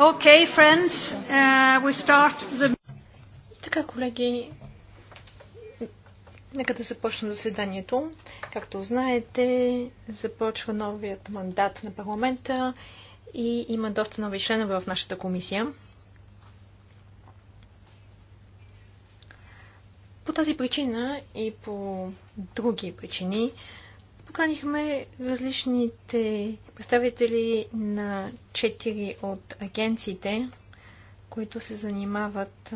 Okay, friends, uh, we start the... Така, колеги, нека да започнем заседанието. Както знаете, започва новият мандат на парламента и има доста нови членове в нашата комисия. По тази причина и по други причини Поканихме различните представители на четири от агенциите, които се занимават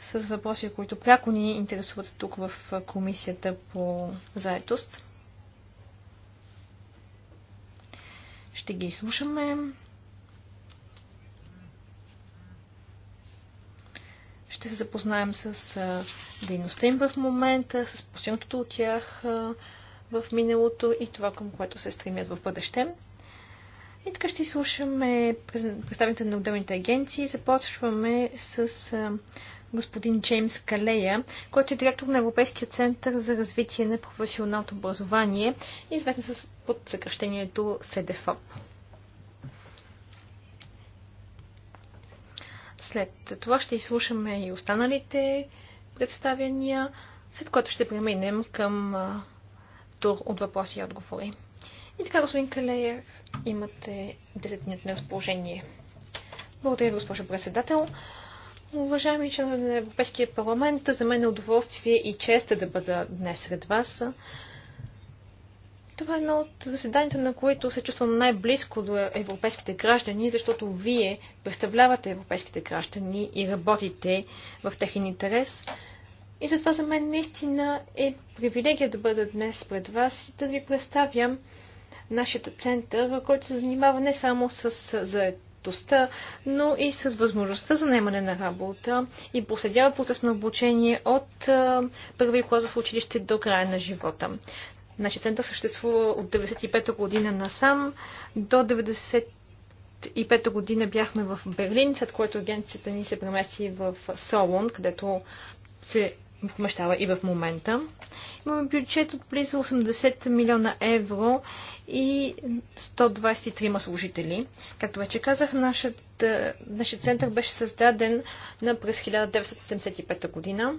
с въпроси, които пряко ни интересуват тук в Комисията по заетост. Ще ги изслушаме. Ще се запознаем с дейността им в момента, с постигнатото от тях, в миналото и това, към което се стремят в бъдеще. И така ще изслушаме представителите на отделните агенции. Започваме с господин Джеймс Калея, който е директор на Европейския център за развитие на професионалното образование, известен с под съкръщението СДФОП. След това ще изслушаме и останалите представяния, след което ще преминем към тур от въпроси и отговори. И така, господин Калеев, имате 10 минути на разположение. Благодаря госпожо председател. Уважаеми членове на Европейския парламент, за мен е удоволствие и чест да бъда днес сред вас. Това е едно от заседанията, на които се чувствам най-близко до европейските граждани, защото вие представлявате европейските граждани и работите в техен интерес. И затова за мен наистина е привилегия да бъда днес пред вас и да ви представям нашия център, който се занимава не само с заедостта, но и с възможността за наемане на работа и проследява процес на обучение от първи клас в училище до края на живота. Нашия център съществува от 95-та година насам до 90 пета година бяхме в Берлин, след което агенцията ни се премести в Солун, където се помещава и в момента. Имаме бюджет от близо 80 милиона евро и 123 служители. Както вече казах, нашият, нашият център беше създаден на през 1975 година.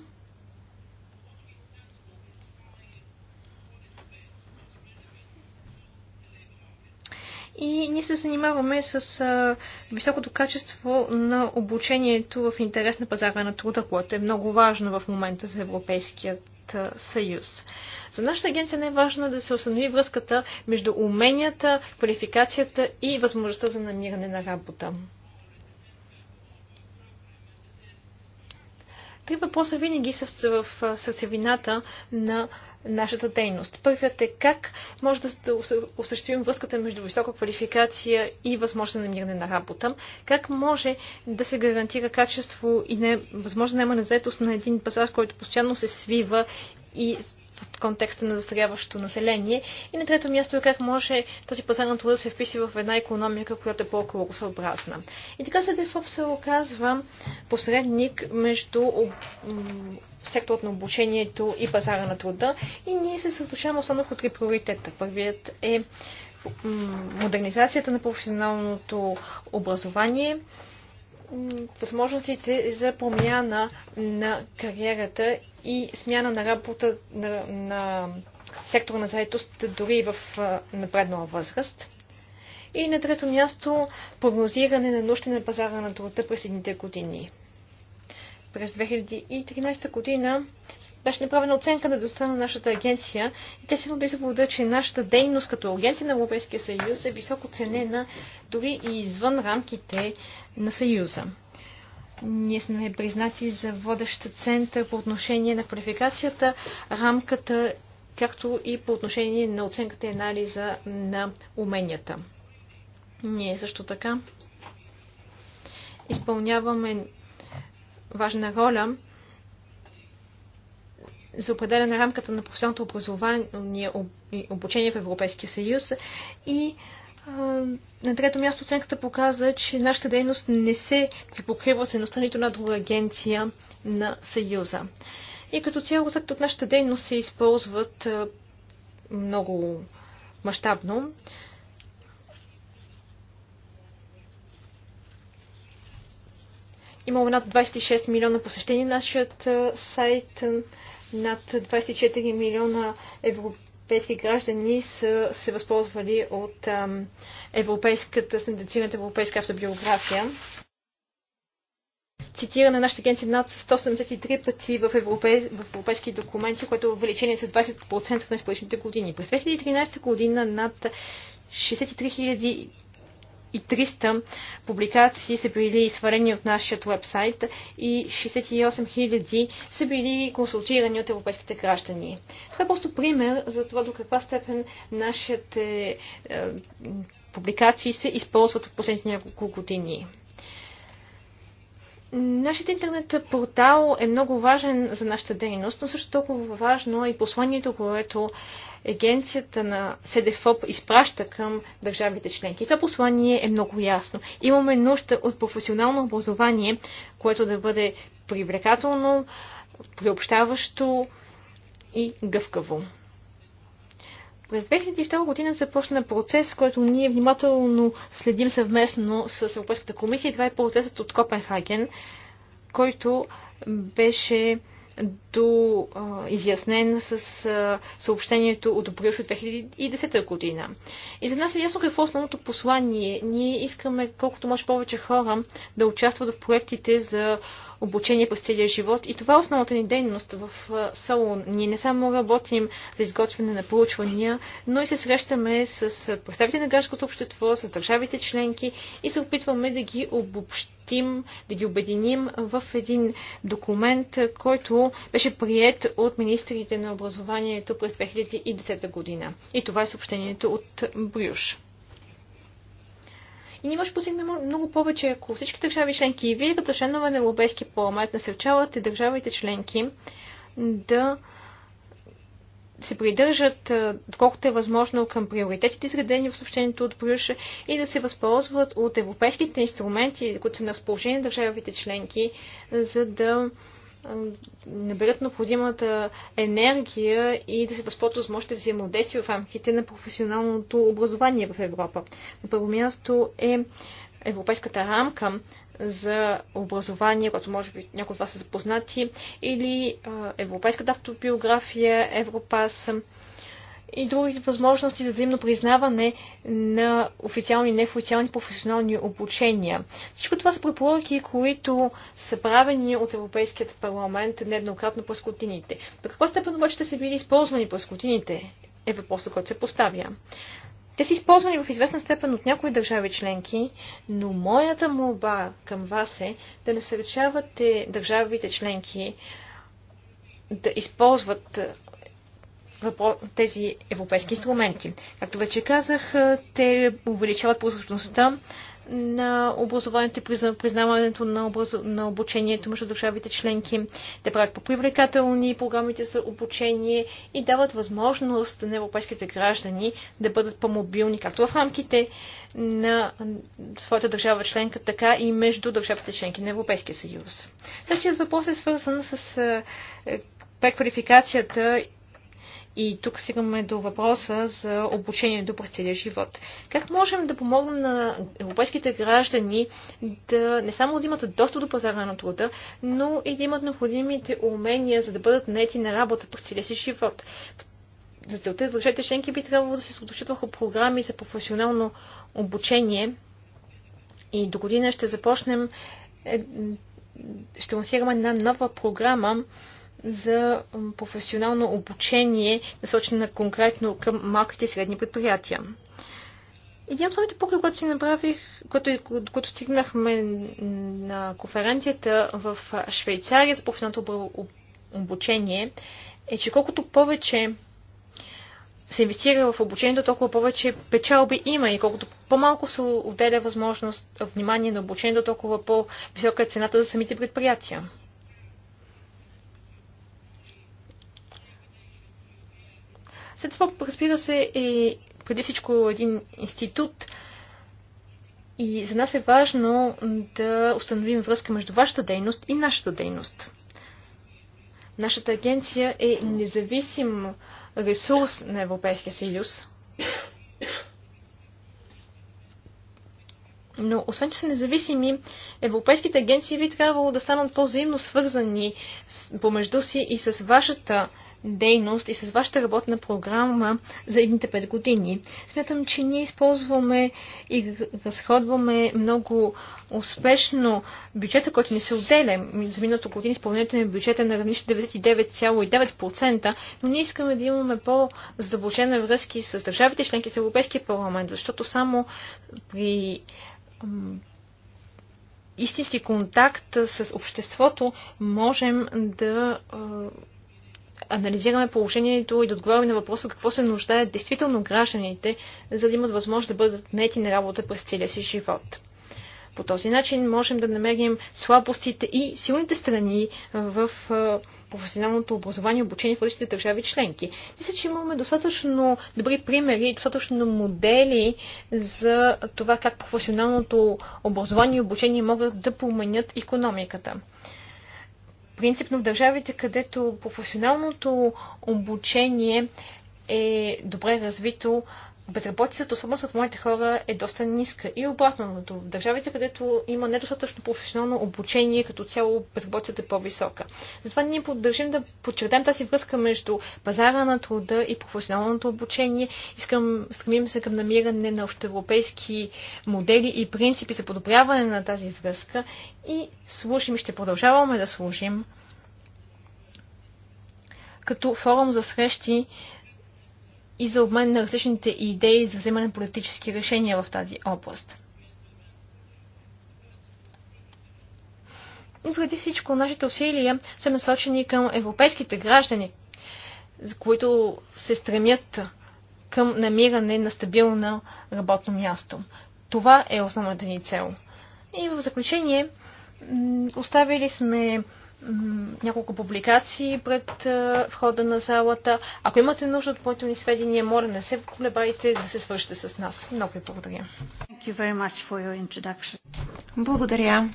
и ние се занимаваме с а, високото качество на обучението в интерес на пазара на труда, което е много важно в момента за Европейският а, съюз. За нашата агенция не е важно да се установи връзката между уменията, квалификацията и възможността за намиране на работа. Три въпроса винаги са в сърцевината на нашата дейност. Първият е как може да осъществим връзката между висока квалификация и възможност за намиране на работа, как може да се гарантира качество и не, възможно наема на заетост на един пазар, който постоянно се свива и в контекста на застаряващо население. И на трето място е как може този пазар на труда да се вписи в една економика, която е по кругосъобразна И така се ДФОП се оказва посредник между секторът на обучението и пазара на труда. И ние се съсредоточаваме основно по три приоритета. Първият е модернизацията на професионалното образование, възможностите за промяна на кариерата и смяна на работа на, на сектора на заедост дори в напреднала възраст. И на трето място прогнозиране на нужди на пазара на труда през едните години. През 2013 година беше направена оценка на дейността на нашата агенция и те се роби че нашата дейност като агенция на Европейския съюз е високо ценена дори и извън рамките на съюза. Ние сме признати за водещ център по отношение на квалификацията, рамката, както и по отношение на оценката и анализа на уменията. Ние също така изпълняваме важна роля за определена рамката на професионалното образование и обучение в Европейския съюз и на трето място оценката показа, че нашата дейност не се припокрива с едността нито на друга агенция на Съюза. И като цяло, след от нашата дейност се използват много мащабно. Имаме над 26 милиона посещения на нашият сайт, над 24 милиона европейски европейски граждани са се възползвали от европейската, стандартизираната европейска автобиография. на нашата агенция над 173 пъти в, европей, в европейски документи, което е увеличение с 20% в предишните години. През 2013 година над 63 300 публикации са били сварени от нашия вебсайт и 68 000 са били консултирани от европейските граждани. Това е просто пример за това до каква степен нашите е, публикации се използват от последните няколко години. Нашият интернет портал е много важен за нашата дейност, но също толкова важно е и посланието, което агенцията на СДФОП изпраща към държавите членки. Това послание е много ясно. Имаме нужда от професионално образование, което да бъде привлекателно, приобщаващо и гъвкаво. През 2002 година започна процес, който ние внимателно следим съвместно с Европейската комисия. Това е процесът от Копенхаген, който беше до а, изяснен с а, съобщението от Брюш от 2010 година. И за нас е ясно какво е основното послание. Ние искаме колкото може повече хора да участват в проектите за обучение през целия живот. И това е основната ни дейност в салон. Ние не само работим за изготвяне на проучвания, но и се срещаме с представители на гражданското общество, с държавите членки и се опитваме да ги обобщим, да ги обединим в един документ, който беше прият от министрите на образованието през 2010 година. И това е съобщението от Брюш. И ние може постигнем много повече, ако всички държави членки и вие като членове на Европейския парламент насърчавате държавите членки да се придържат, доколкото е възможно, към приоритетите, изградени в съобщението от Брюша и да се възползват от европейските инструменти, които са на разположение на държавите членки, за да наберат необходимата енергия и да се възползват от мощите взаимодействия в рамките на професионалното образование в Европа. На първо място е европейската рамка за образование, което може би някои от вас са запознати, или европейската автобиография Европас, и другите възможности за взаимно признаване на официални и неофициални професионални обучения. Всичко това са препоръки, които са правени от Европейският парламент нееднократно през годините. До каква степен обаче те са били използвани през годините е въпросът, който се поставя. Те са използвани в известна степен от някои държави членки, но моята молба към вас е да насърчавате държавите членки да използват тези европейски инструменти. Както вече казах, е, те увеличават прозрачността на образованието и признаването на, образ... на обучението между държавите членки. Те правят по-привлекателни програмите за обучение и дават възможност на европейските граждани да бъдат по-мобилни както в рамките на своята държава членка, така и между държавите членки на Европейския съюз. Следващият въпрос е свързан с е, преквалификацията и тук стигаме до въпроса за обучението през целия живот. Как можем да помогнем на европейските граждани да не само да имат достъп до пазара на труда, но и да имат необходимите умения, за да бъдат наети на работа през целия си живот? За целта държавите членки би трябвало да се съсредоточат върху програми за професионално обучение и до година ще започнем, е, ще лансираме една нова програма, за професионално обучение, насочена конкретно към малките и средни предприятия. Един от самите поглед, който си направих, когато, стигнахме на конференцията в Швейцария за професионалното обучение, е, че колкото повече се инвестира в обучението, толкова повече печалби има и колкото по-малко се отделя възможност внимание на обучението, толкова по-висока е цената за самите предприятия. След това, разбира се, е преди всичко един институт и за нас е важно да установим връзка между вашата дейност и нашата дейност. Нашата агенция е независим ресурс на Европейския съюз. Но освен, че са независими, европейските агенции би трябвало да станат по-взаимно свързани помежду си и с вашата дейност и с вашата работна програма за едните 5 години. Смятам, че ние използваме и разходваме много успешно бюджета, който ни се отделя. За миналото година изпълнението на бюджета е на равнище 99,9%, но ние искаме да имаме по-задълбочена връзки с държавите членки с Европейския парламент, защото само при истински контакт с обществото можем да анализираме положението и да отговорим на въпроса какво се нуждаят действително гражданите, за да имат възможност да бъдат нети на работа през целия си живот. По този начин можем да намерим слабостите и силните страни в професионалното образование и обучение в различните държави членки. Мисля, че имаме достатъчно добри примери и достатъчно модели за това как професионалното образование и обучение могат да променят економиката. Принципно в държавите, където професионалното обучение е добре развито, безработицата, особено сред моите хора, е доста ниска. И обратно в държавите, където има недостатъчно професионално обучение, като цяло безработицата е по-висока. Затова ние поддържим да подчертаем тази връзка между пазара на труда и професионалното обучение. Искам, стремим се към намиране на общоевропейски модели и принципи за подобряване на тази връзка и служим и ще продължаваме да служим като форум за срещи и за обмен на различните идеи за вземане на политически решения в тази област. И преди всичко, нашите усилия са насочени към европейските граждани, за които се стремят към намиране на стабилно работно място. Това е основната ни цел. И в заключение, оставили сме няколко публикации пред входа на залата. Ако имате нужда от допълнителни сведения, моля не се колебайте да се свършите с нас. Много ви благодаря. Благодаря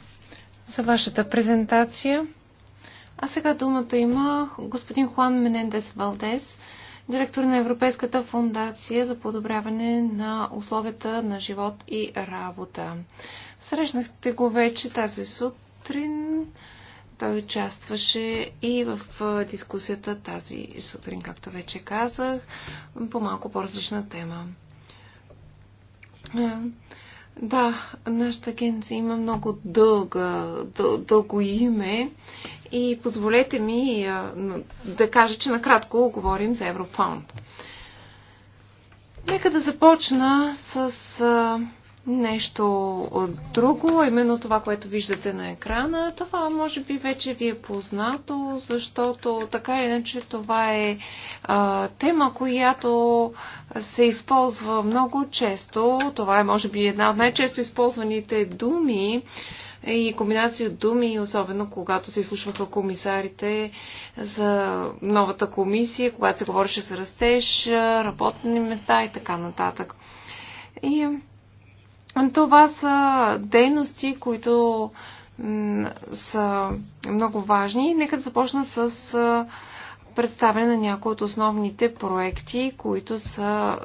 за вашата презентация. А сега думата има господин Хуан Менендес Валдес, директор на Европейската фундация за подобряване на условията на живот и работа. Срещнахте го вече тази сутрин. Той участваше и в дискусията тази сутрин, както вече казах, по малко по-различна тема. Да, нашата агенция има много дълга, дъл, дълго име и позволете ми да кажа, че накратко говорим за Еврофаунд. Нека да започна с нещо друго, именно това, което виждате на екрана. Това може би вече ви е познато, защото така или иначе това е а, тема, която се използва много често. Това е може би една от най-често използваните думи и комбинация от думи, особено когато се изслушваха комисарите за новата комисия, когато се говореше за растеж, работни места и така нататък. И това са дейности, които са много важни. Нека започна с представяне на някои от основните проекти, които са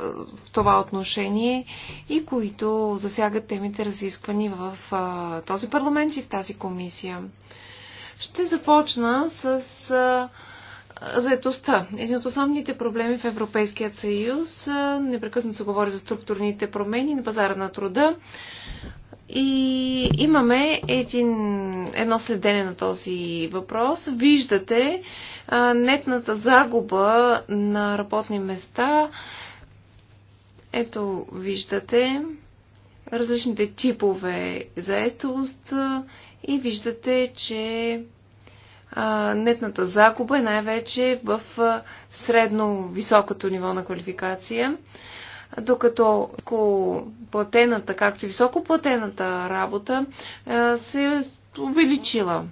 в това отношение и които засягат темите разисквани в този парламент и в тази комисия. Ще започна с Заетостта. Един от основните проблеми в Европейския съюз непрекъснато се говори за структурните промени на пазара на труда. И имаме един, едно следене на този въпрос. Виждате а, нетната загуба на работни места. Ето, виждате различните типове заетост и виждате, че нетната загуба е най-вече в средно-високото ниво на квалификация, докато платената, както и високоплатената работа се е увеличила.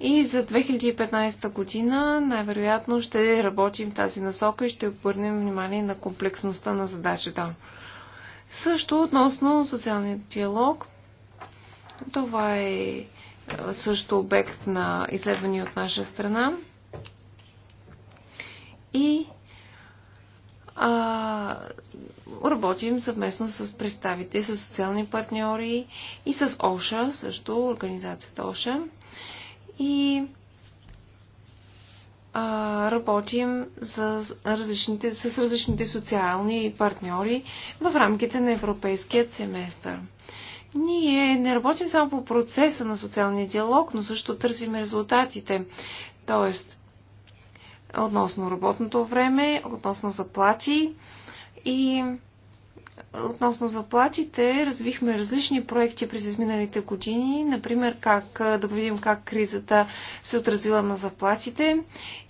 И за 2015 година най-вероятно ще работим в тази насока и ще обърнем внимание на комплексността на задачата. Също относно социалния диалог, това е също обект на изследвания от наша страна. И а, работим съвместно с представители, с социални партньори и с ОША, също организацията ОША. И а, работим за различните, с различните социални партньори в рамките на европейският семестър. Ние не работим само по процеса на социалния диалог, но също търсим резултатите. Тоест, относно работното време, относно заплати и относно заплатите развихме различни проекти през изминалите години, например как да видим как кризата се отразила на заплатите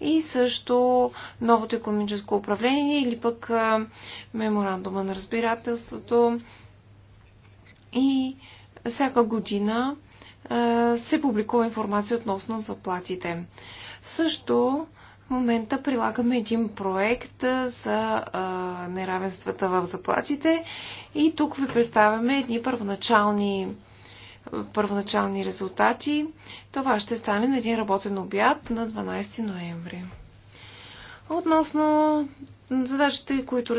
и също новото економическо управление или пък меморандума на разбирателството и всяка година се публикува информация относно заплатите. Също в момента прилагаме един проект за неравенствата в заплатите и тук ви представяме едни първоначални първоначални резултати. Това ще стане на един работен обяд на 12 ноември. Относно задачите, които,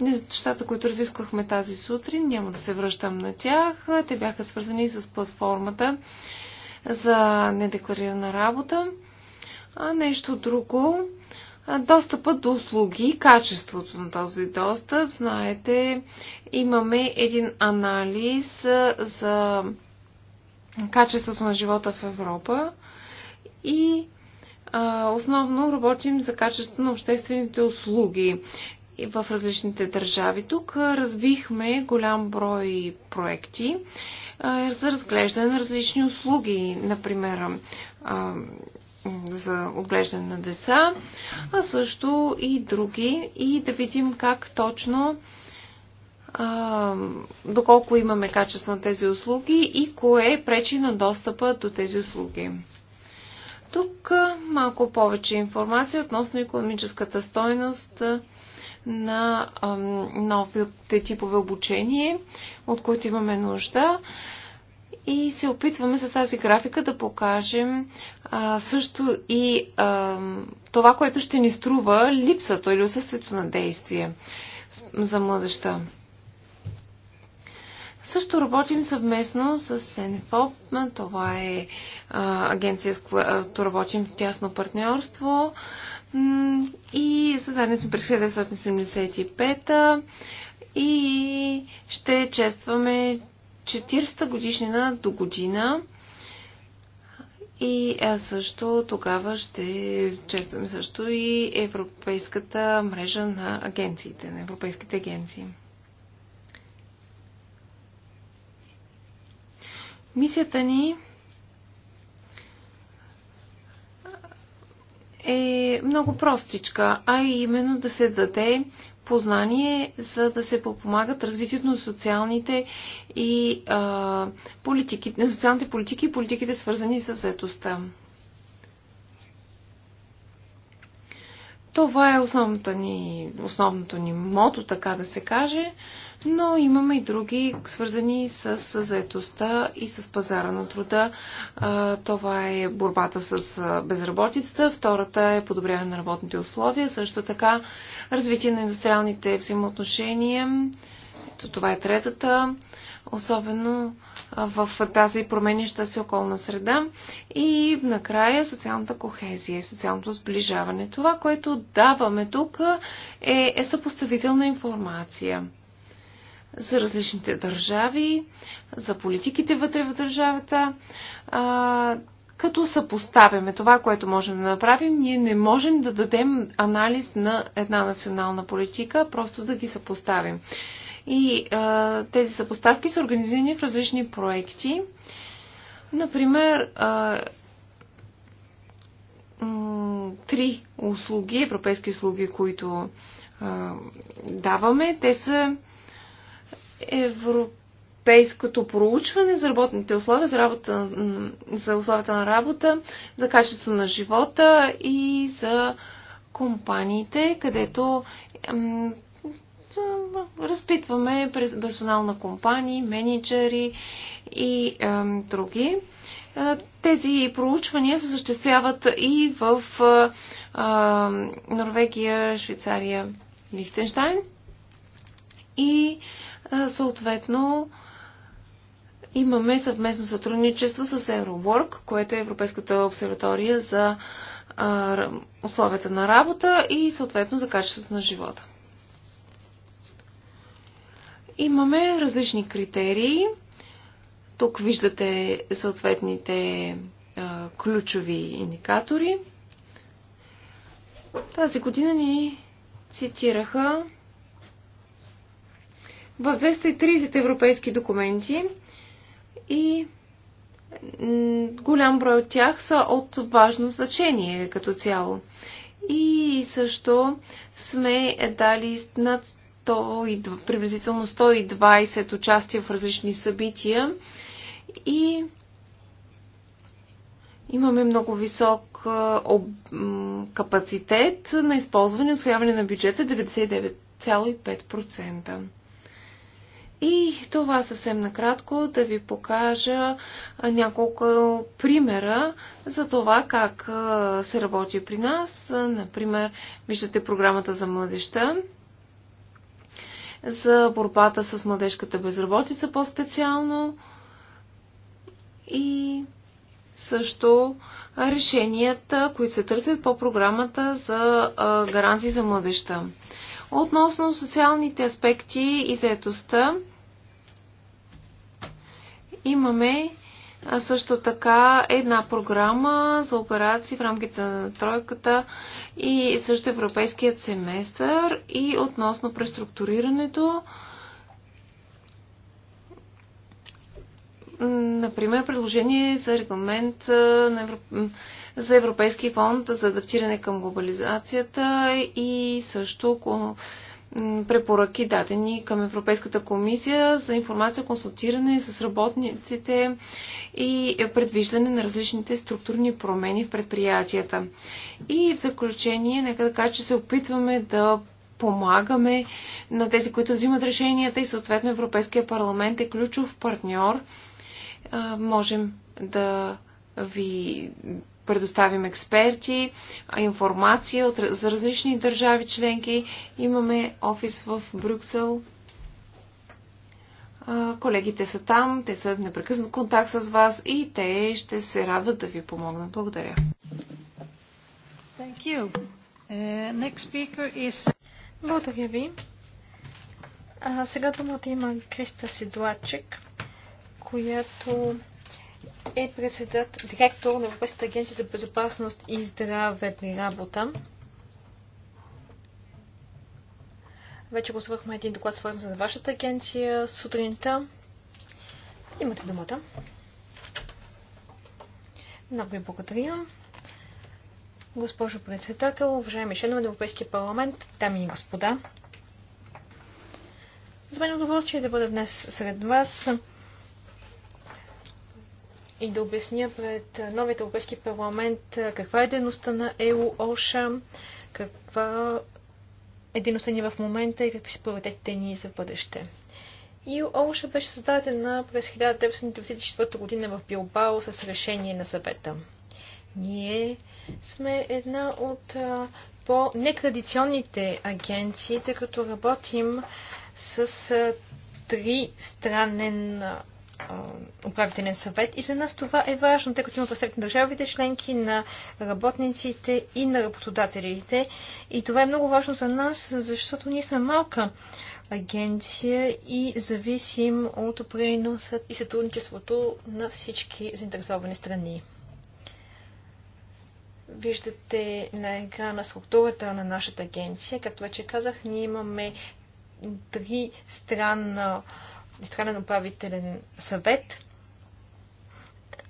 нещата, които разисквахме тази сутрин, няма да се връщам на тях. Те бяха свързани с платформата за недекларирана работа. А нещо друго, достъпът до услуги, качеството на този достъп. Знаете, имаме един анализ за качеството на живота в Европа и основно работим за качеството на обществените услуги в различните държави. Тук развихме голям брой проекти за разглеждане на различни услуги, например за отглеждане на деца, а също и други и да видим как точно доколко имаме качество на тези услуги и кое пречи на достъпа до тези услуги. Тук малко повече информация относно економическата стойност на новите типове обучение, от които имаме нужда. И се опитваме с тази графика да покажем а, също и а, това, което ще ни струва липсата или отсъствието на действие за младеща. Също работим съвместно с НФОП. Това е а, агенция, с която работим в тясно партньорство. И създадени сме през 1975 и ще честваме 40-та годишнина до година. И също тогава ще честваме също и Европейската мрежа на агенциите, на европейските агенции. Мисията ни е много простичка, а именно да се даде познание, за да се подпомагат развитието на социалните и а, политики, на социалните политики и политиките свързани с заедостта. Това е основното ни, основното ни мото, така да се каже но имаме и други, свързани с заетостта и с пазара на труда. Това е борбата с безработицата, втората е подобряване на работните условия, също така развитие на индустриалните взаимоотношения. Това е третата, особено в тази променяща се околна среда. И накрая социалната кохезия и социалното сближаване. Това, което даваме тук е, е съпоставителна информация за различните държави, за политиките вътре в държавата. А, като съпоставяме това, което можем да направим, ние не можем да дадем анализ на една национална политика, просто да ги съпоставим. И а, тези съпоставки са организирани в различни проекти. Например, а, три услуги, европейски услуги, които а, даваме, те са европейското проучване за работните условия, за, работа, за условията на работа, за качество на живота и за компаниите, където разпитваме персонал на компании, менеджери и ем, други. Тези проучвания се съществяват и в Норвегия, Швейцария, Лихтенштайн. И Съответно, имаме съвместно сътрудничество с Eurowork, което е Европейската обсерватория за условията на работа и съответно за качеството на живота. Имаме различни критерии. Тук виждате съответните а, ключови индикатори. Тази година ни цитираха в 230 европейски документи и голям брой от тях са от важно значение като цяло. И също сме дали над 100, приблизително 120 участия в различни събития и имаме много висок об... капацитет на използване и освояване на бюджета 99,5%. И това съвсем накратко да ви покажа няколко примера за това как се работи при нас. Например, виждате програмата за младеща, за борбата с младежката безработица по-специално и също решенията, които се търсят по програмата за гаранции за младеща. Относно социалните аспекти и заетостта, имаме също така една програма за операции в рамките на тройката и също европейският семестър и относно преструктурирането. Например, предложение за регламент на Европейския за Европейски фонд за адаптиране към глобализацията и също препоръки дадени към Европейската комисия за информация, консултиране с работниците и предвиждане на различните структурни промени в предприятията. И в заключение, нека да кажа, че се опитваме да помагаме на тези, които взимат решенията и съответно Европейския парламент е ключов партньор. Можем да ви предоставим експерти, информация от, за различни държави членки. Имаме офис в Брюксел. Колегите са там, те са в непрекъснат контакт с вас и те ще се радват да ви помогнат. Благодаря. Thank you. Uh, next speaker is... Благодаря ви. А, сега думата има Криста Сидлачек, която е председат, директор на Европейската агенция за безопасност и здраве при работа. Вече гласувахме един доклад, свързан с вашата агенция сутринта. Имате думата. Много ви благодаря. Госпожо председател, уважаеми членове на Европейския парламент, дами и господа, за мен е удоволствие да бъда днес сред вас и да обясня пред новият Европейски парламент каква е дейността на ЕУ ОША, каква е дейността ни в момента и какви са приоритетите ни за бъдеще. ЕУ ОША беше създадена през 1994 година в Билбао с решение на съвета. Ние сме една от по-нетрадиционните агенции, тъй като работим с три странен управителен съвет. И за нас това е важно, тъй като има посред на държавите членки, на работниците и на работодателите. И това е много важно за нас, защото ние сме малка агенция и зависим от приносът и сътрудничеството на всички заинтересовани страни. Виждате на екрана структурата на нашата агенция. Както вече казах, ние имаме три странна Дистрален управителен съвет.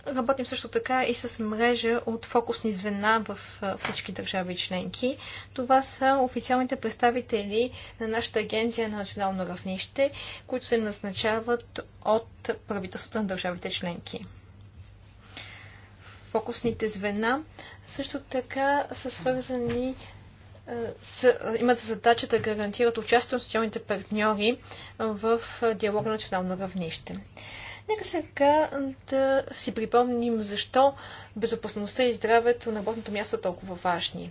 Работим също така и с мрежа от фокусни звена в всички държави членки. Това са официалните представители на нашата агенция на национално равнище, които се назначават от правителството на държавите членки. Фокусните звена също така са свързани имат задача да гарантират участието на социалните партньори в диалог на национално равнище. Нека сега да си припомним защо безопасността и здравето на работното място са толкова важни.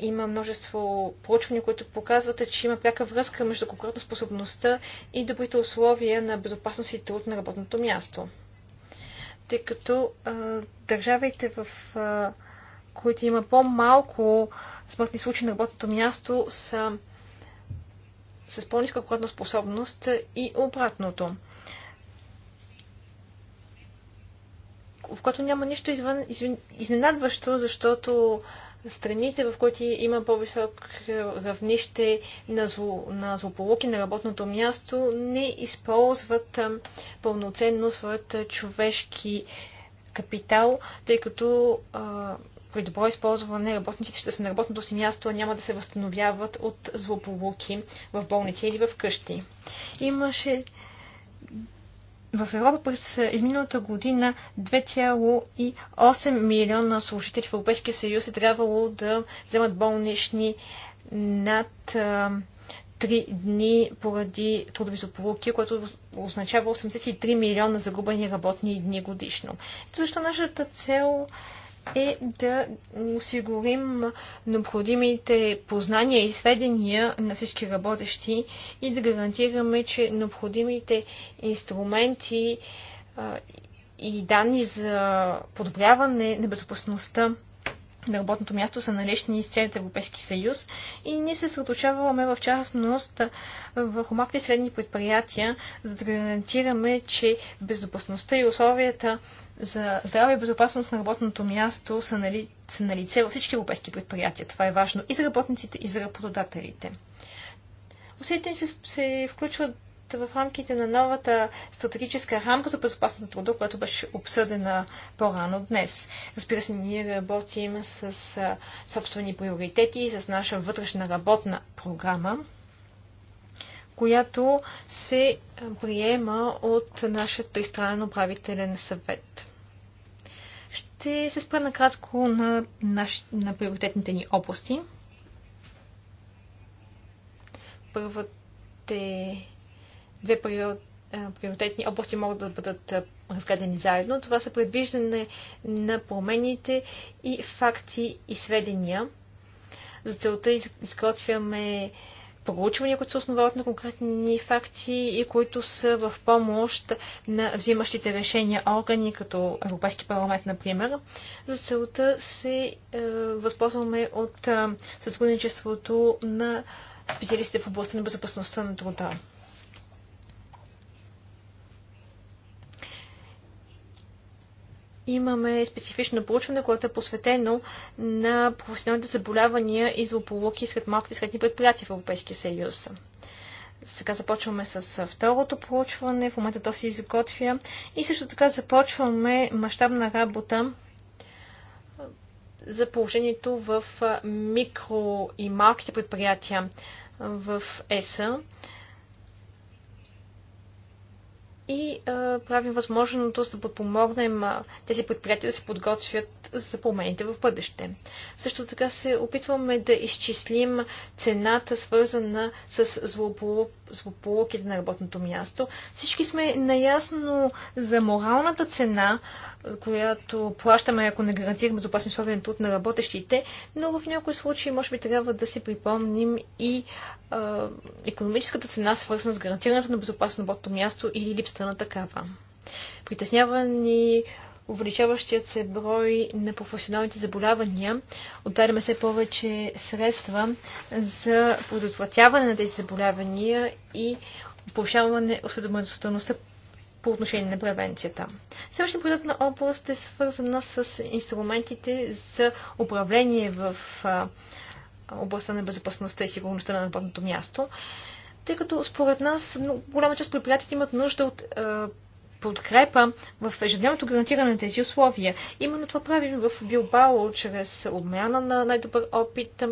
Има множество проучвания, които показват, че има пряка връзка между конкретно способността и добрите условия на безопасност и труд на работното място. Тъй като а, държавите в а, които има по-малко смъртни случаи на работното място, са с по-ниска кратна способност и обратното. В което няма нищо извън, извън, изненадващо, защото страните, в които има по-висок равнище на, зло, на злополуки на работното място, не използват пълноценно своят човешки капитал, тъй като а, при добро използване работниците ще са на работното си място, а няма да се възстановяват от злополуки в болници или в къщи. Имаше в Европа през изминалата година 2,8 милиона служители в Европейския съюз е трябвало да вземат болнични над 3 дни поради трудови заполуки, което означава 83 милиона загубени работни дни годишно. Ето защо нашата цел е да осигурим необходимите познания и сведения на всички работещи и да гарантираме, че необходимите инструменти и данни за подобряване на безопасността на работното място са налични из целият Европейски съюз и ние се съсредоточаваме в частност върху малките средни предприятия, за да гарантираме, че безопасността и условията за здраве и безопасност на работното място са, нали, са на лице във всички европейски предприятия. Това е важно и за работниците, и за работодателите. Усилите се, се включват в рамките на новата стратегическа рамка за безопасност на труда, която беше обсъдена по-рано днес. Разбира се, ние работим с собствени приоритети, с наша вътрешна работна програма която се приема от нашия тристранен управителен съвет. Ще се спра накратко на, наш, на приоритетните ни области. Първата е, две приоритетни области могат да бъдат разгледани заедно. Това са предвиждане на промените и факти и сведения. За целта изготвяме проучвания, които се основават на конкретни факти и които са в помощ на взимащите решения органи, като Европейски парламент, например. За целта се е, възползваме от е, сътрудничеството на специалистите в областта на безопасността на труда. имаме специфично проучване, което е посветено на професионалните заболявания и злополуки сред малките и средни предприятия в Европейския съюз. Сега започваме с второто проучване, в момента то се изготвя и също така започваме мащабна работа за положението в микро и малките предприятия в ЕСА и а, правим възможното да подпомогнем а, тези предприятия да се подготвят за промените в бъдеще. Също така се опитваме да изчислим цената, свързана с злополуките на работното място. Всички сме наясно за моралната цена, която плащаме, ако не гарантираме безопасни условия на труд на работещите, но в някои случаи може би трябва да си припомним и а, економическата цена, свързана с гарантирането на безопасно работното място или липсата липсата на такава. Притеснява ни увеличаващият се брой на професионалните заболявания. Отдаряме се повече средства за предотвратяване на тези заболявания и повишаване осведомеността по отношение на превенцията. Следващия продукт на област е свързана с инструментите за управление в областта на безопасността и сигурността на работното място тъй като според нас голяма част от предприятията имат нужда от е, подкрепа в ежедневното гарантиране на тези условия. Именно това правим в Билбао, чрез обмяна на най-добър опит.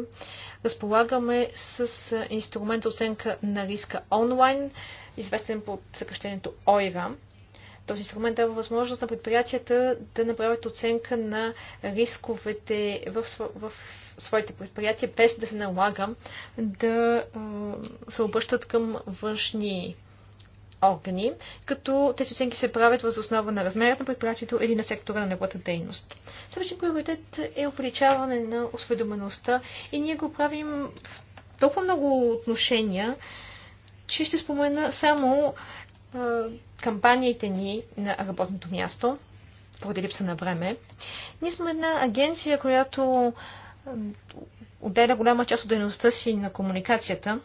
Разполагаме с е, инструмент за оценка на риска онлайн, известен под съкръщението ОИРА. Този инструмент дава възможност на предприятията да направят оценка на рисковете в, в своите предприятия, без да се налага да се обръщат към външни органи, като тези оценки се правят въз основа на размерът на предприятието или на сектора на неговата дейност. Следващия приоритет е увеличаване на осведомеността и ние го правим в толкова много отношения, че ще спомена само кампаниите ни на работното място, поради липса на време. Ние сме една агенция, която отделя голяма част от дейността си на комуникацията.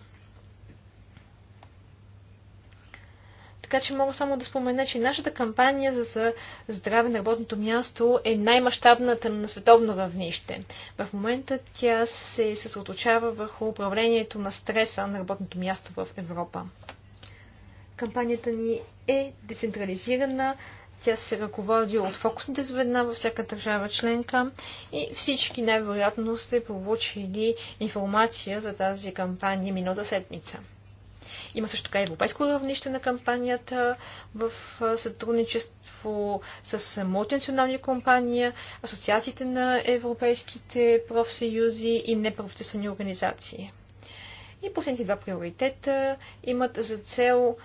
Така че мога само да спомена, че нашата кампания за здраве на работното място е най-мащабната на световно равнище. В момента тя се съсредоточава върху управлението на стреса на работното място в Европа. Кампанията ни е децентрализирана, тя се ръководи от фокусните звена във всяка държава членка и всички най-вероятно сте получили информация за тази кампания миналата седмица. Има също така европейско равнище на кампанията в сътрудничество с мултинационални компании, асоциациите на европейските профсъюзи и неправителствени организации. И последните два приоритета имат за цел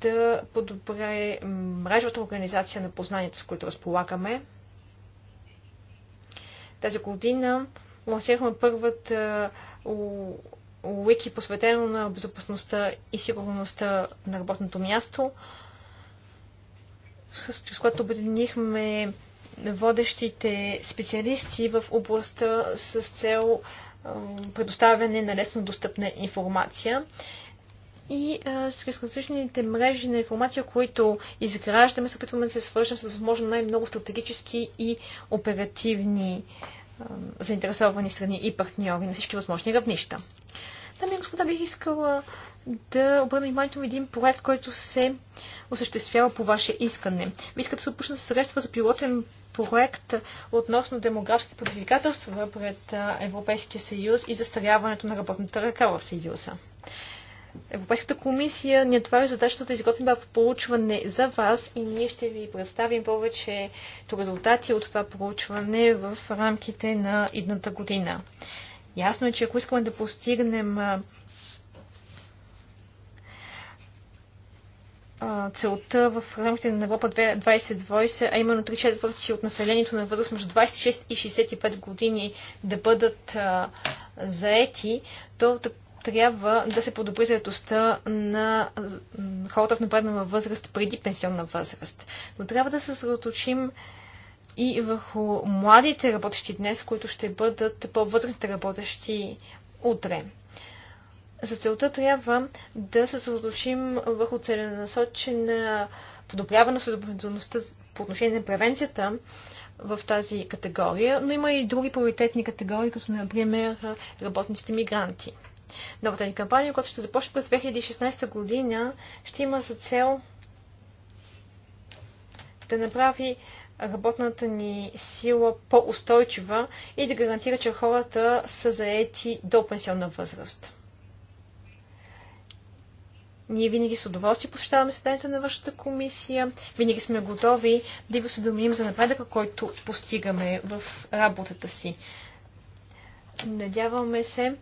да подобре мрежовата организация на познанията, с които разполагаме. Тази година лансирахме първата уики, посветено на безопасността и сигурността на работното място, с което обединихме водещите специалисти в областта с цел предоставяне на лесно достъпна информация и а, с различните мрежи на информация, които изграждаме, се опитваме да се свържем с възможно най-много стратегически и оперативни а, заинтересовани страни и партньори на всички възможни равнища. Дами и господа, бих искала да обърна вниманието на един проект, който се осъществява по ваше искане. Ви искате да се опушна средства за пилотен проект относно демографските предизвикателства пред Европейския съюз и застаряването на работната ръка в съюза. Европейската комисия ни отваря задачата да изготвим това проучване за вас и ние ще ви представим повече резултати от това проучване в рамките на идната година. Ясно е, че ако искаме да постигнем целта в рамките на Европа 2020, а именно 3 четвърти от населението на възраст между 26 и 65 години да бъдат заети, то трябва да се подобри заедостта на хората в напреднала възраст преди пенсионна възраст. Но трябва да се съсредоточим и върху младите работещи днес, които ще бъдат по-възрастните работещи утре. За целта трябва да се съсредоточим върху целенасочена подобряване на осведомеността по отношение на превенцията в тази категория, но има и други приоритетни категории, като например работниците мигранти. Новата ни кампания, която ще започне през 2016 година, ще има за цел да направи работната ни сила по-устойчива и да гарантира, че хората са заети до пенсионна възраст. Ние винаги с удоволствие посещаваме седанията на вашата комисия, винаги сме готови да ви осведомим за напредъка, който постигаме в работата си. Надяваме се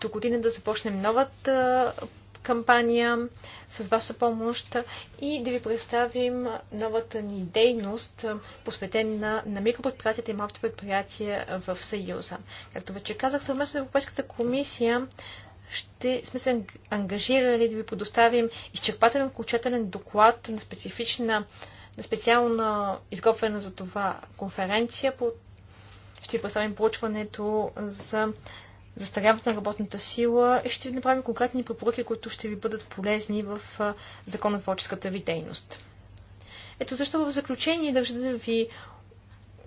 до година да започнем новата кампания с ваша помощ и да ви представим новата ни дейност, посветена на микропредприятията и малките предприятия в Съюза. Както вече казах, съвместно с Европейската комисия ще сме се ангажирали да ви предоставим изчерпателен окончателен доклад на специфична, на специална изготвена за това конференция. Ще ви представим проучването за Застаряват на работната сила и ще ви направим конкретни препоръки, които ще ви бъдат полезни в законотворческата ви дейност. Ето защо в заключение държа да ви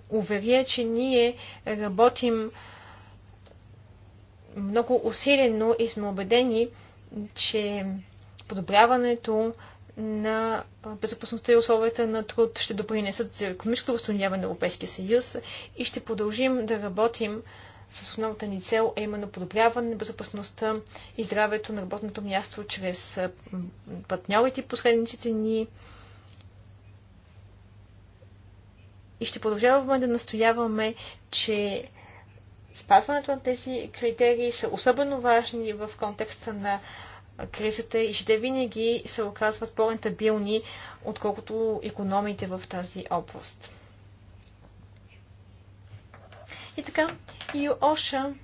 уверя, че ние работим много усилено и сме убедени, че подобряването на безопасността и условията на труд ще допринесат за економическото възстановяване на Европейския съюз и ще продължим да работим с основната ни цел е именно подобряване на безопасността и здравето на работното място чрез партньорите и посредниците ни. И ще продължаваме да настояваме, че спазването на тези критерии са особено важни в контекста на кризата и ще винаги се оказват по-рентабилни, отколкото економите в тази област. И така, и Оша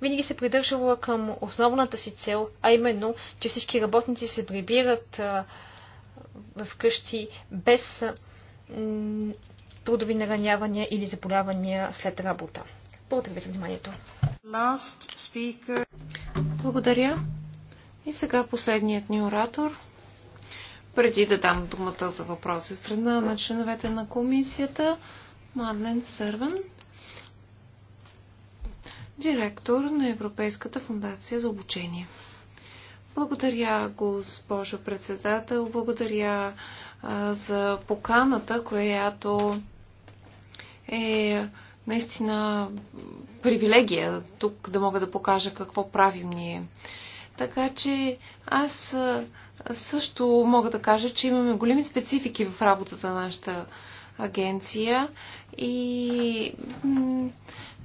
винаги се придържала към основната си цел, а именно, че всички работници се прибират в къщи без трудови наранявания или заболявания след работа. Благодаря ви за вниманието. Благодаря. И сега последният ни оратор. Преди да дам думата за въпроси от страна на членовете на комисията, Мадлен Сървен, директор на Европейската фундация за обучение. Благодаря, госпожо председател. Благодаря а, за поканата, която е наистина привилегия тук да мога да покажа какво правим ние. Така че аз също мога да кажа, че имаме големи специфики в работата на нашата агенция и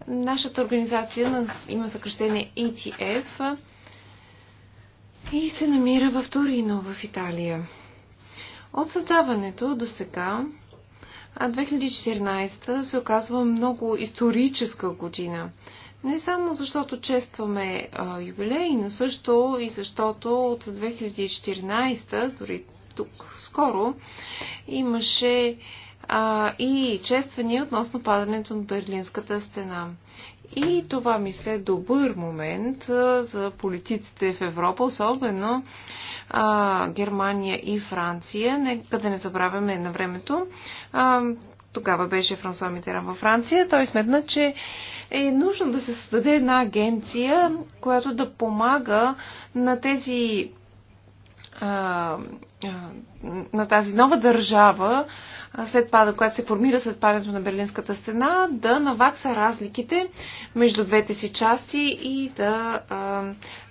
нашата организация има съкръщение ETF и се намира в Торино, в Италия. От създаването до сега, 2014 се оказва много историческа година – не само защото честваме а, юбилей, но също и защото от 2014, дори тук скоро, имаше а, и чествания относно падането на Берлинската стена. И това мисля е добър момент а, за политиците в Европа, особено а, Германия и Франция. Нека да не забравяме на времето. А, тогава беше Франсуа Митеран във Франция. Той сметна, че е нужно да се създаде една агенция, която да помага на тези на тази нова държава, след пада, която се формира след падането на Берлинската стена, да навакса разликите между двете си части и да а,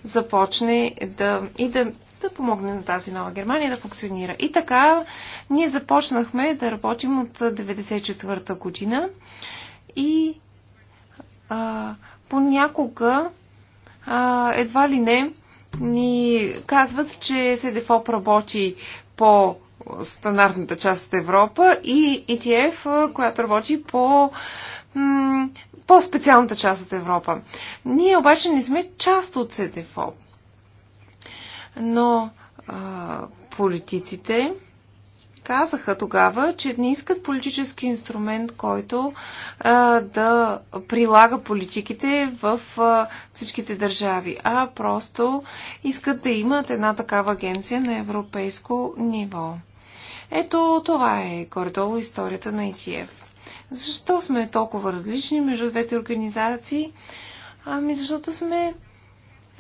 започне да, и да, да помогне на тази нова Германия да функционира. И така, ние започнахме да работим от 1994 година и а, понякога а, едва ли не ни казват, че СДФОП работи по стандартната част от Европа и ETF, която работи по по-специалната част от Европа. Ние обаче не сме част от СДФОП. Но а, политиците, казаха тогава, че не искат политически инструмент, който а, да прилага политиките в а, всичките държави, а просто искат да имат една такава агенция на европейско ниво. Ето това е горе-долу историята на ИТФ. Защо сме толкова различни между двете организации? Ами защото сме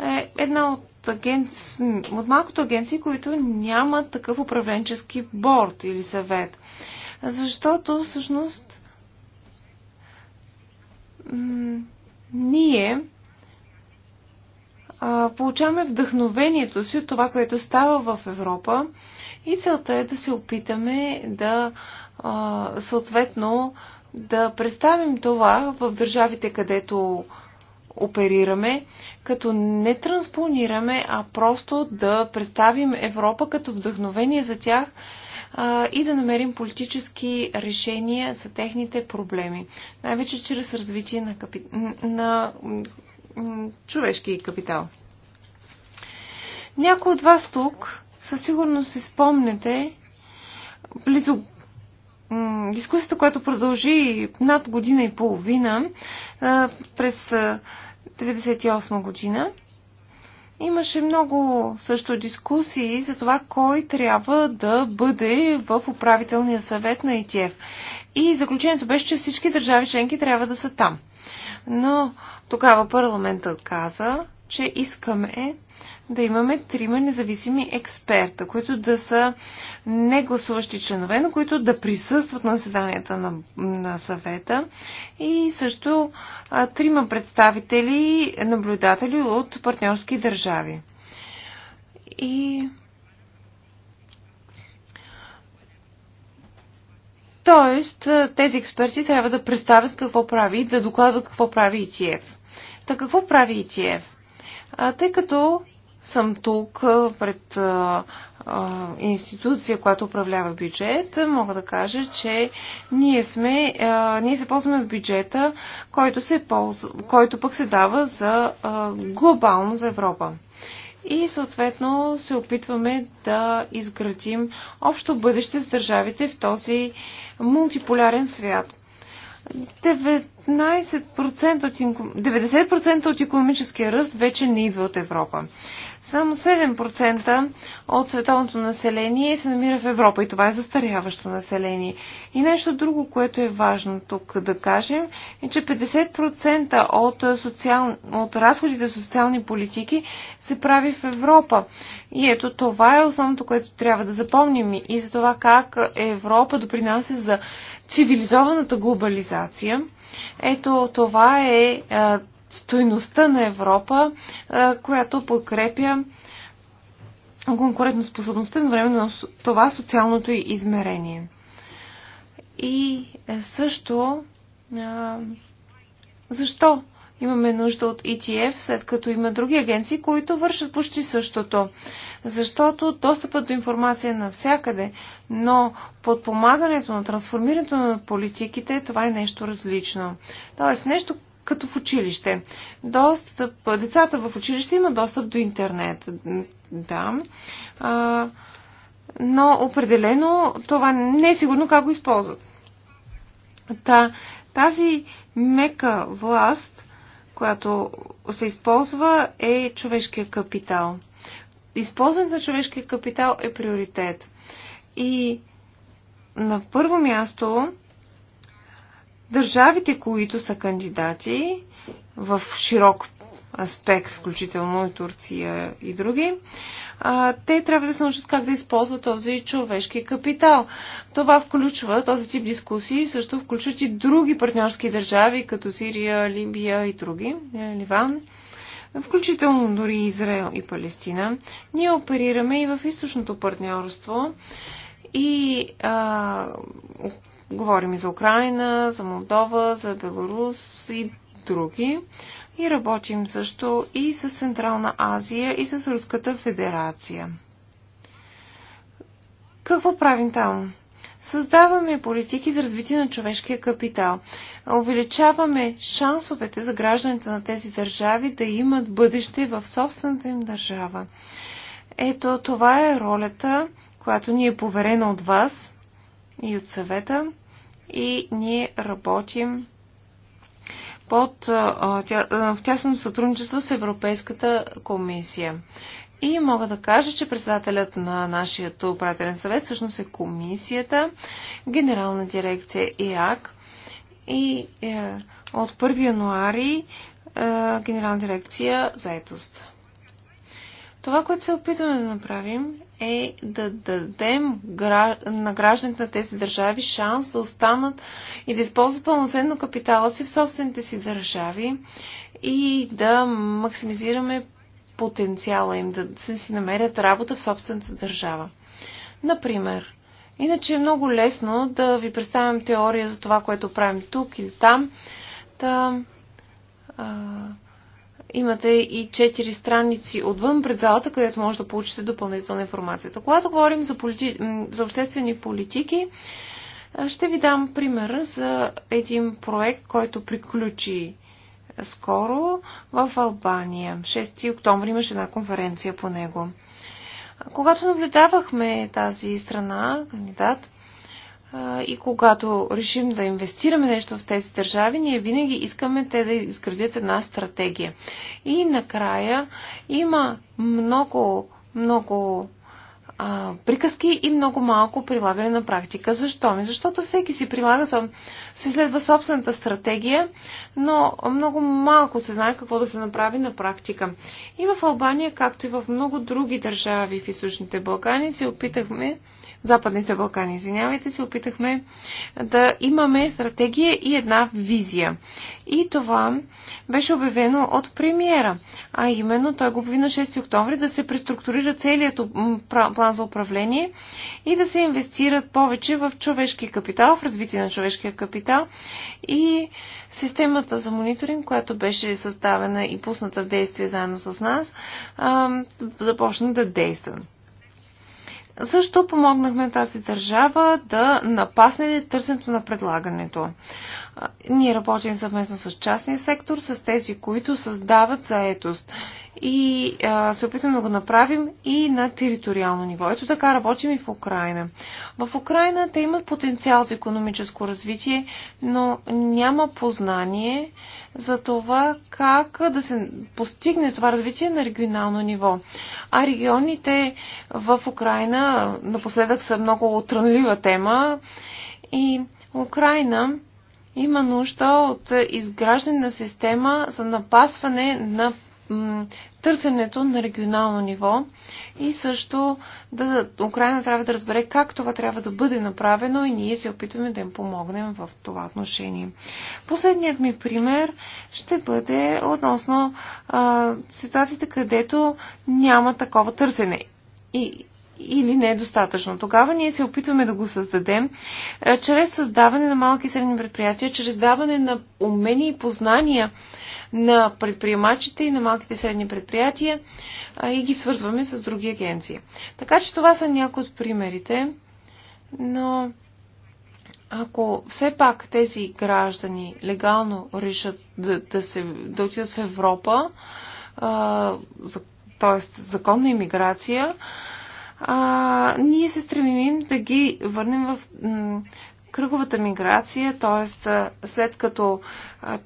е една от, агенци... от малкото агенции, които нямат такъв управленчески борт или съвет. Защото всъщност ние а, получаваме вдъхновението си от това, което става в Европа и целта е да се опитаме да а, съответно да представим това в държавите, където оперираме като не транспонираме, а просто да представим Европа като вдъхновение за тях а, и да намерим политически решения за техните проблеми. Най-вече чрез развитие на, капи... на човешки капитал. Някои от вас тук със сигурност си спомнете близо дискусията, която продължи над година и половина през 1998 година имаше много също дискусии за това кой трябва да бъде в управителния съвет на ИТФ. И заключението беше, че всички държави членки трябва да са там. Но тогава парламентът каза, че искаме да имаме трима независими експерта, които да са негласуващи членове, но които да присъстват на заседанията на, на съвета и също а, трима представители, наблюдатели от партньорски държави. И Тоест, тези експерти трябва да представят какво прави и да докладват какво прави ETF. Та какво прави ETF? А, тъй като съм тук пред а, а, институция, която управлява бюджет, мога да кажа, че ние, сме, а, ние се ползваме от бюджета, който, се ползва, който пък се дава за а, глобално за Европа. И съответно се опитваме да изградим общо бъдеще с държавите в този мултиполярен свят. 15% от, 90% от економическия ръст вече не идва от Европа. Само 7% от световното население се намира в Европа и това е застаряващо население. И нещо друго, което е важно тук да кажем, е, че 50% от, социал... от разходите за социални политики се прави в Европа. И ето това е основното, което трябва да запомним и за това как Европа допринася за цивилизованата глобализация – ето това е, е стойността на Европа, е, която подкрепя конкурентоспособността на време на това социалното измерение. И е, също защо имаме нужда от ETF, след като има други агенции, които вършат почти същото защото достъпът до информация е навсякъде, но подпомагането на трансформирането на политиките, това е нещо различно. Тоест нещо като в училище. Достъп, децата в училище има достъп до интернет. Да. А, но определено това не е сигурно как го използват. Та, тази мека власт, която се използва, е човешкия капитал използването на човешкия капитал е приоритет. И на първо място, държавите, които са кандидати в широк аспект, включително и Турция и други, а, те трябва да се научат как да използват този човешки капитал. Това включва, този тип дискусии също включват и други партньорски държави, като Сирия, Либия и други, е, Ливан включително дори Израел и Палестина. Ние оперираме и в източното партньорство и а, говорим и за Украина, за Молдова, за Беларус и други. И работим също и с Централна Азия и с Руската федерация. Какво правим там? Създаваме политики за развитие на човешкия капитал. Увеличаваме шансовете за гражданите на тези държави да имат бъдеще в собствената им държава. Ето това е ролята, която ни е поверена от вас и от съвета и ние работим под, в тясно сътрудничество с Европейската комисия. И мога да кажа, че председателят на нашия управителен съвет всъщност е комисията, генерална дирекция ИАК. И е, от 1 януари е, генерална дирекция заетост. Това, което се опитваме да направим е да дадем на гражданите на тези държави шанс да останат и да използват пълноценно капитала си в собствените си държави и да максимизираме потенциала им да се си намерят работа в собствената държава. Например, иначе е много лесно да ви представям теория за това, което правим тук или там. Та, а, имате и 4 страници отвън пред залата, където може да получите допълнителна информация. Когато говорим за, полити... за обществени политики, ще ви дам пример за един проект, който приключи скоро в Албания. 6 октомври имаше една конференция по него. Когато наблюдавахме тази страна, кандидат, и когато решим да инвестираме нещо в тези държави, ние винаги искаме те да изградят една стратегия. И накрая има много, много а, приказки и много малко прилагане на практика. Защо? Ми? Защото всеки си прилага, се следва собствената стратегия, но много малко се знае какво да се направи на практика. И в Албания, както и в много други държави в източните Балкани, се опитахме Западните Балкани, извинявайте, се опитахме да имаме стратегия и една визия. И това беше обявено от премиера, а именно той го обяви на 6 октомври да се преструктурира целият план за управление и да се инвестират повече в човешки капитал, в развитие на човешкия капитал и системата за мониторинг, която беше съставена и пусната в действие заедно с нас, започна да действа. Защо помогнахме тази държава да напасне търсенето на предлагането? Ние работим съвместно с частния сектор, с тези, които създават заетост. И а, се опитваме да го направим и на териториално ниво. Ето така работим и в Украина. В Украина те имат потенциал за економическо развитие, но няма познание за това как да се постигне това развитие на регионално ниво. А регионите в Украина напоследък са много отранлива тема и Украина има нужда от изграждане на система за напасване на търсенето на регионално ниво и също да, Украина трябва да разбере как това трябва да бъде направено и ние се опитваме да им помогнем в това отношение. Последният ми пример ще бъде относно а, ситуацията, където няма такова търсене. И или не е достатъчно. Тогава ние се опитваме да го създадем е, чрез създаване на малки и средни предприятия, чрез даване на умения и познания на предприемачите и на малките и средни предприятия е, и ги свързваме с други агенции. Така че това са някои от примерите, но ако все пак тези граждани легално решат да, да, се, да отидат в Европа, е, т.е. законна иммиграция, а, ние се стремим да ги върнем в кръговата миграция, т.е. след като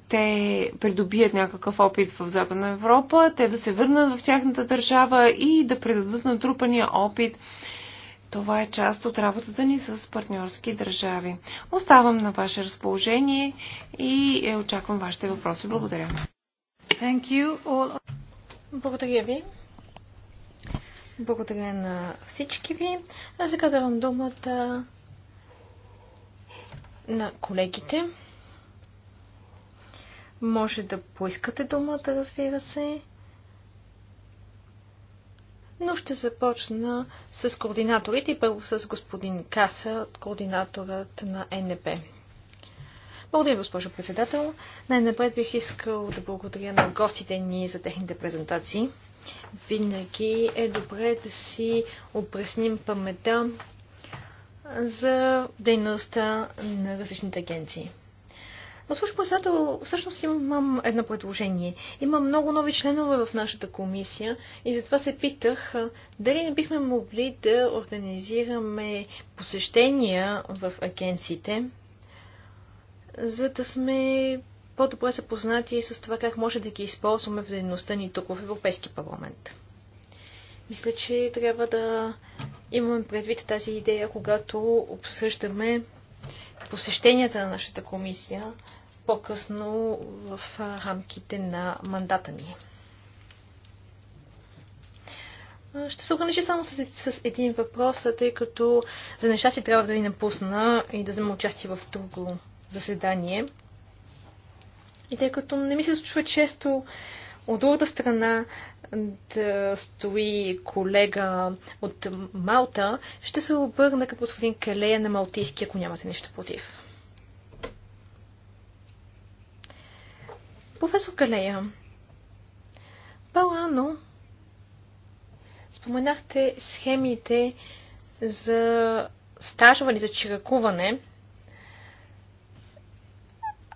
те придобият някакъв опит в Западна Европа, те да се върнат в тяхната държава и да предадат натрупания опит. Това е част от работата ни с партньорски държави. Оставам на ваше разположение и е, очаквам вашите въпроси. Благодаря. All... Благодаря ви. Благодаря на всички ви. А сега давам думата на колегите. Може да поискате думата, разбира се. Но ще започна с координаторите и първо с господин Каса, координаторът на НП. Благодаря, госпожо председател. Най-напред бих искал да благодаря на гостите ни за техните презентации. Винаги е добре да си опресним памета за дейността на различните агенции. Госпожо председател, всъщност имам едно предложение. Има много нови членове в нашата комисия и затова се питах дали не бихме могли да организираме посещения в агенциите, за да сме по-добре са познати с това как може да ги използваме в дейността ни тук в Европейски парламент. Мисля, че трябва да имаме предвид тази идея, когато обсъждаме посещенията на нашата комисия по-късно в рамките на мандата ни. Ще се огранича само с, с един въпрос, тъй като за неща си трябва да ви напусна и да взема участие в друго заседание. И тъй като не ми се случва често от другата страна да стои колега от Малта, ще се обърна към господин Калея на малтийски, ако нямате нищо против. Професор Калея, по-рано споменахте схемите за стажване, за чиракуване,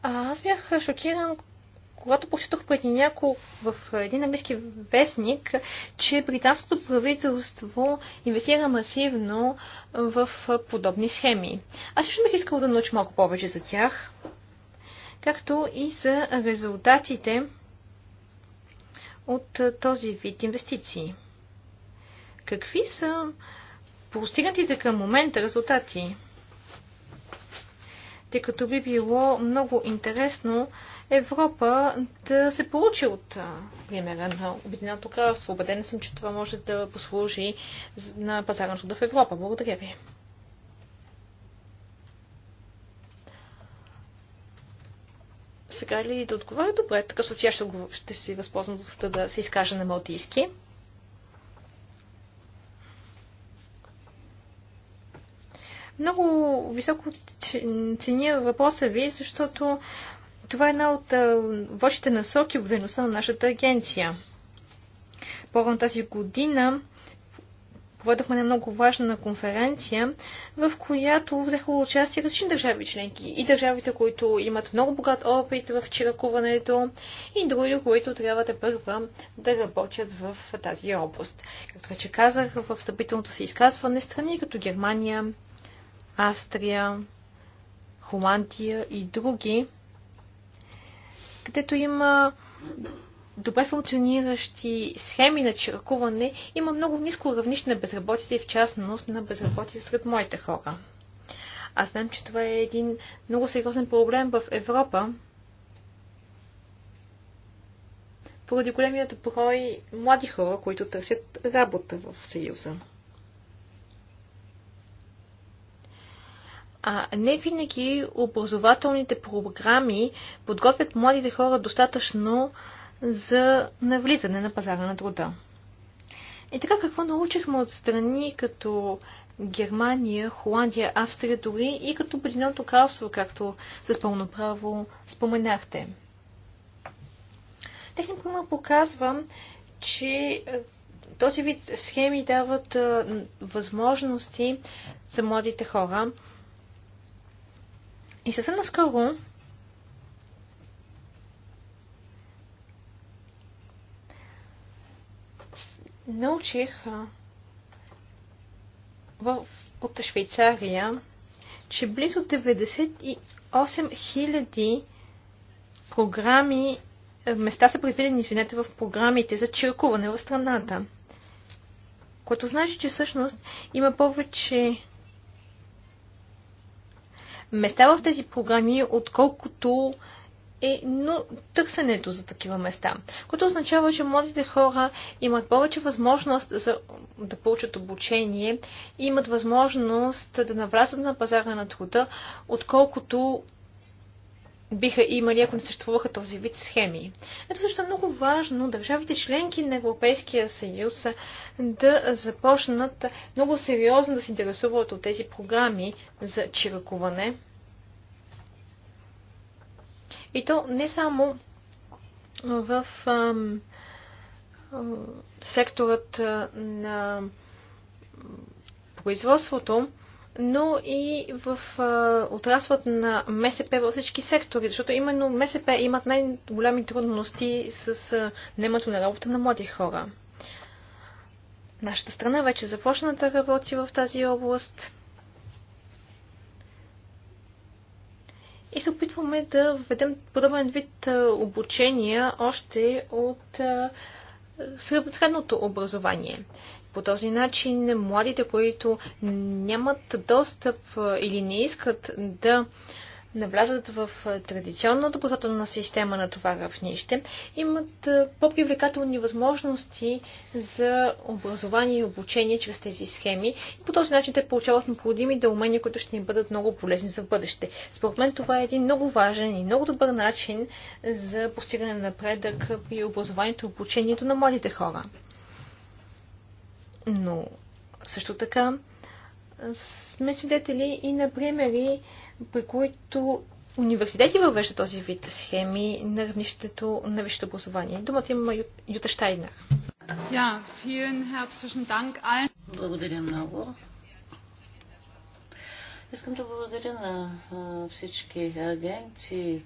а, аз бях шокиран, когато почетох преди няколко в един английски вестник, че британското правителство инвестира масивно в подобни схеми. Аз също бих искал да науча малко повече за тях, както и за резултатите от този вид инвестиции. Какви са постигнатите към момента резултати? тъй като би било много интересно Европа да се получи от примера на Обединеното кралство. Обеден съм, че това може да послужи на пазарното в Европа. Благодаря ви. Сега ли да отговаря? Добре, така случай ще, ще си възползвам да се изкажа на малтийски. Много високо ценя въпроса ви, защото това е една от вашите насоки в дейността на нашата агенция. По-рано тази година проведохме една много важна конференция, в която взеха участие различни държави членки. И държавите, които имат много богат опит в чиракуването, и други, които трябва да първа да работят в тази област. Както вече казах в встъпителното си изказване, страни като Германия, Австрия, Холандия и други, където има добре функциониращи схеми на чиракуване, има много ниско равнище на безработица и в частност на безработица сред моите хора. Аз знам, че това е един много сериозен проблем в Европа, поради големият брой млади хора, които търсят работа в Съюза. А не винаги образователните програми подготвят младите хора достатъчно за навлизане на пазара на труда. И така какво научихме от страни като Германия, Холандия, Австрия дори и като Обединеното кралство, както с пълно право споменахте. Техният пример показва, че е, този вид схеми дават е, възможности за младите хора и съвсем наскоро научих в, от Швейцария, че близо 98 000 програми, места са предвидени, извинете, в програмите за чиркуване в страната. Което значи, че всъщност има повече места в тези програми, отколкото е но търсенето за такива места, което означава, че младите хора имат повече възможност за, да получат обучение и имат възможност да навлязат на пазара на труда, отколкото биха имали, ако не съществуваха този вид схеми. Ето също е много важно държавите членки на Европейския съюз да започнат много сериозно да се интересуват от тези програми за чиракуване. И то не само в ам, ам, секторът на производството, но и в отраслът на МСП във всички сектори, защото именно МСП имат най-големи трудности с а, немато на работа на млади хора. Нашата страна вече започна да работи в тази област. И се опитваме да введем подобен вид обучения още от средното образование. По този начин младите, които нямат достъп или не искат да навлязат в традиционната образователна система на това равнище, имат по-привлекателни възможности за образование и обучение чрез тези схеми и по този начин те получават необходими да умения, които ще им бъдат много полезни за бъдеще. Според мен това е един много важен и много добър начин за постигане на напредък при образованието и обучението на младите хора. Но също така сме свидетели и на примери, при които университети въвеждат този вид схеми на равнището на висшето образование. Думата има Юта Штайнер. Ja, vielen herzlichen Dank allen. Благодаря много. Искам да благодаря на всички агенции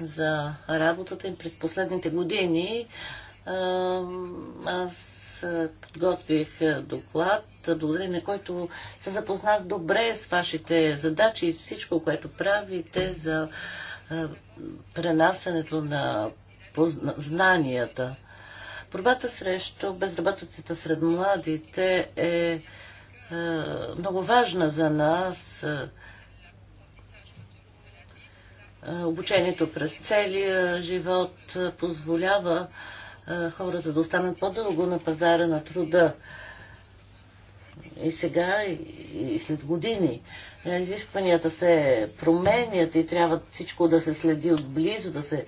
за работата им през последните години. Аз подготвих доклад, благодарение на който се запознах добре с вашите задачи и всичко, което правите за пренасенето на знанията. Борбата срещу безработицата сред младите е много важна за нас. Обучението през целия живот позволява хората да останат по-дълго на пазара на труда. И сега, и след години. Изискванията се променят и трябва всичко да се следи отблизо, да се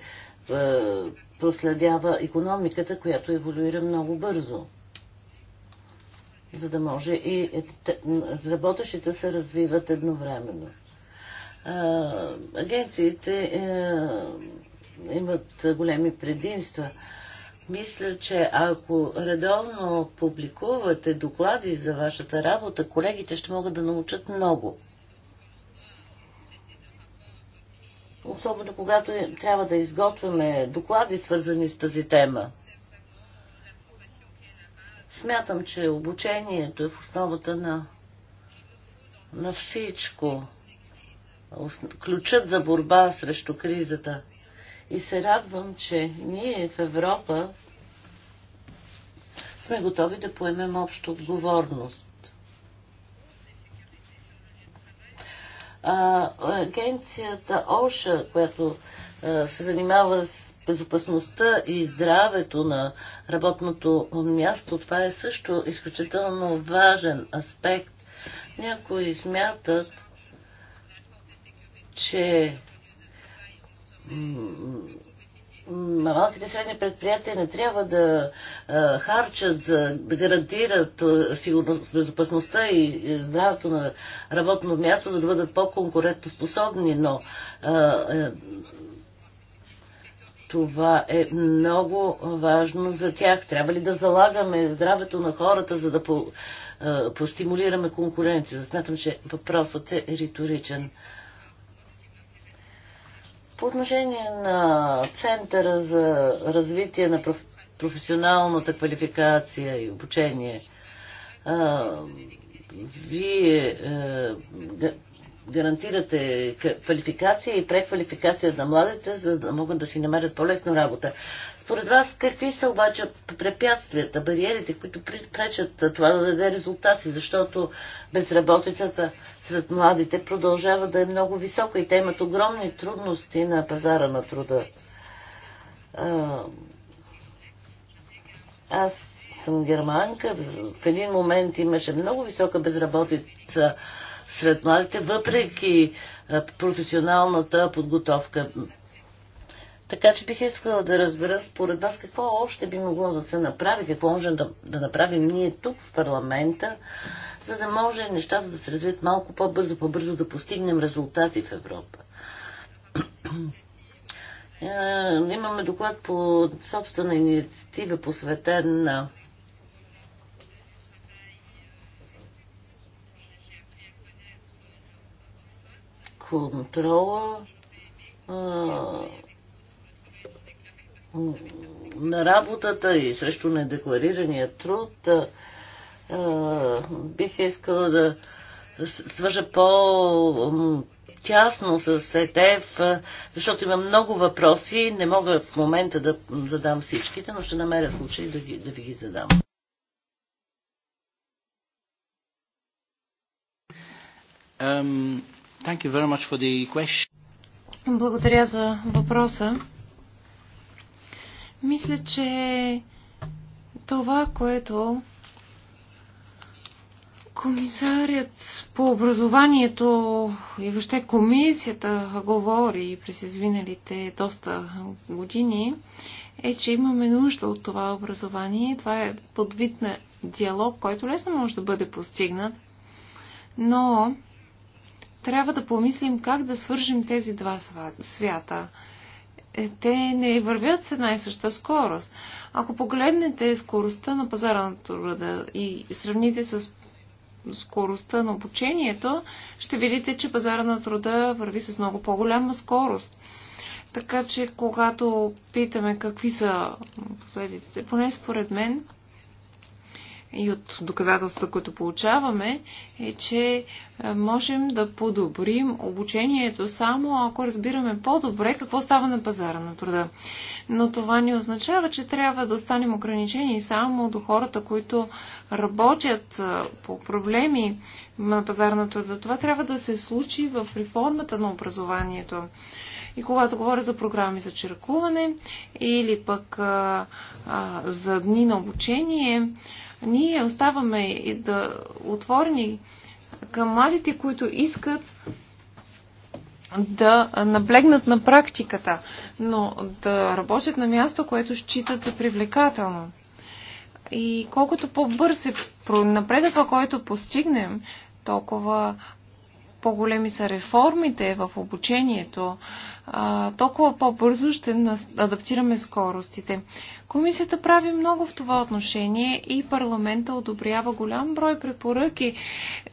проследява економиката, която еволюира много бързо. За да може и е, работещите се развиват едновременно. Агенциите е, имат големи предимства мисля, че ако редовно публикувате доклади за вашата работа, колегите ще могат да научат много. Особено когато трябва да изготвяме доклади, свързани с тази тема. Смятам, че обучението е в основата на, на всичко. Ключът за борба срещу кризата – и се радвам, че ние в Европа сме готови да поемем обща отговорност. А, агенцията ОША, която а, се занимава с безопасността и здравето на работното място, това е също изключително важен аспект. Някои смятат, че малките средни предприятия не трябва да а, харчат, за, да гарантират сигурност, безопасността и здравето на работно място, за да бъдат по-конкурентоспособни, но а, е, това е много важно за тях. Трябва ли да залагаме здравето на хората, за да по, а, постимулираме конкуренция? Смятам, че въпросът е риторичен. По отношение на Центъра за развитие на проф... професионалната квалификация и обучение, а, вие а, е, гарантирате квалификация и преквалификация на младите, за да могат да си намерят по-лесно работа. Според вас, какви са обаче препятствията, бариерите, които пречат това да даде резултати, защото безработицата сред младите продължава да е много висока и те имат огромни трудности на пазара на труда. Аз съм германка, в един момент имаше много висока безработица сред младите, въпреки професионалната подготовка. Така че бих искала да разбера според вас какво още би могло да се направи, какво можем да, да направим ние тук в парламента, за да може нещата да се развият малко по-бързо, по-бързо да постигнем резултати в Европа. Е, имаме доклад по собствена инициатива, посветен на контрола на работата и срещу недекларирания труд. Бих искала да свържа по тясно с ЕТФ, защото има много въпроси. Не мога в момента да задам всичките, но ще намеря случай да, ги, да ви ги задам. Um, Thank you very much for the question. Благодаря за въпроса. Мисля, че това, което комисарят по образованието и въобще комисията говори през извиналите доста години, е, че имаме нужда от това образование. Това е подвид на диалог, който лесно може да бъде постигнат, но трябва да помислим как да свържим тези два свята. Е, те не вървят с една и съща скорост. Ако погледнете скоростта на пазара на труда и сравните с скоростта на обучението, ще видите, че пазара на труда върви с много по-голяма скорост. Така че, когато питаме какви са последиците, поне според мен, и от доказателства, които получаваме, е, че е, можем да подобрим обучението само ако разбираме по-добре какво става на пазара на труда. Но това не означава, че трябва да останем ограничени само до хората, които работят е, по проблеми на пазара на труда. Това трябва да се случи в реформата на образованието. И когато говоря за програми за чиракуване или пък а, е, а, за дни на обучение, а, ние оставаме и да отворени към младите, които искат да наблегнат на практиката, но да работят на място, което считат за привлекателно. И колкото по-бърз е напредъка, който постигнем, толкова по-големи са реформите в обучението, толкова по-бързо ще адаптираме скоростите. Комисията прави много в това отношение и парламента одобрява голям брой препоръки,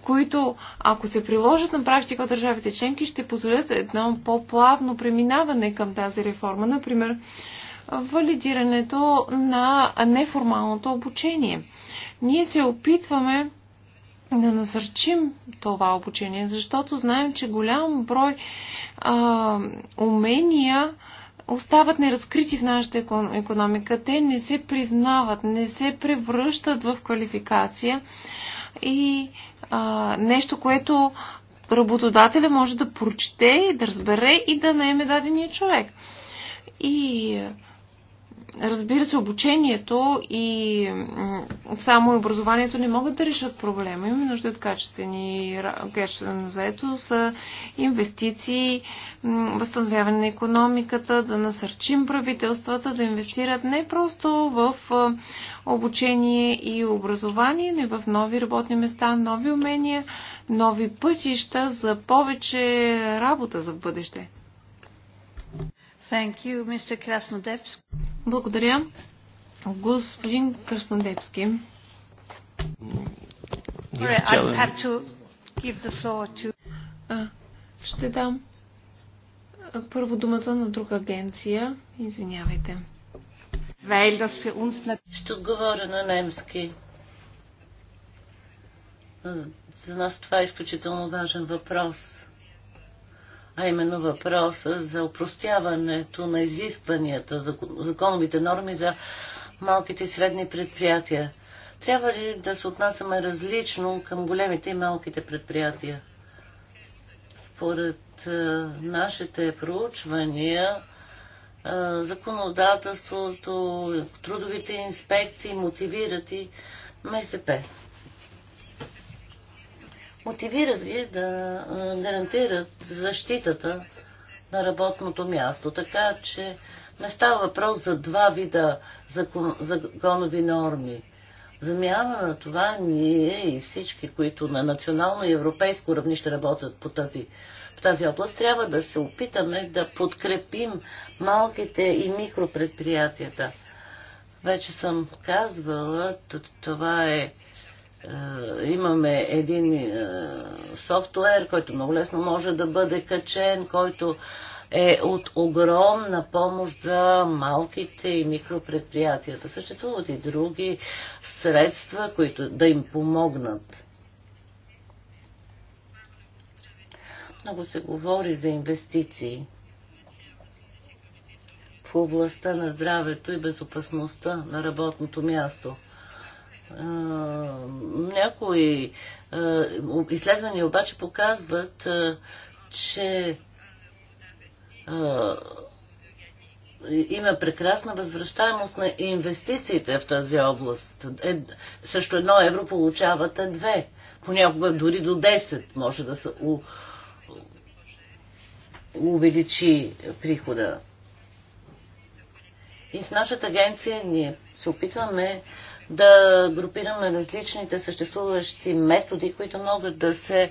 които, ако се приложат на практика от държавите членки, ще позволят едно по-плавно преминаване към тази реформа. Например, валидирането на неформалното обучение. Ние се опитваме да насърчим това обучение, защото знаем, че голям брой а, умения остават неразкрити в нашата економика. Те не се признават, не се превръщат в квалификация и а, нещо, което работодателя може да прочете, да разбере и да наеме дадения човек. И а, разбира се, обучението и само образованието не могат да решат проблема. Има нужда от качествени качествена заетост, инвестиции, възстановяване на економиката, да насърчим правителствата да инвестират не просто в обучение и образование, но и в нови работни места, нови умения, нови пътища за повече работа за бъдеще. Thank you, Mr. Краснодепски. Благодаря. Господин Краснодепски. ще дам първо думата на друга агенция. Извинявайте. Ще отговоря на немски. За нас това е изключително важен въпрос а именно въпроса за упростяването на изискванията, законовите норми за малките и средни предприятия. Трябва ли да се отнасяме различно към големите и малките предприятия? Според е, нашите проучвания, е, законодателството, трудовите инспекции мотивират и МСП мотивират ги да гарантират защитата на работното място. Така че не става въпрос за два вида закон, законови норми. Замяна на това ние и всички, които на национално и европейско равнище работят по тази, в тази област, трябва да се опитаме да подкрепим малките и микропредприятията. Вече съм казвала, това е е, имаме един е, софтуер, който много лесно може да бъде качен, който е от огромна помощ за малките и микропредприятията. Съществуват и други средства, които да им помогнат. Много се говори за инвестиции в областта на здравето и безопасността на работното място – е, някои е, изследвания обаче показват, е, че има прекрасна възвръщаемост на инвестициите в тази област. Е, също едно евро получавате две. Понякога дори до 10 може да се у, увеличи прихода. И в нашата агенция ние се опитваме да групираме различните съществуващи методи, които могат да се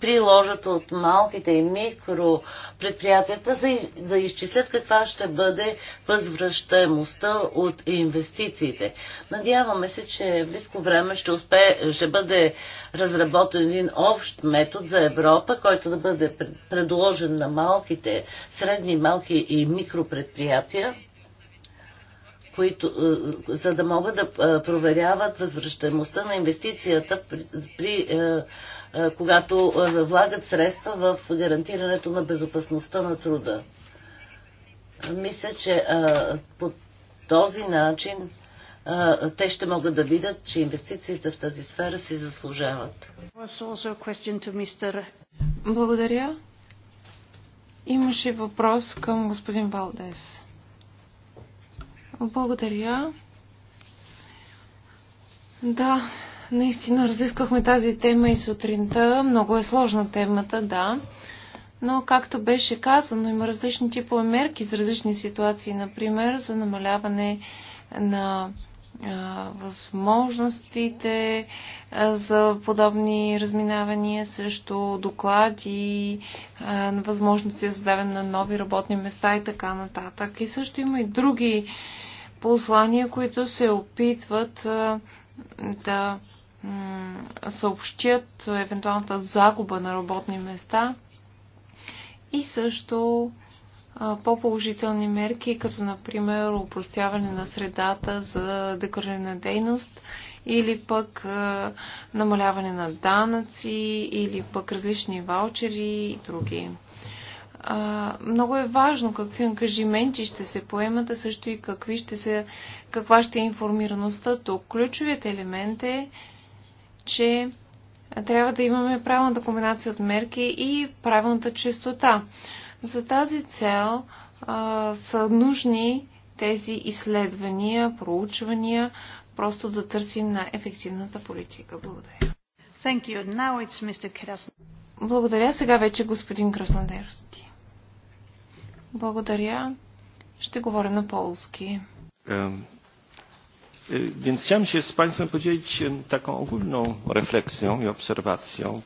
приложат от малките и микро предприятията, за да изчислят каква ще бъде възвръщаемостта от инвестициите. Надяваме се, че в близко време ще, успе, ще бъде разработен един общ метод за Европа, който да бъде предложен на малките, средни, малки и микропредприятия, които, е, за да могат да е, проверяват възвръщаемостта на инвестицията, при, при, е, когато влагат средства в гарантирането на безопасността на труда. Мисля, че по този начин те ще могат да видят, че инвестициите в тази сфера си заслужават. Благодаря. Имаше въпрос към господин Валдес. Благодаря. Да, наистина разисквахме тази тема и сутринта. Много е сложна темата, да. Но, както беше казано, има различни типове мерки за различни ситуации. Например, за намаляване на а, възможностите а, за подобни разминавания, също доклади, а, възможности за задаване на нови работни места и така нататък. И също има и други послания, които се опитват да съобщят евентуалната загуба на работни места и също по-положителни мерки, като например упростяване на средата за декларирана дейност или пък намаляване на данъци или пък различни ваучери и други. А, много е важно какви ангажименти ще се поемат, а също и какви ще се, каква ще е информираността То Ключовият елемент е, че трябва да имаме правилната комбинация от мерки и правилната частота. За тази цел а, са нужни тези изследвания, проучвания, просто да търсим на ефективната политика. Благодаря. Thank you. Now it's Mr. Благодаря. Сега вече господин Краснодерски. Благодаря. Ще говоря на полски. Е, więc chciałem się z Państwem podzielić taką ogólną refleksją i obserwacją.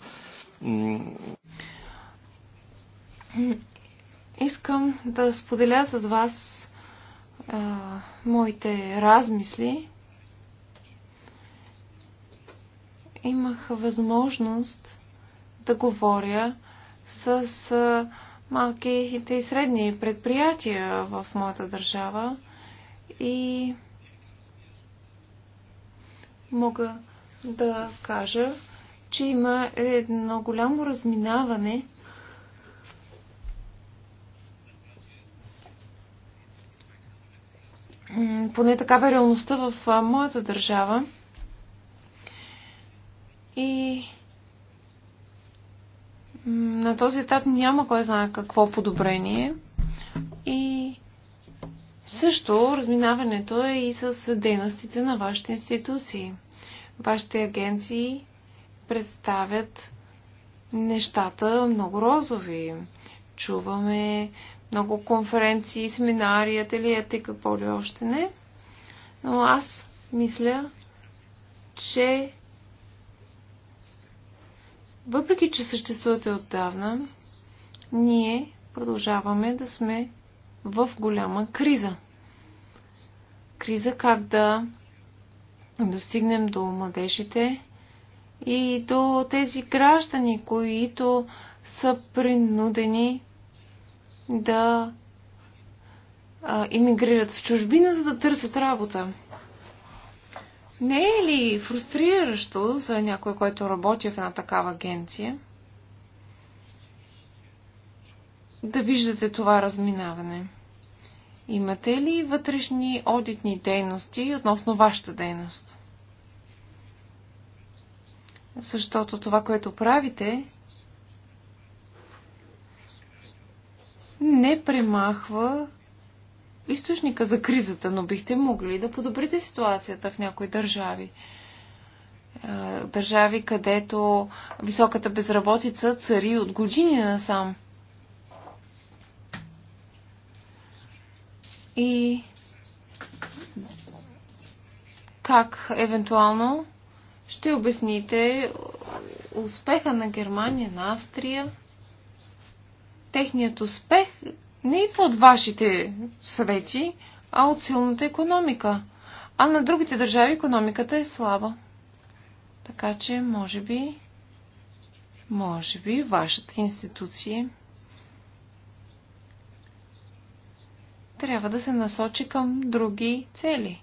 Mm. Искам да споделя с вас а, моите размисли. Имах възможност да говоря с а, малките и средни предприятия в моята държава и мога да кажа, че има едно голямо разминаване поне така бе реалността в моята държава. И на този етап няма кой знае какво подобрение. И също разминаването е и с дейностите на вашите институции. Вашите агенции представят нещата много розови. Чуваме много конференции, семинари, ателиета и какво ли още не. Но аз мисля, че въпреки че съществувате отдавна, ние продължаваме да сме в голяма криза. Криза как да достигнем до младежите и до тези граждани, които са принудени да иммигрират в чужбина, за да търсят работа. Не е ли фрустриращо за някой, който работи в една такава агенция, да виждате това разминаване? Имате ли вътрешни одитни дейности относно вашата дейност? Защото това, което правите, не премахва източника за кризата, но бихте могли да подобрите ситуацията в някои държави. Е, държави, където високата безработица цари от години насам. И как евентуално ще обясните успеха на Германия, на Австрия, техният успех не идва от вашите съвети, а от силната економика. А на другите държави економиката е слаба. Така че, може би, може би вашата институция трябва да се насочи към други цели.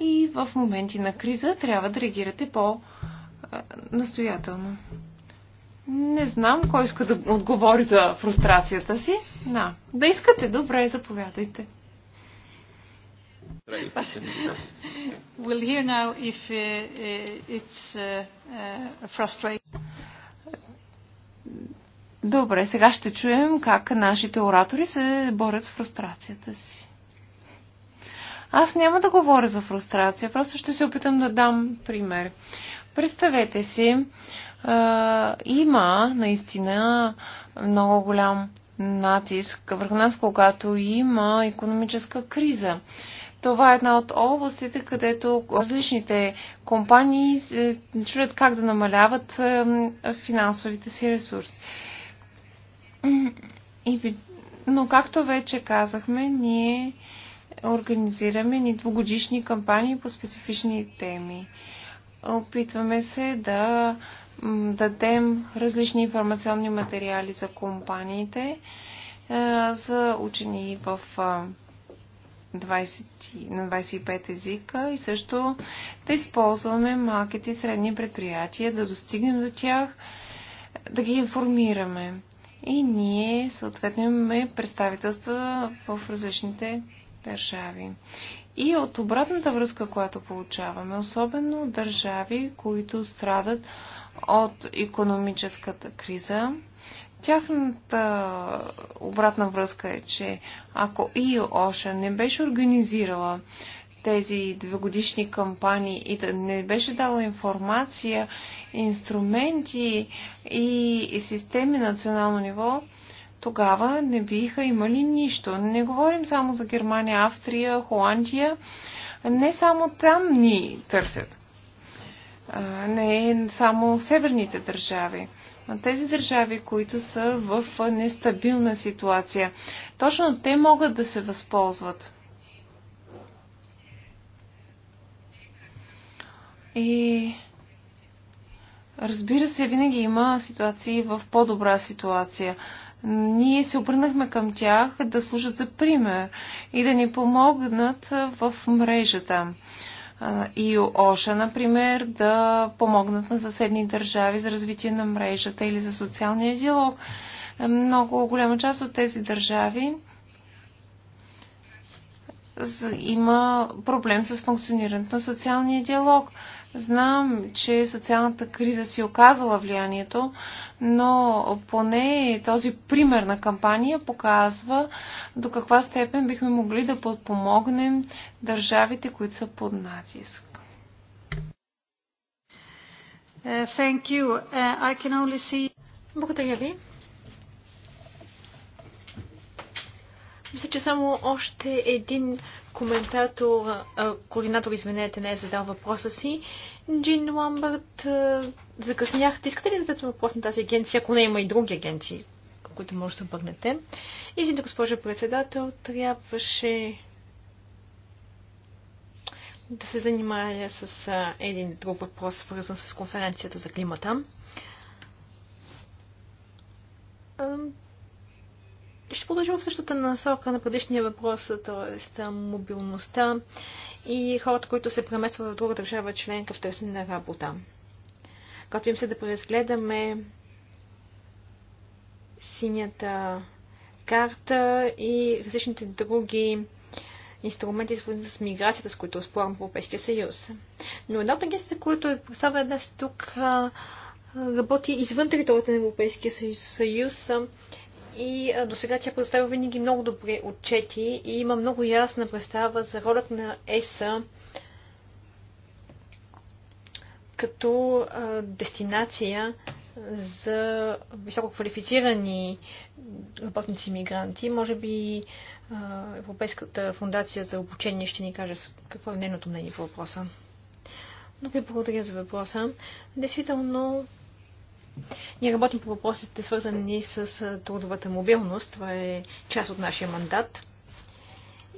И в моменти на криза трябва да реагирате по-настоятелно. Не знам кой иска да отговори за фрустрацията си. Да, да искате, добре, заповядайте. We'll hear now if uh, uh, it's uh, Добре, сега ще чуем как нашите оратори се борят с фрустрацията си. Аз няма да говоря за фрустрация, просто ще се опитам да дам пример. Представете си, а, има наистина много голям натиск върху нас, когато има економическа криза. Това е една от областите, където различните компании чуят как да намаляват финансовите си ресурси. Но както вече казахме, ние организираме ни двугодишни кампании по специфични теми. Опитваме се да дадем различни информационни материали за компаниите, е, за учени в 20, на 25 езика и също да използваме малките и средни предприятия, да достигнем до тях, да ги информираме. И ние съответно имаме представителства в различните държави. И от обратната връзка, която получаваме, особено от държави, които страдат от економическата криза. Тяхната обратна връзка е, че ако ИО ОША не беше организирала тези двегодишни кампании и да не беше дала информация, инструменти и системи на национално ниво, тогава не биха имали нищо. Не говорим само за Германия, Австрия, Холандия. Не само там ни търсят не е само северните държави, а тези държави, които са в нестабилна ситуация. Точно те могат да се възползват. И разбира се, винаги има ситуации в по-добра ситуация. Ние се обърнахме към тях да служат за пример и да ни помогнат в мрежата и Оша, например, да помогнат на съседни държави за развитие на мрежата или за социалния диалог. Е, много голяма част от тези държави има проблем с функционирането на социалния диалог. Знам, че социалната криза си оказала влиянието, но поне този пример на кампания показва до каква степен бихме могли да подпомогнем държавите, които са под натиск. Uh, uh, see... Благодаря ви. Мисля, че само още един коментатор, а, координатор, извинете, не е задал въпроса си. Джин Ламбърт, закъснях. закъсняхте. Искате ли да зададете въпрос на тази агенция, ако не има и други агенции, към които може да се обърнете? Извинете, госпожа председател, трябваше да се занимая с а, един друг въпрос, свързан с конференцията за климата. И ще продължим в същата насока на предишния въпрос, т.е. мобилността и хората, които се преместват в друга държава членка в търсене на работа. Като им се да преразгледаме синята карта и различните други инструменти, свързани с миграцията, с които спорим в Европейския съюз. Но една от агенциите, които е представя днес тук, работи извън територията на Европейския съюз, съюз и до сега тя представя винаги много добри отчети и има много ясна представа за ролята на ЕСА като дестинация за висококвалифицирани работници мигранти. Може би Европейската фундация за обучение ще ни каже какво е нейното мнение по въпроса. Много ви благодаря за въпроса. Действително, ние работим по въпросите, свързани с трудовата мобилност. Това е част от нашия мандат.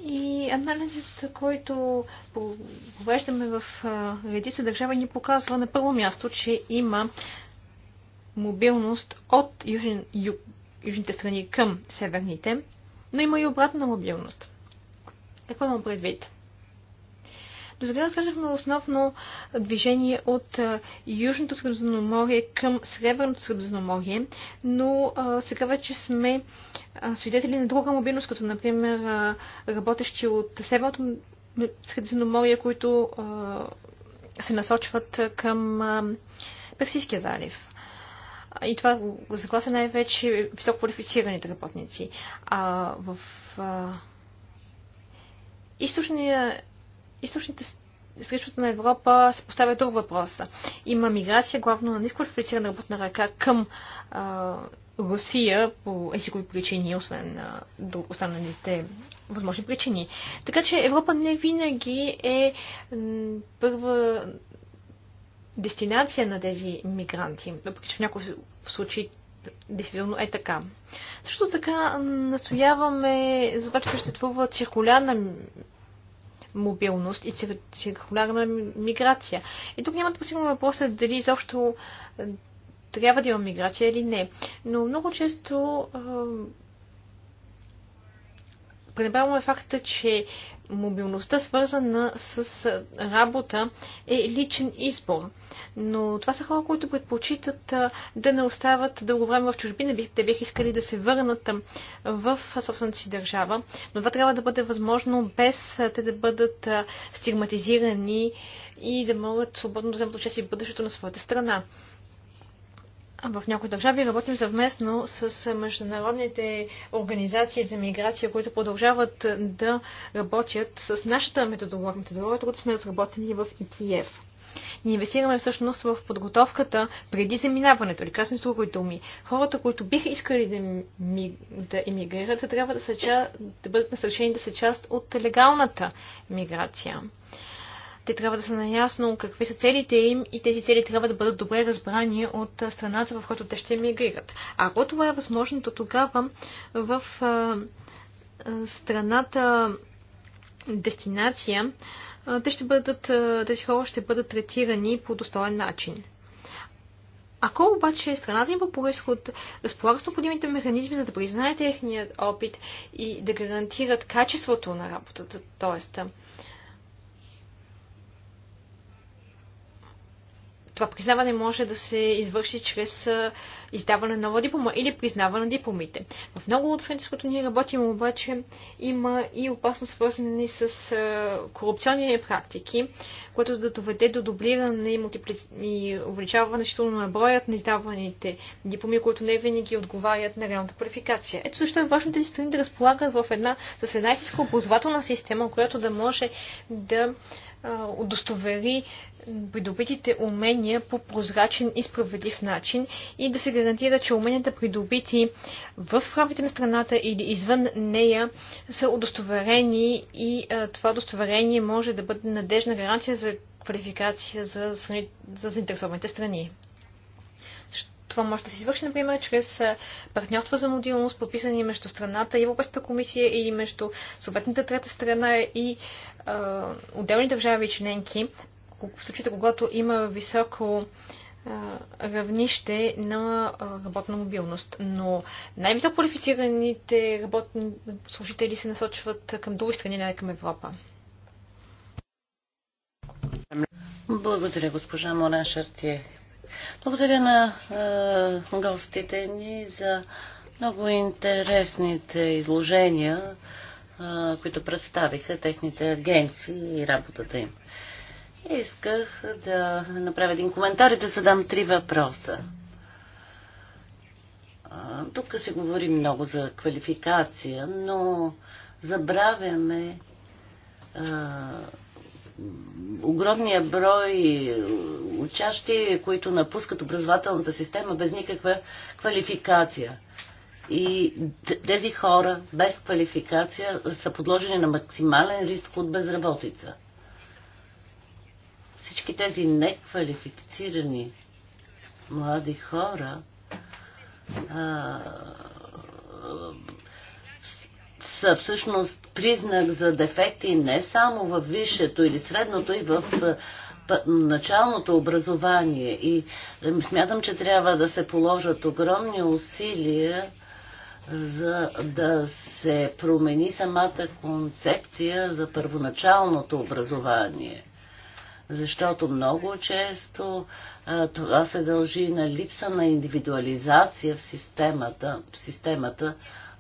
И анализът, който провеждаме в редица държава, ни показва на първо място, че има мобилност от южен, ю, южните страни към северните, но има и обратна мобилност. Какво имам предвид? До сега разглеждахме основно движение от Южното Средиземноморие към Сребърното Средиземноморие, но сега вече сме свидетели на друга мобилност, като например работещи от Северното Средиземноморие, които се насочват към Персийския залив. И това загласа най-вече висококвалифицираните работници. А в източния източните източната на Европа се поставя друг въпрос. Има миграция, главно на ниско квалифицирана работна ръка към а, Русия по езикови причини, освен а, останалите възможни причини. Така че Европа не винаги е първа дестинация на тези мигранти, въпреки че в някои случаи действително е така. Също така настояваме за това, че съществува циркулярна мобилност и циркулярна миграция. И тук няма да посигнем въпроса дали изобщо трябва да има миграция или не. Но много често пренебрегваме факта, че мобилността, свързана с работа, е личен избор. Но това са хора, които предпочитат да не остават дълго време в чужбина. Те бих искали да се върнат в собствената си държава. Но това трябва да бъде възможно без те да бъдат стигматизирани и да могат свободно да вземат участие в бъдещето на своята страна в някои държави работим съвместно с международните организации за миграция, които продължават да работят с нашата методология, методология, която сме разработени в ETF. Ние инвестираме всъщност в подготовката преди заминаването, или казвам с други думи. Хората, които биха искали да, ми, да емигрират, трябва да, са, да бъдат насърчени да са част от легалната миграция. Те трябва да са наясно какви са целите им и тези цели трябва да бъдат добре разбрани от страната, в която те ще мигрират. Ако това е възможно, то тогава в страната дестинация те ще бъдат, тези хора ще бъдат третирани по достоен начин. Ако обаче страната им по происход разполага с необходимите механизми, за да признае техният опит и да гарантират качеството на работата, т.е. това признаване може да се извърши чрез издаване на нова диплома или признаване на дипломите. В много от страните, с които ние работим, обаче, има и опасност свързани с корупционни практики, което да доведе до дублиране и, мултипли... и увеличаване на броят на издаваните дипломи, които не винаги отговарят на реалната квалификация. Ето защо е важно тези страни да разполагат в една, с една истинска образователна система, която да може да удостовери придобитите умения по прозрачен и справедлив начин и да се гарантира, че уменията придобити в рамките на страната или извън нея са удостоверени и а, това удостоверение може да бъде надежна гаранция за квалификация за, страни, за заинтересованите страни. Това може да се извърши, например, чрез партньорство за мобилност, подписани между страната и Европейската комисия или между съответната трета страна и а, отделни държави членки, в случаите, когато има високо равнище на работна мобилност. Но най-високо квалифицираните работни служители се насочват към други страни, не към Европа. Благодаря, госпожа Моран Шартие. Благодаря на е, гостите ни за много интересните изложения, е, които представиха техните агенции и работата им. Исках да направя един коментар и да задам три въпроса. Тук се говори много за квалификация, но забравяме а, огромния брой учащи, които напускат образователната система без никаква квалификация. И тези хора без квалификация са подложени на максимален риск от безработица всички тези неквалифицирани млади хора а, са всъщност признак за дефекти не само в висшето или средното, и в началното образование. И смятам, че трябва да се положат огромни усилия за да се промени самата концепция за първоначалното образование защото много често а, това се дължи на липса на индивидуализация в системата, в системата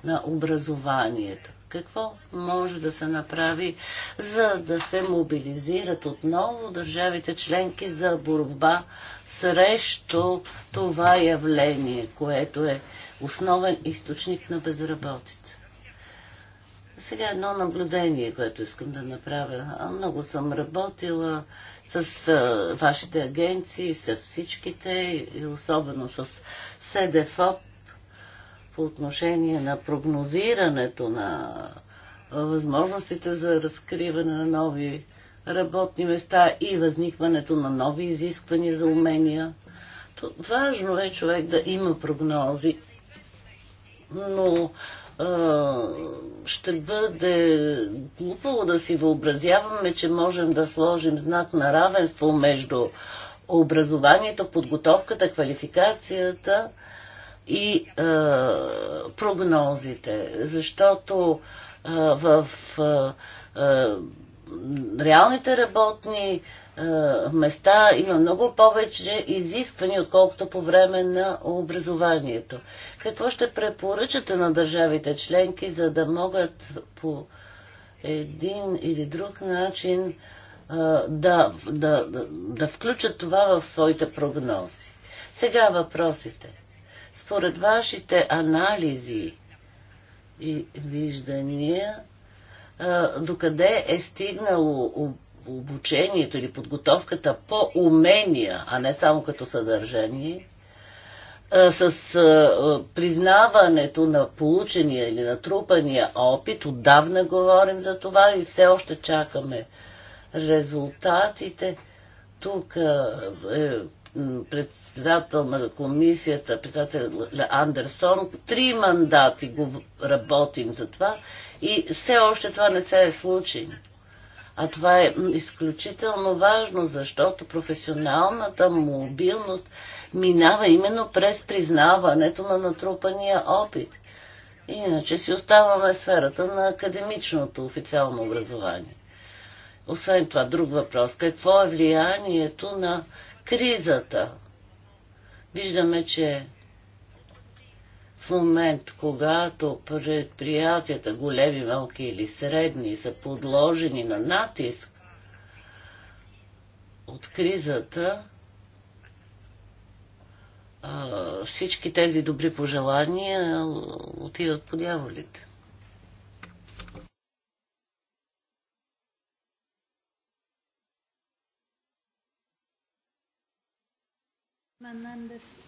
на образованието. Какво може да се направи, за да се мобилизират отново държавите членки за борба срещу това явление, което е основен източник на безработица? Сега едно наблюдение, което искам да направя. Много съм работила с а, вашите агенции, с всичките и особено с СДФОП по отношение на прогнозирането на възможностите за разкриване на нови работни места и възникването на нови изисквания за умения. То, важно е човек да има прогнози, но ще бъде глупаво да си въобразяваме, че можем да сложим знак на равенство между образованието, подготовката, квалификацията и е, прогнозите. Защото е, в е, реалните работни е, места има много повече изисквания, отколкото по време на образованието. Какво ще препоръчате на държавите членки, за да могат по един или друг начин е, да, да, да, да включат това в своите прогнози? Сега въпросите. Според вашите анализи и виждания, е, докъде е стигнало обучението или подготовката по умения, а не само като съдържание, с а, признаването на получения или натрупания опит, отдавна говорим за това и все още чакаме резултатите. Тук е председател на комисията, председател Андерсон, три мандати го работим за това и все още това не се е случило. А това е изключително важно, защото професионалната мобилност минава именно през признаването на натрупания опит. Иначе си оставаме сферата на академичното официално образование. Освен това, друг въпрос. Какво е влиянието на кризата? Виждаме, че в момент, когато предприятията, големи, малки или средни, са подложени на натиск от кризата, всички тези добри пожелания отиват по дяволите. Manandes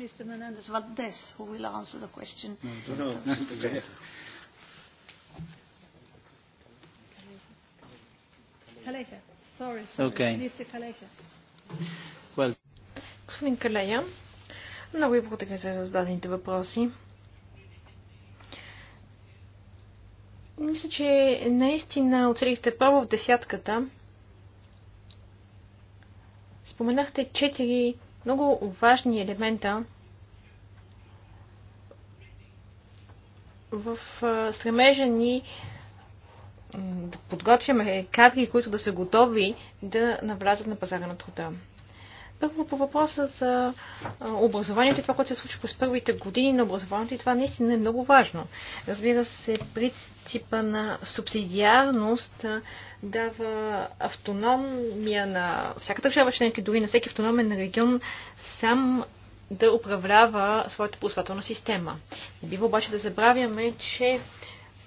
Mr. Menendez Valdez, who will answer the question. No, no, no. Калея. Sorry, sorry. Okay. Mr. Калея. Well. Господин Калея, много ви благодаря за зададените въпроси. Мисля, че наистина оцелихте право в десятката. Споменахте четири 4 много важни елемента в стремежа ни да подготвяме кадри, които да са готови да навлязат на пазара на труда. Първо по въпроса за образованието и това, което се случва през първите години на образованието и това наистина е много важно. Разбира се, принципа на субсидиарност дава автономия на всяка държава членки, дори на всеки автономен регион сам да управлява своята ползвателна система. Не бива обаче да забравяме, че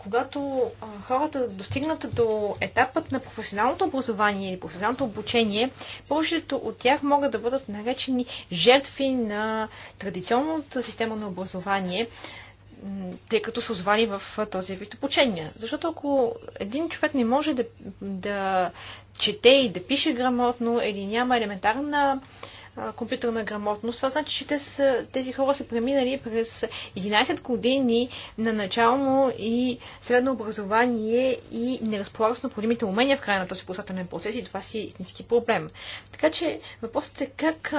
когато а, хората достигнат до етапът на професионалното образование или професионалното обучение, повечето от тях могат да бъдат наречени жертви на традиционната система на образование, тъй като са озвани в този вид обучение. Защото ако един човек не може да, да чете и да пише грамотно или няма елементарна а, компютърна грамотност. Това значи, че тези хора са преминали през 11 години на начално и средно образование и не разполагат с необходимите умения в края на този послателен процес и това си истински проблем. Така че въпросът е как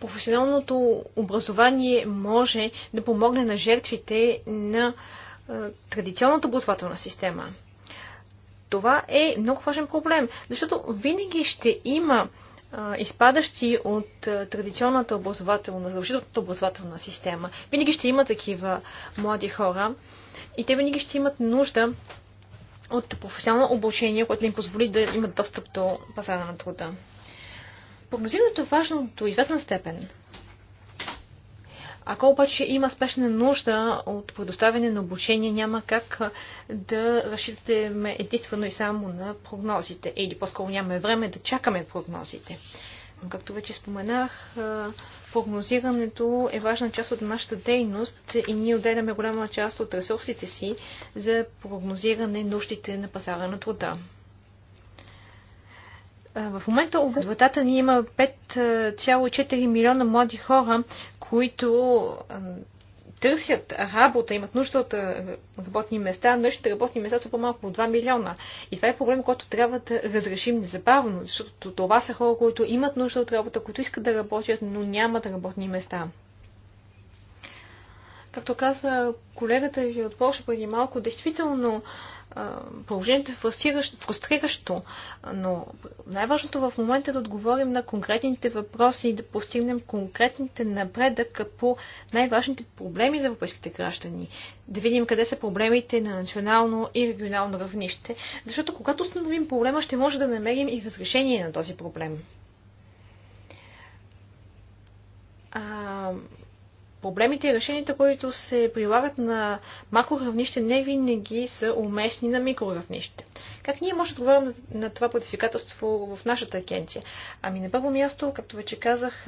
професионалното образование може да помогне на жертвите на традиционната образователна система. Това е много важен проблем, защото винаги ще има изпадащи от традиционната образователна, задължителната образователна система. Винаги ще има такива млади хора и те винаги ще имат нужда от професионално обучение, което им позволи да имат достъп до пазара на труда. Прогнозирането е важно до известна степен, ако обаче има спешна нужда от предоставяне на обучение, няма как да разчитате единствено и само на прогнозите. Или по-скоро нямаме време да чакаме прогнозите. Но както вече споменах, прогнозирането е важна част от нашата дейност и ние отделяме голяма част от ресурсите си за прогнозиране нуждите на пазара на труда. В момента в ни има 5,4 милиона млади хора, които търсят работа, имат нужда от работни места, нашите работни места са по-малко от 2 милиона. И това е проблем, който трябва да разрешим незабавно, защото това са хора, които имат нужда от работа, които искат да работят, но нямат работни места. Както каза колегата ви от Польша преди малко, действително положението е фрустриращо, но най-важното в момента е да отговорим на конкретните въпроси и да постигнем конкретните напредък по най-важните проблеми за европейските граждани. Да видим къде са проблемите на национално и регионално равнище, защото когато установим проблема, ще може да намерим и разрешение на този проблем. А, проблемите и решенията, които се прилагат на макроравнище, не винаги са уместни на микроравнище. Как ние можем да отговорим на това предизвикателство в нашата агенция? Ами на първо място, както вече казах,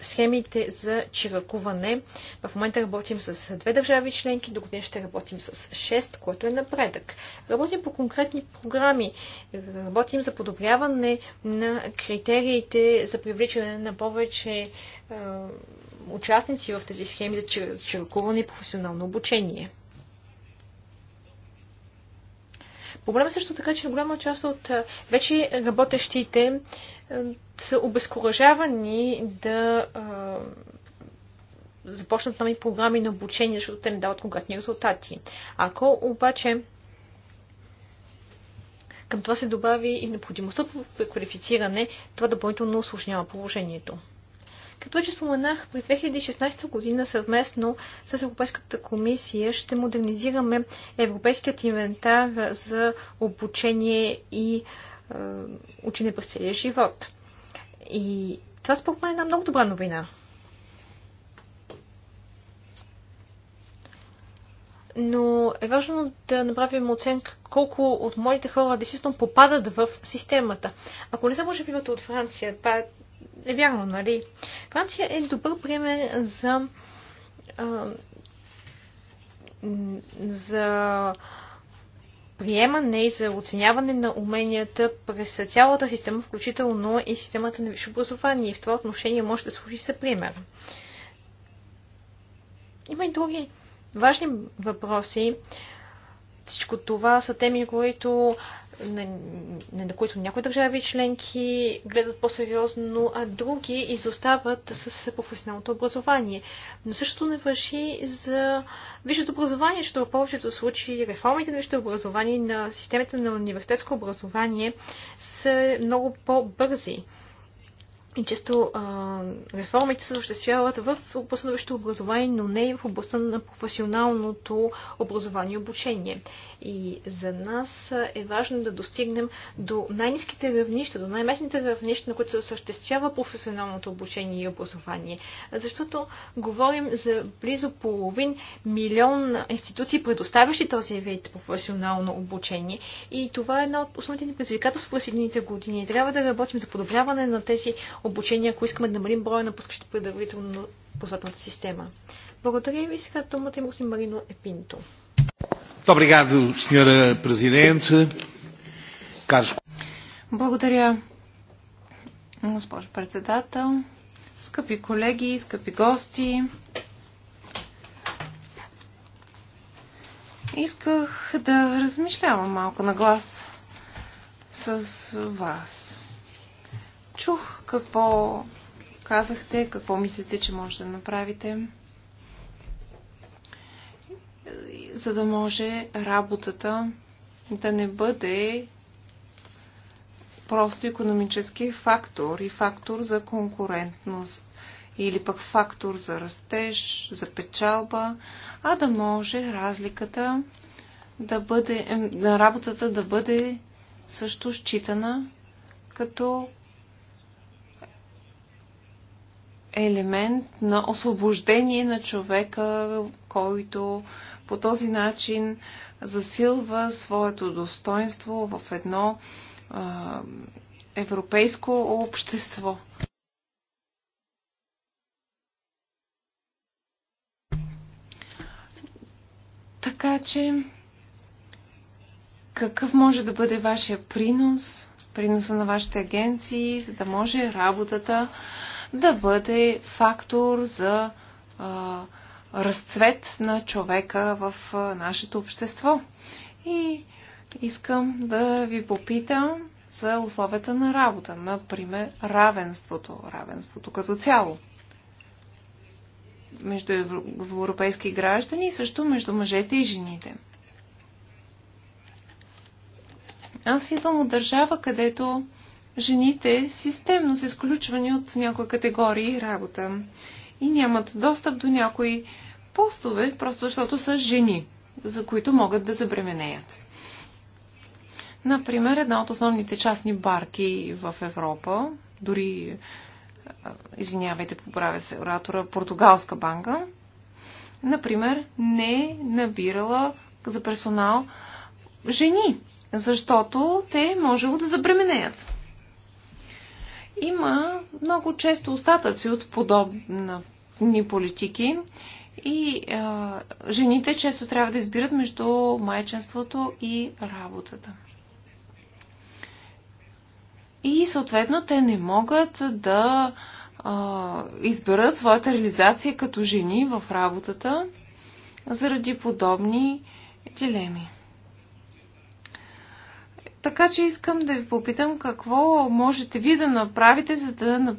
схемите за чиракуване. В момента работим с две държави членки, до година ще работим с шест, което е напредък. Работим по конкретни програми, работим за подобряване на критериите за привличане на повече участници в тези схеми за чиракуване и професионално обучение. Проблема е също така, че голяма част от вече работещите са обезкуражавани да започнат нови програми на обучение, защото те не дават конкретни резултати. Ако обаче към това се добави и необходимостта по квалифициране, това допълнително осложнява положението. Като вече споменах, през 2016 година съвместно с Европейската комисия ще модернизираме европейският инвентар за обучение и е, учене през целия живот. И това според мен е една много добра новина. но е важно да направим оценка колко от моите хора действително попадат в системата. Ако не са, може би, от Франция, е е вярно, нали? Франция е добър пример за а, за приемане и за оценяване на уменията през цялата система, включително и системата на висше образование. И в това отношение може да служи за пример. Има и други важни въпроси. Всичко това са теми, които на, на, които някои държави членки гледат по-сериозно, а други изостават с професионалното образование. Но същото не върши за висшето образование, защото в повечето случаи реформите на висшето образование на системите на университетско образование са много по-бързи. И често а, реформите се осъществяват в областта на висшето образование, но не и в областта на професионалното образование и обучение. И за нас е важно да достигнем до най-низките равнища, до най-местните равнища, на които се осъществява професионалното обучение и образование. Защото говорим за близо половин милион институции, предоставящи този вид професионално обучение. И това е едно от основните предизвикателства в последните години. Трябва да работим за подобряване на тези обучение, ако искаме да намалим броя на пускащите предварително посветната система. Благодаря ви. Сега думата има господин Марино Епинто. Благодаря, госпожо председател. Скъпи колеги, скъпи гости, исках да размишлявам малко на глас с вас. Чух какво казахте, какво мислите, че може да направите, за да може работата да не бъде просто економически фактор и фактор за конкурентност или пък фактор за растеж, за печалба, а да може разликата да бъде, работата да бъде също считана като елемент на освобождение на човека, който по този начин засилва своето достоинство в едно а, европейско общество. Така че, какъв може да бъде вашия принос, приноса на вашите агенции, за да може работата да бъде фактор за а, разцвет на човека в а, нашето общество. И искам да ви попитам за условията на работа, например равенството, равенството като цяло между европейски граждани и също между мъжете и жените. Аз идвам от държава, където жените системно са изключвани от някои категории работа и нямат достъп до някои постове, просто защото са жени, за които могат да забременеят. Например, една от основните частни барки в Европа, дори, извинявайте, поправя се оратора, португалска банка, например, не е набирала за персонал жени, защото те е можело да забременеят. Има много често остатъци от подобни политики и а, жените често трябва да избират между майченството и работата. И съответно те не могат да а, изберат своята реализация като жени в работата заради подобни дилеми. Така че искам да ви попитам какво можете ви да направите, за да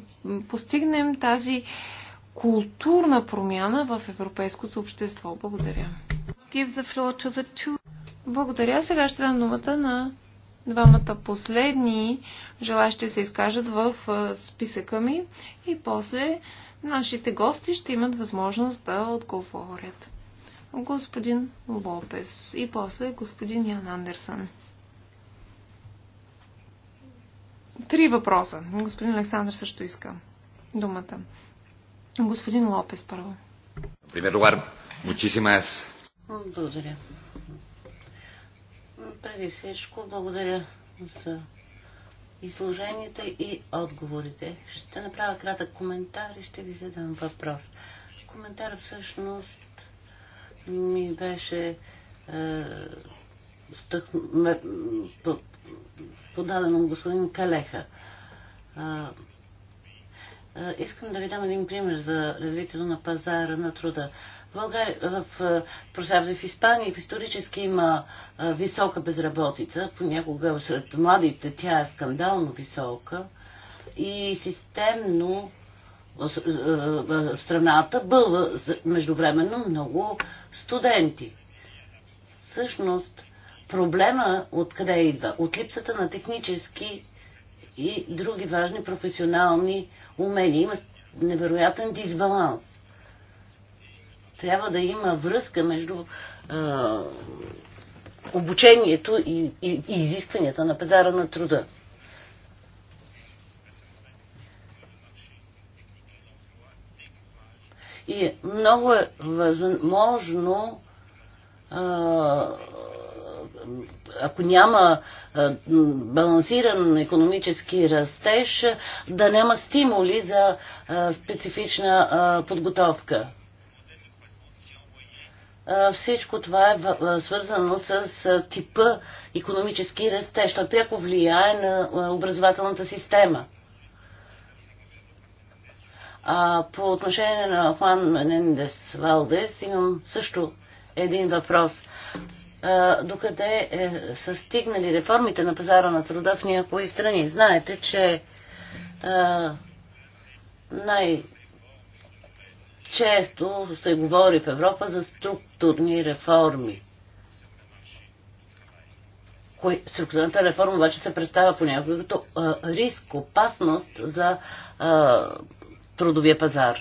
постигнем тази културна промяна в европейското общество. Благодаря. Благодаря. Сега ще дам думата на двамата последни желащи се изкажат в списъка ми и после нашите гости ще имат възможност да отговорят. Господин Лопес и после господин Ян Андерсън. Три въпроса. Господин Александър също иска думата. Господин Лопес първо. Пример Луар, аз. Благодаря. Преди всичко, благодаря за изложенията и отговорите. Ще направя кратък коментар и ще ви задам въпрос. Коментар всъщност ми беше е, стъх, ме, подадено от господин Калеха. А, а, искам да ви дам един пример за развитието на пазара на труда. България, в, прощавайте, в Испания в исторически има а, висока безработица. Понякога сред младите тя е скандално висока. И системно в страната бълва междувременно много студенти. Всъщност, Проблема откъде идва? От липсата на технически и други важни професионални умения. Има невероятен дисбаланс. Трябва да има връзка между а, обучението и, и, и изискванията на пазара на труда. И много е възможно ако няма балансиран економически растеж, да няма стимули за специфична подготовка. Всичко това е свързано с типа економически растеж. Той пряко влияе на образователната система. А по отношение на Хуан Менендес Валдес имам също един въпрос докъде е, са стигнали реформите на пазара на труда в някои страни. Знаете, че най- често се говори в Европа за структурни реформи. структурната реформа обаче се представя понякога като риск, опасност за трудовия пазар.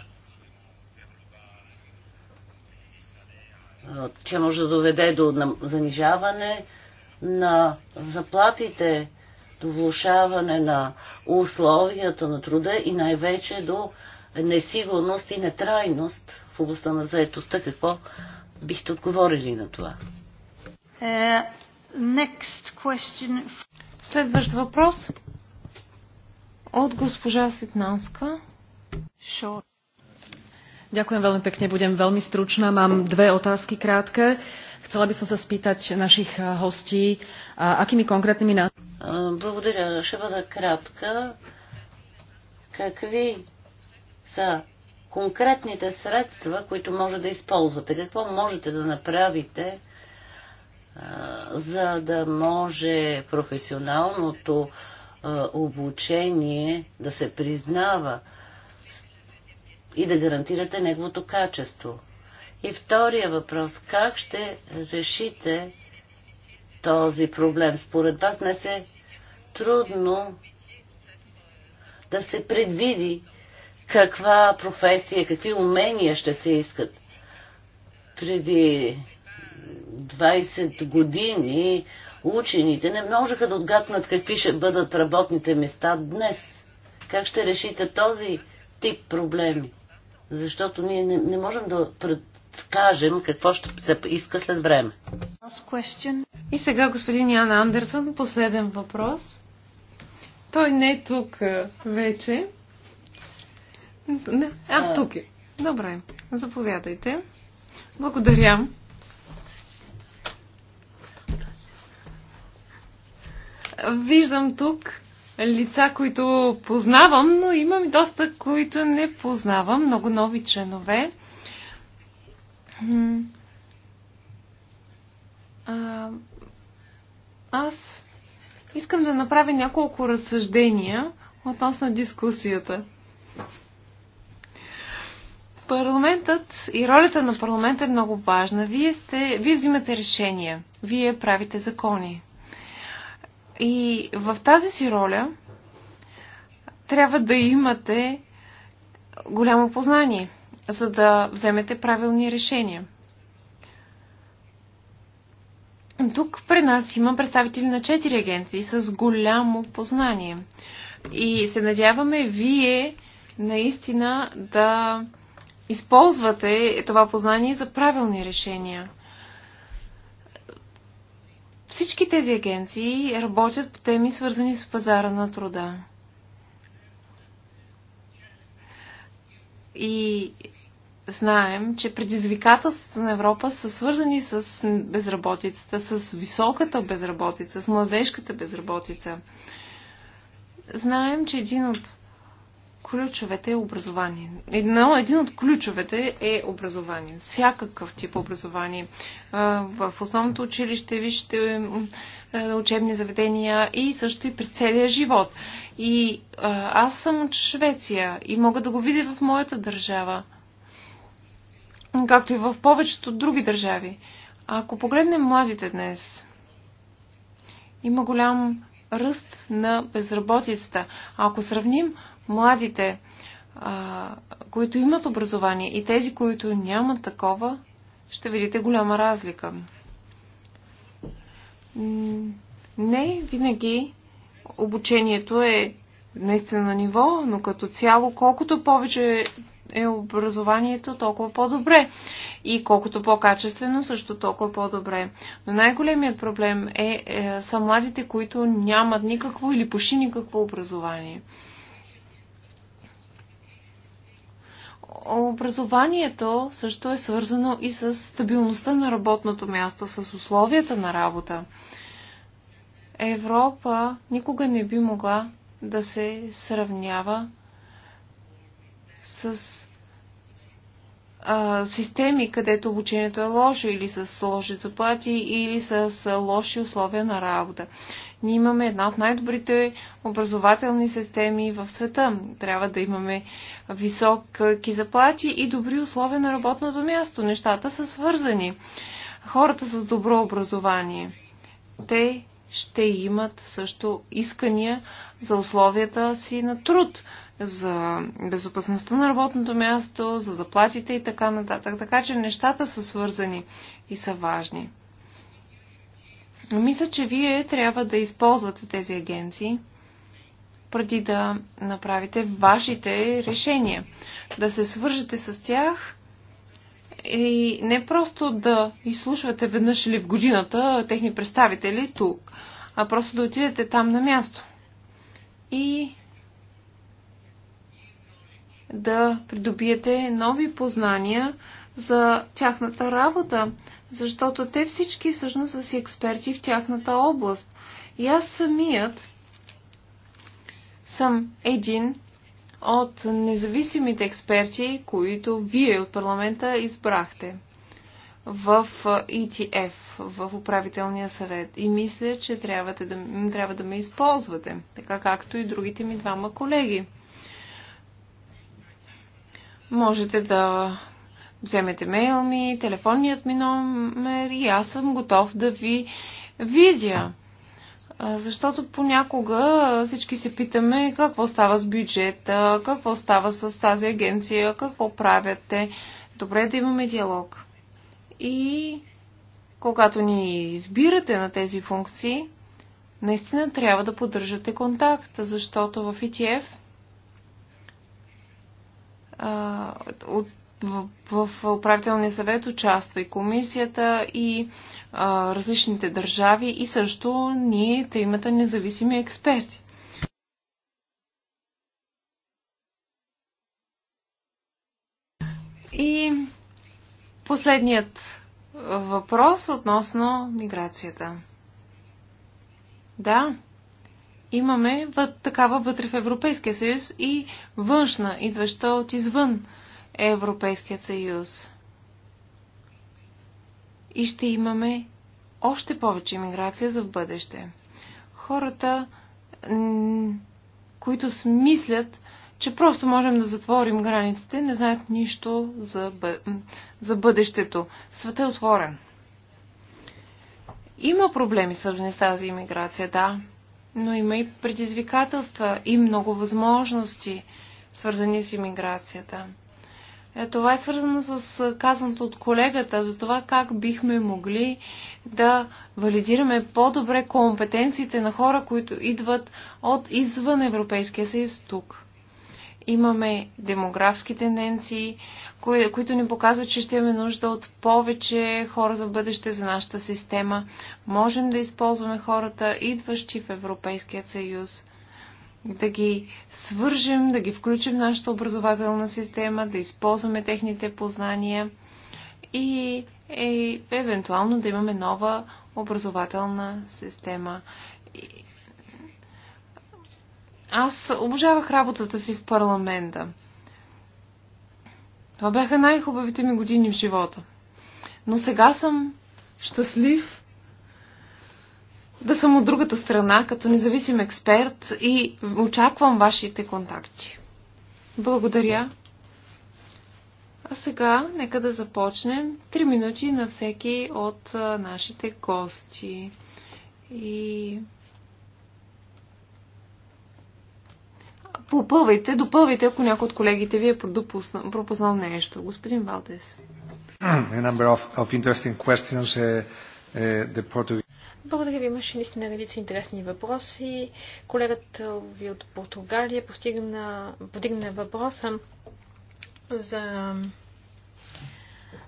Тя може да доведе до занижаване на заплатите, до влушаване на условията на труда и най-вече до несигурност и нетрайност в областта на заетостта. Какво бихте отговорили на това? Е, next question. Следващ въпрос от госпожа Ситнанска. Short. Ďakujem veľmi pekne, budem veľmi stručná. Mám dve otázky krátke. Chcela by som sa spýtať našich eh, hostí, akými konkrétnymi ná... Благодаря. Ще бъда кратка. Какви са конкретните средства, които може да използвате? Какво можете да направите, за да може професионалното обучение да се признава? и да гарантирате неговото качество? И втория въпрос, как ще решите този проблем? Според вас днес е трудно да се предвиди каква професия, какви умения ще се искат. Преди 20 години учените не можеха да отгаднат какви ще бъдат работните места днес. Как ще решите този тип проблеми? защото ние не, не можем да предскажем какво ще се иска след време. И сега господин Ян Андерсон, последен въпрос. Той не е тук е, вече. А, тук е. Добре, заповядайте. Благодаря. Виждам тук лица, които познавам, но имам и доста, които не познавам. Много нови членове. А, аз искам да направя няколко разсъждения относно дискусията. Парламентът и ролята на парламента е много важна. Вие, сте, вие взимате решения, вие правите закони. И в тази си роля трябва да имате голямо познание, за да вземете правилни решения. Тук при нас има представители на четири агенции с голямо познание. И се надяваме вие наистина да използвате това познание за правилни решения. Всички тези агенции работят по теми, свързани с пазара на труда. И знаем, че предизвикателствата на Европа са свързани с безработицата, с високата безработица, с младежката безработица. Знаем, че един от ключовете е образование. Едно, един от ключовете е образование. Всякакъв тип образование. В основното училище, вижте учебни заведения и също и при целия живот. И аз съм от Швеция и мога да го видя в моята държава, както и в повечето други държави. Ако погледнем младите днес, има голям ръст на безработицата. ако сравним младите, а, които имат образование и тези, които нямат такова, ще видите голяма разлика. Не винаги обучението е наистина на ниво, но като цяло, колкото повече е образованието, толкова по-добре. И колкото по-качествено, също толкова по-добре. Но най-големият проблем е, е, са младите, които нямат никакво или почти никакво образование. образованието също е свързано и с стабилността на работното място, с условията на работа. Европа никога не би могла да се сравнява с а, системи, където обучението е лошо, или с лоши заплати, или с лоши условия на работа. Ние имаме една от най-добрите образователни системи в света. Трябва да имаме високи заплати и добри условия на работното място. Нещата са свързани. Хората с добро образование, те ще имат също искания за условията си на труд, за безопасността на работното място, за заплатите и така нататък. Така че нещата са свързани и са важни. Мисля, че вие трябва да използвате тези агенции преди да направите вашите решения. Да се свържете с тях и не просто да изслушвате веднъж или в годината техни представители тук, а просто да отидете там на място и да придобиете нови познания за тяхната работа, защото те всички всъщност са си експерти в тяхната област. И аз самият съм един от независимите експерти, които вие от парламента избрахте в ETF, е, в управителния съвет. И мисля, че трябва да, трябва да ме използвате, така както и другите ми двама колеги. Можете да вземете мейл ми, телефонният ми номер и аз съм готов да ви видя. Защото понякога всички се питаме какво става с бюджета, какво става с тази агенция, какво правят те. Добре е да имаме диалог. И когато ни избирате на тези функции, наистина трябва да поддържате контакт, защото в ETF а, от в, в управителния съвет участва и комисията, и а, различните държави, и също ние, тримата независими експерти. И последният въпрос относно миграцията. Да, имаме такава вътре в Европейския съюз и външна, идваща от извън Европейският съюз. И ще имаме още повече иммиграция за в бъдеще. Хората, които смислят, че просто можем да затворим границите, не знаят нищо за, бъ... за бъдещето. Светът е отворен. Има проблеми, свързани с тази иммиграция, да, но има и предизвикателства и много възможности, свързани с иммиграцията. Е, това е свързано с казаното от колегата за това как бихме могли да валидираме по-добре компетенциите на хора, които идват от извън Европейския съюз тук. Имаме демографски тенденции, кои, които ни показват, че ще имаме нужда от повече хора за бъдеще за нашата система. Можем да използваме хората, идващи в Европейския съюз да ги свържем, да ги включим в нашата образователна система, да използваме техните познания и е, евентуално да имаме нова образователна система. Аз обожавах работата си в парламента. Това бяха най-хубавите ми години в живота. Но сега съм щастлив, да съм от другата страна, като независим експерт и очаквам вашите контакти. Благодаря. А сега нека да започнем. Три минути на всеки от нашите гости. И попълвайте, допълвайте, ако някой от колегите ви е пропуснал, пропуснал нещо. Господин Валдес. A number of, of interesting questions. Uh, uh, the Portuguese благодаря ви, имаше наистина редица интересни въпроси. Колегата ви от Португалия постигна, подигна въпроса за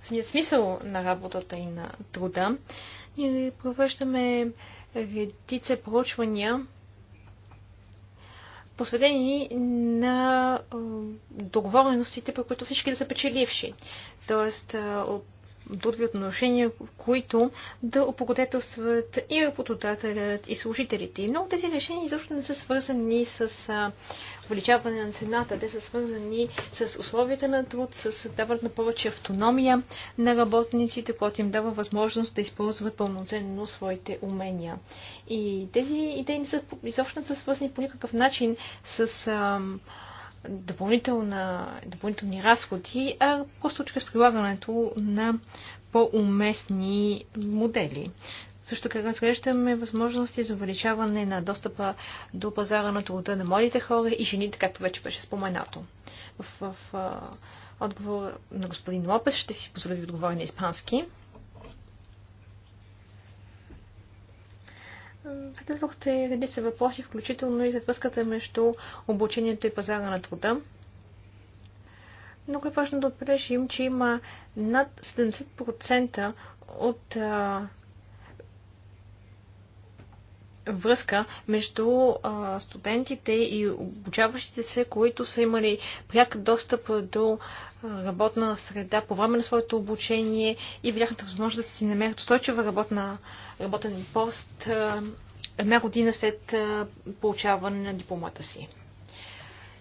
самият смисъл на работата и на труда. Ние провеждаме редица проучвания, посветени на договореностите, по които всички да са печеливши. Тоест, от трудови отношения, които да облагодетелстват и работодателят, и служителите. И много тези решения изобщо не са свързани с увеличаване на цената. Те са свързани с условията на труд, с даване на повече автономия на работниците, което им дава възможност да използват пълноценно своите умения. И тези идеи не са, изобщо не са свързани по никакъв начин с допълнителни разходи, а просто чрез прилагането на по-уместни модели. Също така разглеждаме възможности за увеличаване на достъпа до пазара на труда на младите хора и жените, както вече беше споменато. В, в, в отговор на господин Лопес ще си позволя да ви отговоря на испански. зададохте редица въпроси, включително и за връзката между обучението и пазара на труда. Много е важно да отбележим, че има над 70% от връзка между а, студентите и обучаващите се, които са имали пряк достъп до работна среда по време на своето обучение и вярната възможност да си намерят устойчива работна, работен пост а, една година след а, получаване на дипломата си.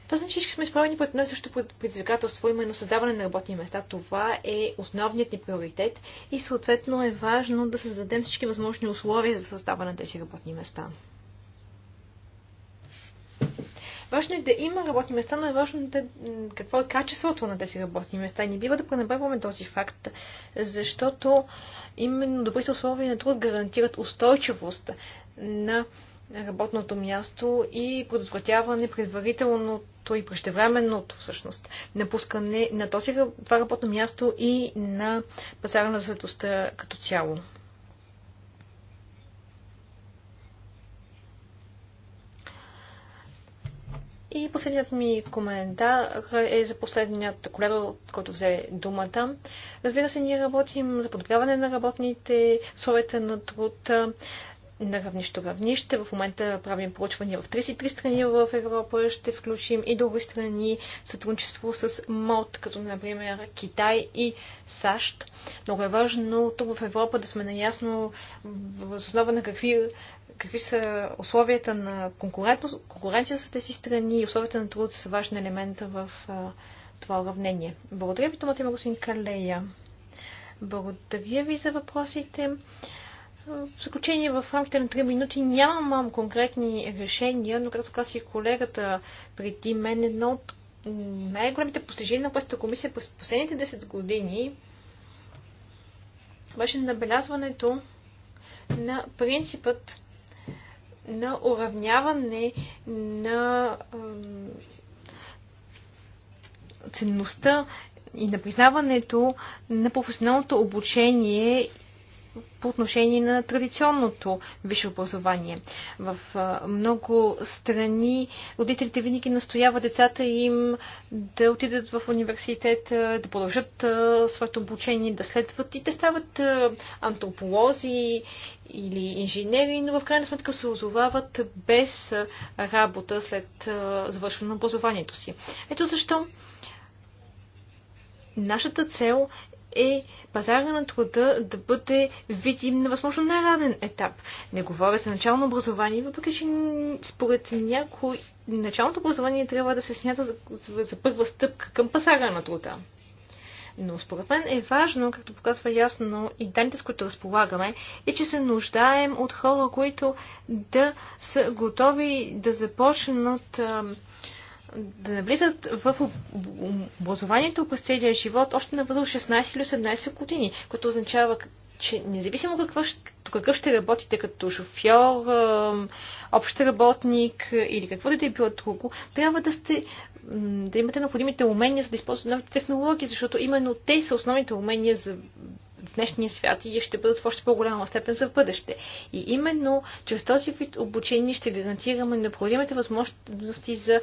Това значи, всички сме изправени пред едно и също предизвикателство, именно създаване на работни места. Това е основният ни приоритет и съответно е важно да създадем всички възможни условия за създаване на тези работни места. Важно е да има работни места, но е важно да, какво е качеството на тези работни места. И не бива да пренебрегваме този факт, защото именно добрите условия на труд гарантират устойчивост на работното място и предотвратяване предварителното и преждевременното всъщност напускане на този, това работно място и на пазара на заедостта като цяло. И последният ми коментар е за последният колега, който взе думата. Разбира се, ние работим за подобряване на работните словета на труд, на равнищо равнище. В момента правим проучвания в 33 страни в Европа. Ще включим и други страни в сътрудничество с МОД, като например Китай и САЩ. Много е важно тук в Европа да сме наясно възоснова на какви, какви са условията на конкуренция с тези страни и условията на труд са важен елемент в това уравнение. Благодаря ви, Томат има господин Калея. Благодаря ви за въпросите. В заключение, в рамките на 3 минути нямам конкретни решения, но както каза и колегата преди мен, едно от най-големите постижения на Пъстата комисия през последните 10 години беше набелязването на принципът на уравняване на ценността и на признаването на професионалното обучение по отношение на традиционното висше образование. В много страни родителите винаги настояват децата им да отидат в университет, да продължат своето обучение, да следват и да стават антрополози или инженери, но в крайна сметка се озовават без работа след завършване на образованието си. Ето защо нашата цел е пазара на труда да бъде видим на възможно най-ранен етап. Не говоря за начално образование, въпреки че според някой началното образование трябва да се смята за, за, за първа стъпка към пазара на труда. Но според мен е важно, както показва ясно и данните, с които разполагаме, е, че се нуждаем от хора, които да са готови да започнат. Ам, да навлизат в образованието през целия живот още на възраст 16 или 18 години, което означава, че независимо ще, какъв ще работите като шофьор, общ работник или какво да е било друго, трябва да сте да имате необходимите умения за да използвате новите технологии, защото именно те са основните умения за днешния свят и ще бъдат в още по-голяма степен за бъдеще. И именно чрез този вид обучение ще гарантираме необходимите възможности за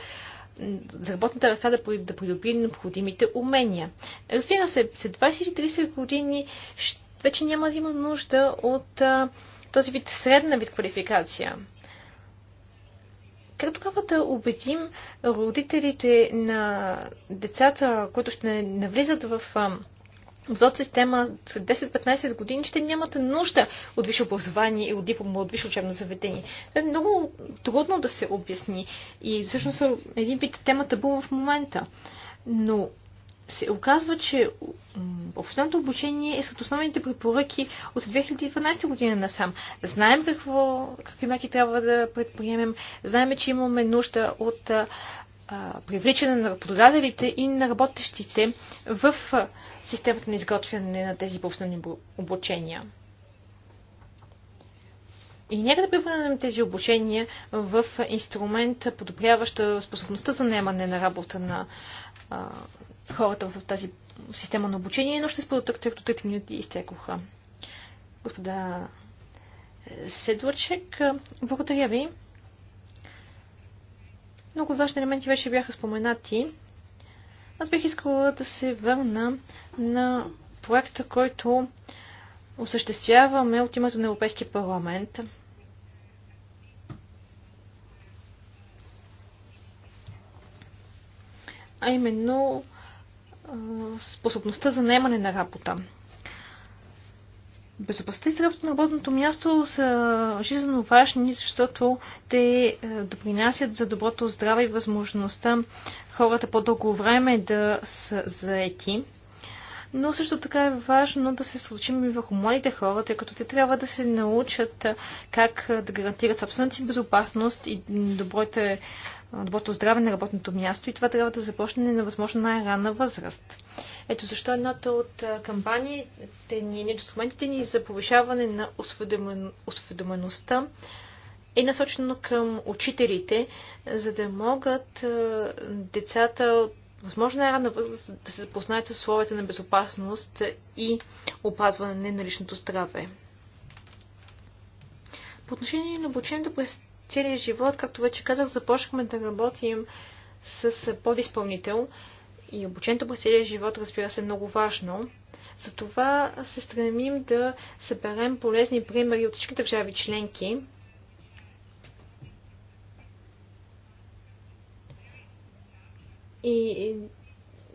за работната ръка да, да придоби необходимите умения. Разбира се, след 20-30 години вече няма да има нужда от а, този вид средна вид квалификация. Как тогава да убедим родителите на децата, които ще навлизат в а, зод система след 10-15 години ще нямате нужда от висше образование и от диплома от висше учебно заведение. Това е много трудно да се обясни и всъщност един вид темата бува в момента. Но се оказва, че официалното обучение е след основните препоръки от 2012 година насам. Знаем какво, какви мерки трябва да предприемем, знаем, че имаме нужда от привличане на работодателите и на работещите в системата на изготвяне на тези професионални обучения. И нека да превърнем тези обучения в инструмент, подобряващ способността за наемане на работа на а, хората в тази система на обучение, но ще спра тъй като 3 минути изтекоха. Господа е, Седвачек, е, благодаря ви. Много важни елементи вече бяха споменати. Аз бих искала да се върна на проекта, който осъществяваме от името на Европейския парламент. А именно способността за наемане на работа. Безопасността и здравето на работното място са жизненно важни, защото те е, допринасят за доброто здраве и възможността хората по-дълго време да са заети. Но също така е важно да се случим и върху младите хора, тъй като те трябва да се научат как е, да гарантират собствената си безопасност и доброто е, доброто здраве на работното място и това трябва да започне на възможно най-ранна възраст. Ето защо едната от кампаниите ни, не инструментите ни за повишаване на осведомен, осведомеността е насочено към учителите, за да могат децата възможно най-рано възраст да се запознаят с условията на безопасност и опазване на личното здраве. По отношение на обучението през целия живот, както вече казах, започнахме да работим с подиспълнител и обучението по целия живот, разбира се, е много важно. Затова се стремим да съберем полезни примери от всички държави членки, И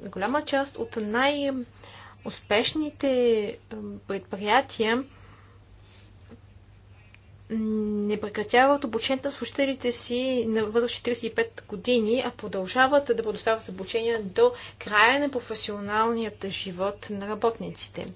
голяма част от най-успешните предприятия не прекратяват обучението на служителите си на възраст 45 години, а продължават да предоставят обучение до края на професионалният живот на работниците.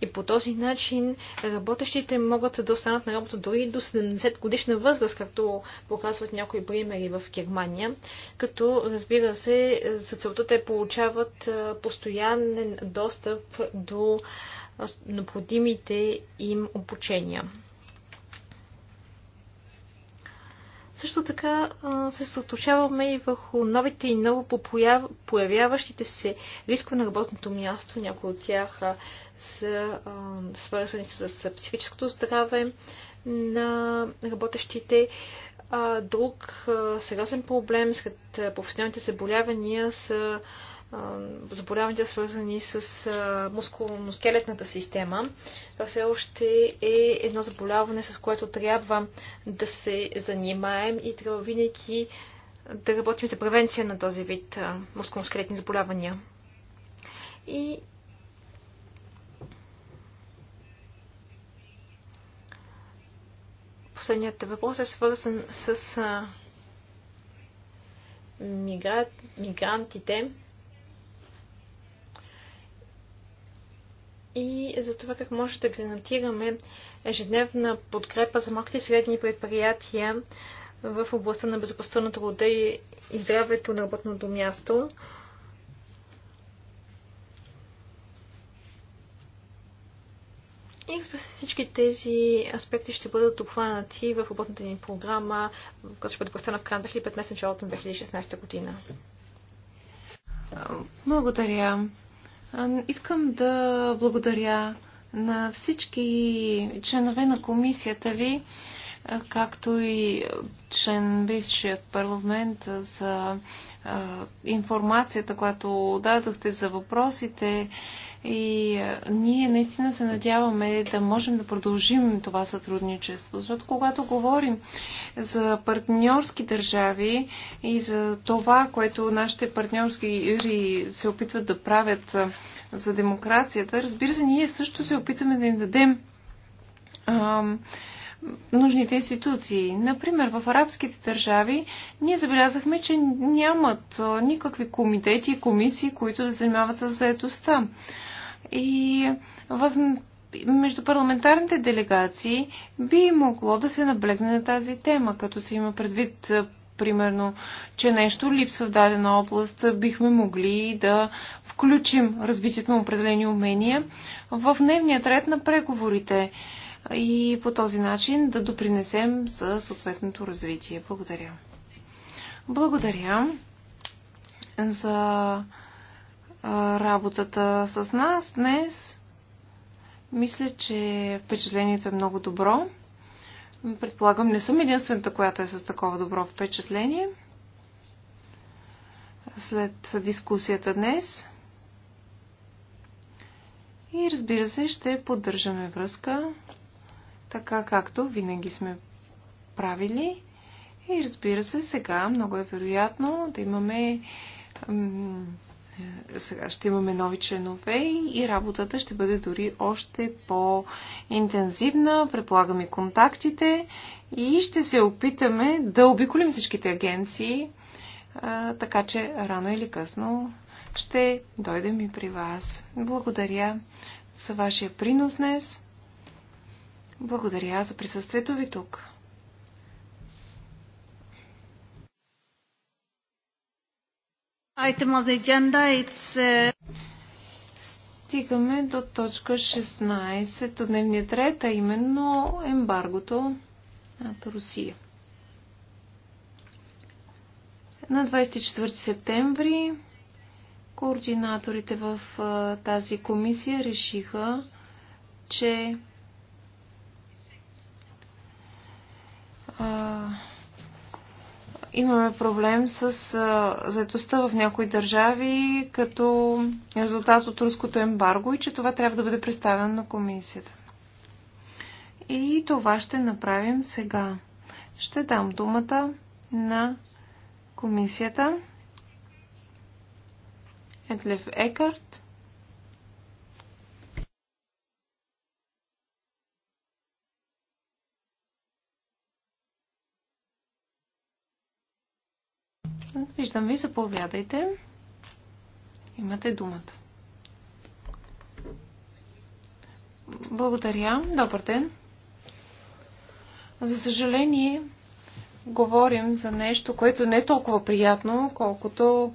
И по този начин работещите могат да останат на работа дори до 70 годишна възраст, както показват някои примери в Германия, като разбира се, за целта те получават постоянен достъп до необходимите им обучения. Също така се съоточаваме и върху новите и ново появяващите се рискове на работното място. Някои от тях са свързани с психическото здраве на работещите. Друг сериозен проблем сред професионалните заболявания са заболяванията, свързани с мускулно-скелетната система. Това все още е едно заболяване, с което трябва да се занимаем и трябва винаги да работим за превенция на този вид мускулно-скелетни заболявания. И последният въпрос е свързан с мигрантите и за това как може да гарантираме ежедневна подкрепа за малките и средни предприятия в областта на безопасността на труда и здравето на работното място. И разбира се, всички тези аспекти ще бъдат обхванати в работната ни програма, която ще бъде представена в края на 2015 началото на 2016 година. Благодаря. Искам да благодаря на всички членове на комисията ви, както и член бившият парламент за информацията, която дадохте за въпросите и е, ние наистина се надяваме да можем да продължим това сътрудничество, защото когато говорим за партньорски държави и за това, което нашите партньорски се опитват да правят е, за демокрацията, разбира се, ние също се опитваме да им дадем ам, нужните институции. Например, в арабските държави ние забелязахме, че нямат е, никакви комитети и комисии, които да занимават с заедостта. И в междупарламентарните делегации би могло да се наблегне на тази тема, като се има предвид примерно, че нещо липсва в дадена област, бихме могли да включим развитието на определени умения в дневния ред на преговорите и по този начин да допринесем за съответното развитие. Благодаря. Благодаря за работата с нас днес. Мисля, че впечатлението е много добро. Предполагам, не съм единствената, която е с такова добро впечатление. След дискусията днес. И разбира се, ще поддържаме връзка, така както винаги сме правили. И разбира се, сега много е вероятно да имаме е, сега ще имаме нови членове и работата ще бъде дори още по-интензивна. Предполагаме контактите и ще се опитаме да обиколим всичките агенции, е, така че рано или късно ще дойдем и при вас. Благодаря за вашия принос днес. Благодаря за присъствието ви тук. Agenda, uh, Стигаме до точка 16 от дневния ред, а именно ембаргото над Русия. На 24 септември координаторите в тази комисия решиха, че а, имаме проблем с а, заедостта в някои държави като резултат от руското ембарго и че това трябва да бъде представено на комисията. И това ще направим сега. Ще дам думата на комисията. Етлев Екарт Виждам ви, заповядайте. Имате думата. Благодаря. Добър ден. За съжаление, говорим за нещо, което е не е толкова приятно, колкото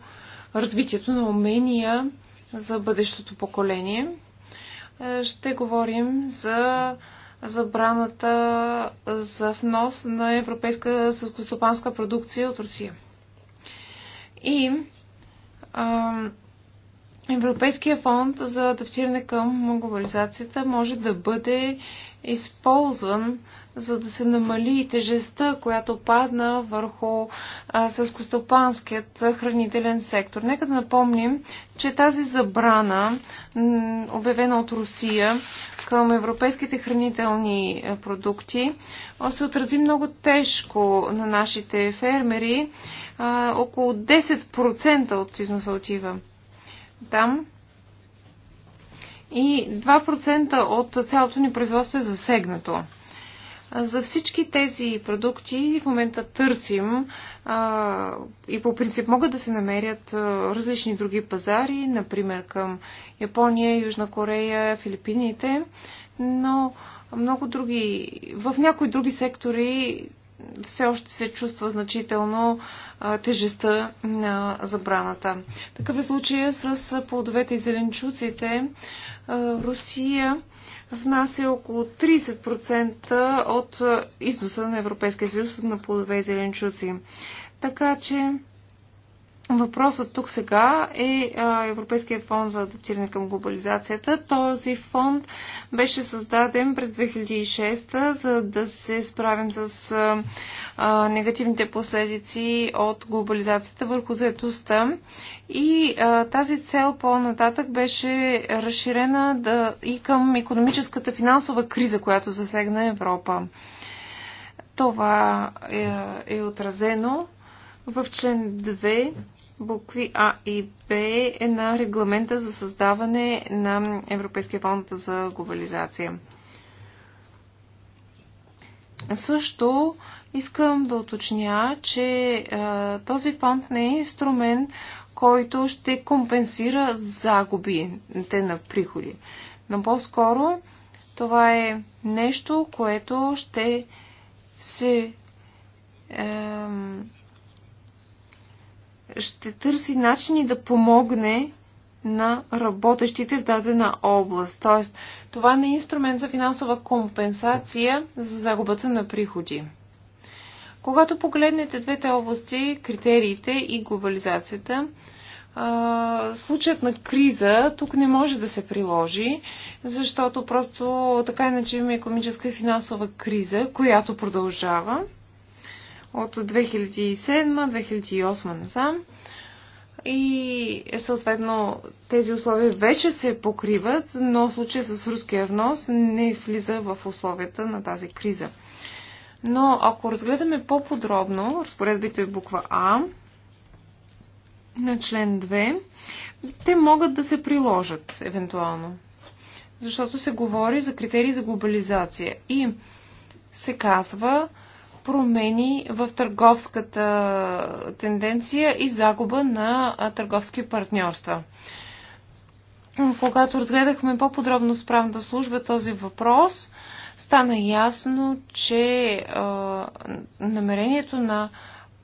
развитието на умения за бъдещото поколение. Е, ще говорим за забраната за внос на европейска селскостопанска продукция от Русия и а, Европейския фонд за адаптиране към глобализацията може да бъде използван, за да се намали тежестта, която падна върху сълскостопанският хранителен сектор. Нека да напомним, че тази забрана, обявена от Русия към европейските хранителни продукти, се отрази много тежко на нашите фермери а, около 10% от износа отива там. И 2% от цялото ни производство е засегнато. За всички тези продукти в момента търсим а, и по принцип могат да се намерят а, различни други пазари, например към Япония, Южна Корея, Филипините, но много други, в някои други сектори все още се чувства значително тежестта на забраната. Такъв е случая с плодовете и зеленчуците. Русия внася около 30% от износа на Европейския съюз на плодове и зеленчуци. Така че Въпросът тук сега е Европейският фонд за адаптиране към глобализацията. Този фонд беше създаден през 2006 за да се справим с негативните последици от глобализацията върху заетостта. И тази цел по-нататък беше разширена да, и към економическата финансова криза, която засегна Европа. Това е, е отразено в член 2 букви А и Б е на регламента за създаване на Европейския фонд за глобализация. Също искам да уточня, че а, този фонд не е инструмент, който ще компенсира загубите на приходи. Но по-скоро това е нещо, което ще се. Е, ще търси начини да помогне на работещите в дадена област. Тоест, това не е инструмент за финансова компенсация за загубата на приходи. Когато погледнете двете области, критериите и глобализацията, случаят на криза тук не може да се приложи, защото просто така иначе има економическа и финансова криза, която продължава от 2007-2008 насам. И съответно тези условия вече се покриват, но в с руския внос не влиза в условията на тази криза. Но ако разгледаме по-подробно разпоредбите буква А на член 2, те могат да се приложат евентуално. Защото се говори за критерии за глобализация. И се казва, промени в търговската тенденция и загуба на търговски партньорства. Когато разгледахме по-подробно с правната служба този въпрос, стана ясно, че а, намерението на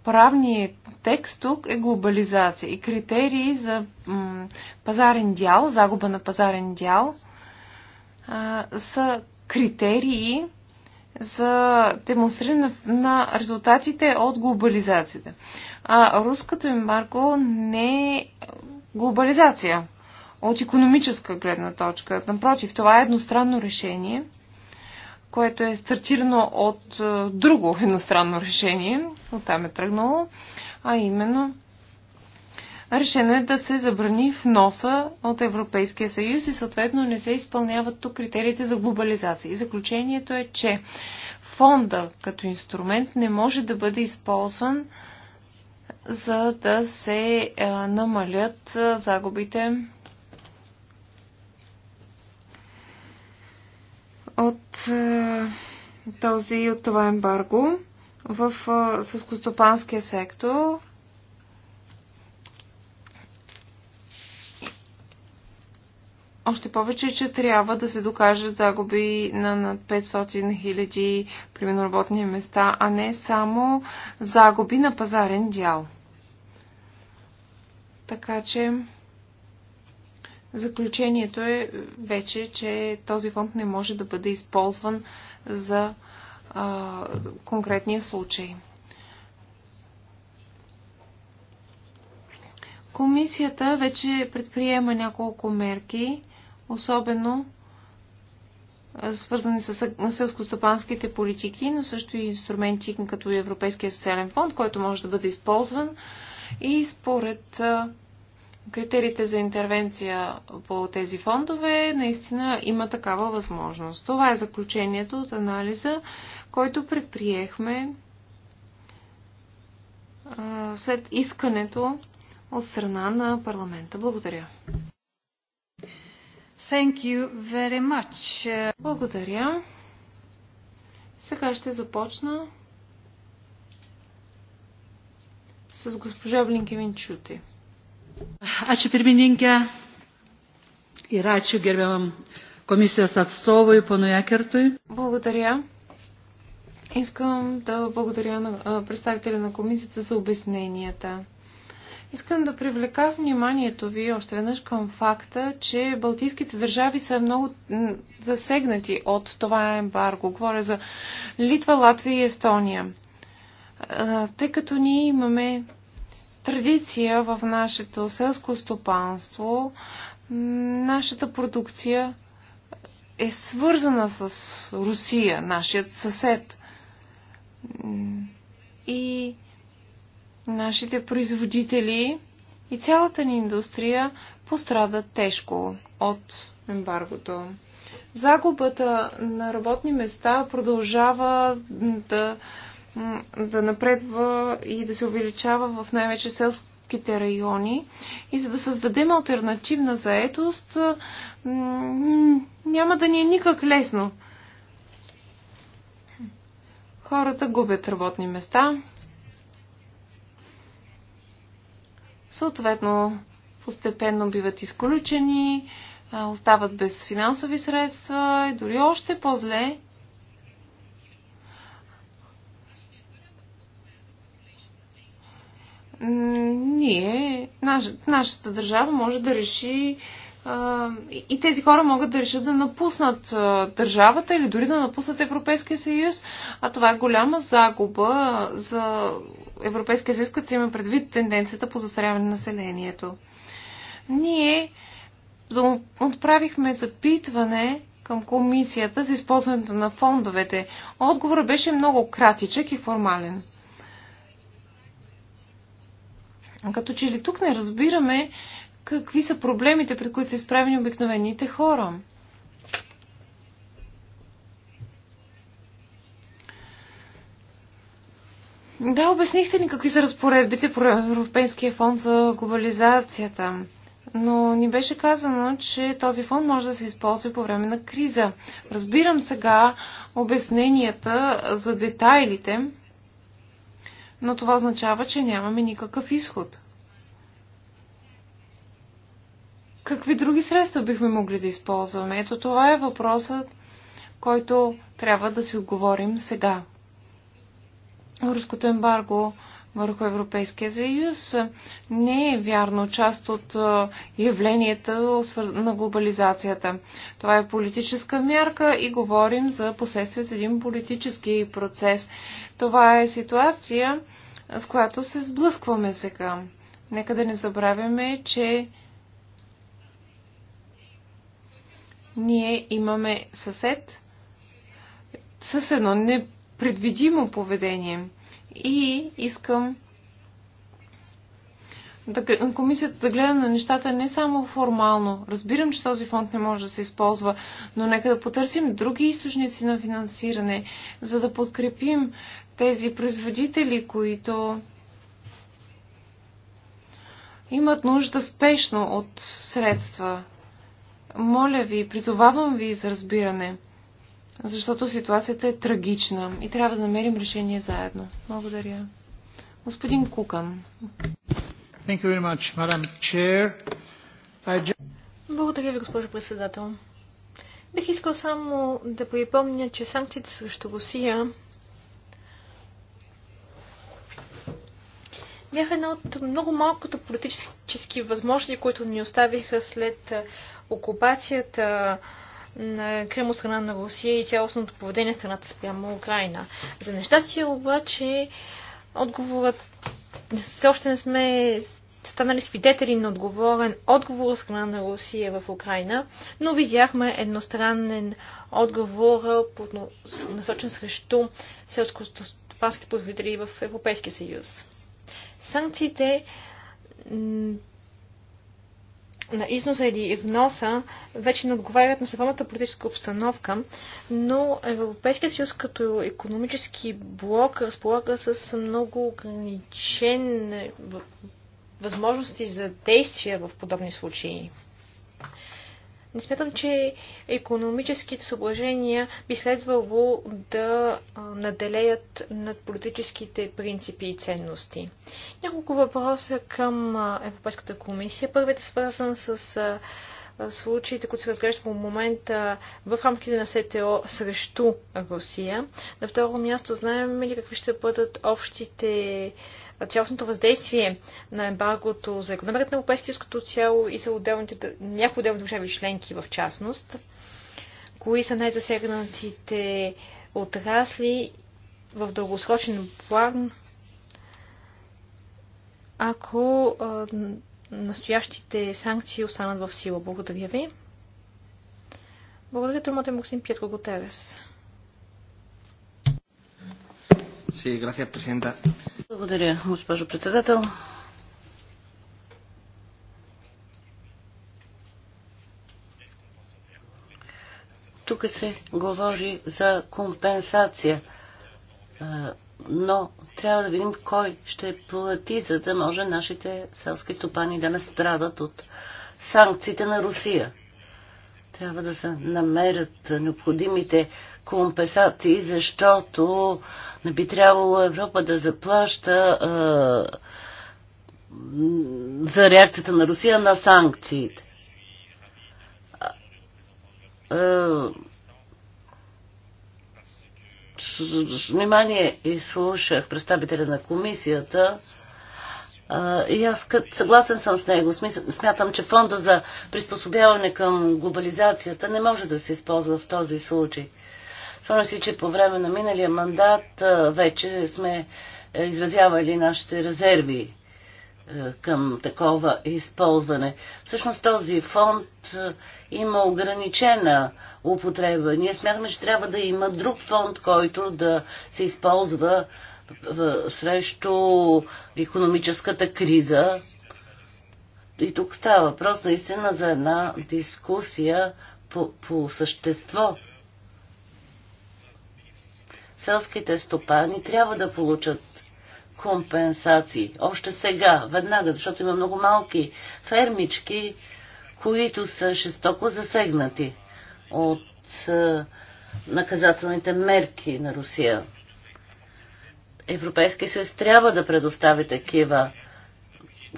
правния текст тук е глобализация и критерии за м, пазарен дял, загуба на пазарен дял, а, са критерии, за демонстриране на резултатите от глобализацията. А руското ембарго не е глобализация от економическа гледна точка. Напротив, това е едностранно решение, което е стартирано от е, друго едностранно решение, оттам е тръгнало, а именно решено е да се забрани вноса от Европейския съюз и съответно не се изпълняват тук критериите за глобализация. И заключението е, че фонда като инструмент не може да бъде използван за да се намалят загубите от този от това ембарго в съскостопанския сектор Още повече, че трябва да се докажат загуби на над 500 хиляди, примерно, работни места, а не само загуби на пазарен дял. Така че заключението е вече, че този фонд не може да бъде използван за а, конкретния случай. Комисията вече предприема няколко мерки особено свързани с селскостопанските политики, но също и инструменти като Европейския социален фонд, който може да бъде използван и според критериите за интервенция по тези фондове, наистина има такава възможност. Това е заключението от анализа, който предприехме след искането от страна на парламента. Благодаря. Thank you very much. Благодаря. Сега ще започна с госпожа Блинкевинчути. Ačiū pirmininkė ir ačiū gerbiamam комисията отстова и пану Якерту. Благодаря. Искам да благодаря на представителя на комисията за обясненията. Искам да привлека вниманието ви още веднъж към факта, че балтийските държави са много засегнати от това ембарго. Говоря за Литва, Латвия и Естония. Тъй като ние имаме традиция в нашето селско стопанство, нашата продукция е свързана с Русия, нашият съсед. И нашите производители и цялата ни индустрия пострадат тежко от ембаргото. Загубата на работни места продължава да, да напредва и да се увеличава в най-вече селските райони. И за да създадем альтернативна заетост, няма да ни е никак лесно. Хората губят работни места, Съответно, постепенно биват изключени, остават без финансови средства и дори още по-зле ние, наш, нашата държава може да реши и тези хора могат да решат да напуснат държавата или дори да напуснат Европейския съюз, а това е голяма загуба за Европейския съюз, като се има предвид тенденцията по застаряване на населението. Ние отправихме запитване към комисията за използването на фондовете. Отговорът беше много кратичък и формален. Като че ли тук не разбираме какви са проблемите, пред които са изправени обикновените хора. Да, обяснихте ни какви са разпоредбите по Европейския фонд за глобализацията. Но ни беше казано, че този фонд може да се използва по време на криза. Разбирам сега обясненията за детайлите, но това означава, че нямаме никакъв изход. какви други средства бихме могли да използваме? Ето това е въпросът, който трябва да си отговорим сега. Руското ембарго върху Европейския съюз не е вярно част от явленията на глобализацията. Това е политическа мярка и говорим за последствието един политически процес. Това е ситуация, с която се сблъскваме сега. Нека да не забравяме, че ние имаме съсед с едно непредвидимо поведение. И искам да, комисията да гледа на нещата не само формално. Разбирам, че този фонд не може да се използва, но нека да потърсим други източници на финансиране, за да подкрепим тези производители, които имат нужда спешно от средства. Моля ви, призовавам ви за разбиране, защото ситуацията е трагична и трябва да намерим решение заедно. Благодаря. Господин Кукан. Благодаря ви, госпожо председател. Бих искал само да припомня, че санкциите срещу Русия бяха една от много малкото политически възможности, които ни оставиха след окупацията на Крим от страна на Русия и цялостното поведение на страната спрямо Украина. За нещастие обаче отговорът все още не сме станали свидетели на отговорен отговор от страна на Русия в Украина, но видяхме едностранен отговор, насочен срещу селско-стопанските производители в Европейския съюз. Санкциите на износа или вноса вече не отговарят на съвременната политическа обстановка, но Европейския съюз като економически блок разполага с много ограничен е, възможности за действия в подобни случаи. Не смятам, че економическите съображения би следвало да наделеят над политическите принципи и ценности. Няколко въпроса към Европейската комисия. Първият е свързан с случаите, които се разглеждат в момента в рамките на СТО срещу Русия. На второ място знаем ли какви ще бъдат общите цялостното въздействие на ембаргото за економиката на Европейския като цяло и за отделните, някои отделни държави членки в частност? Кои са най-засегнатите отрасли в дългосрочен план, ако а, настоящите санкции останат в сила? Благодаря ви. Благодаря, думата е Максим Петро Готерес. Sí, gracias, Presidenta. Благодаря, госпожо председател. Тук се говори за компенсация, но трябва да видим кой ще плати, за да може нашите селски стопани да не страдат от санкциите на Русия. Трябва да се намерят необходимите компенсации, защото не би трябвало Европа да заплаща а, за реакцията на Русия на санкциите. с внимание слушах представителя на комисията а, и аз кът, съгласен съм с него. Смятам, че фонда за приспособяване към глобализацията не може да се използва в този случай. Спомням си, че по време на миналия мандат вече сме е, изразявали нашите резерви е, към такова използване. Всъщност този фонд е, има ограничена употреба. Ние смятаме, че трябва да има друг фонд, който да се използва срещу економическата криза. И тук става въпрос наистина за една дискусия по, по същество селските стопани трябва да получат компенсации. Още сега, веднага, защото има много малки фермички, които са жестоко засегнати от е, наказателните мерки на Русия. Европейския съюз трябва да предостави такива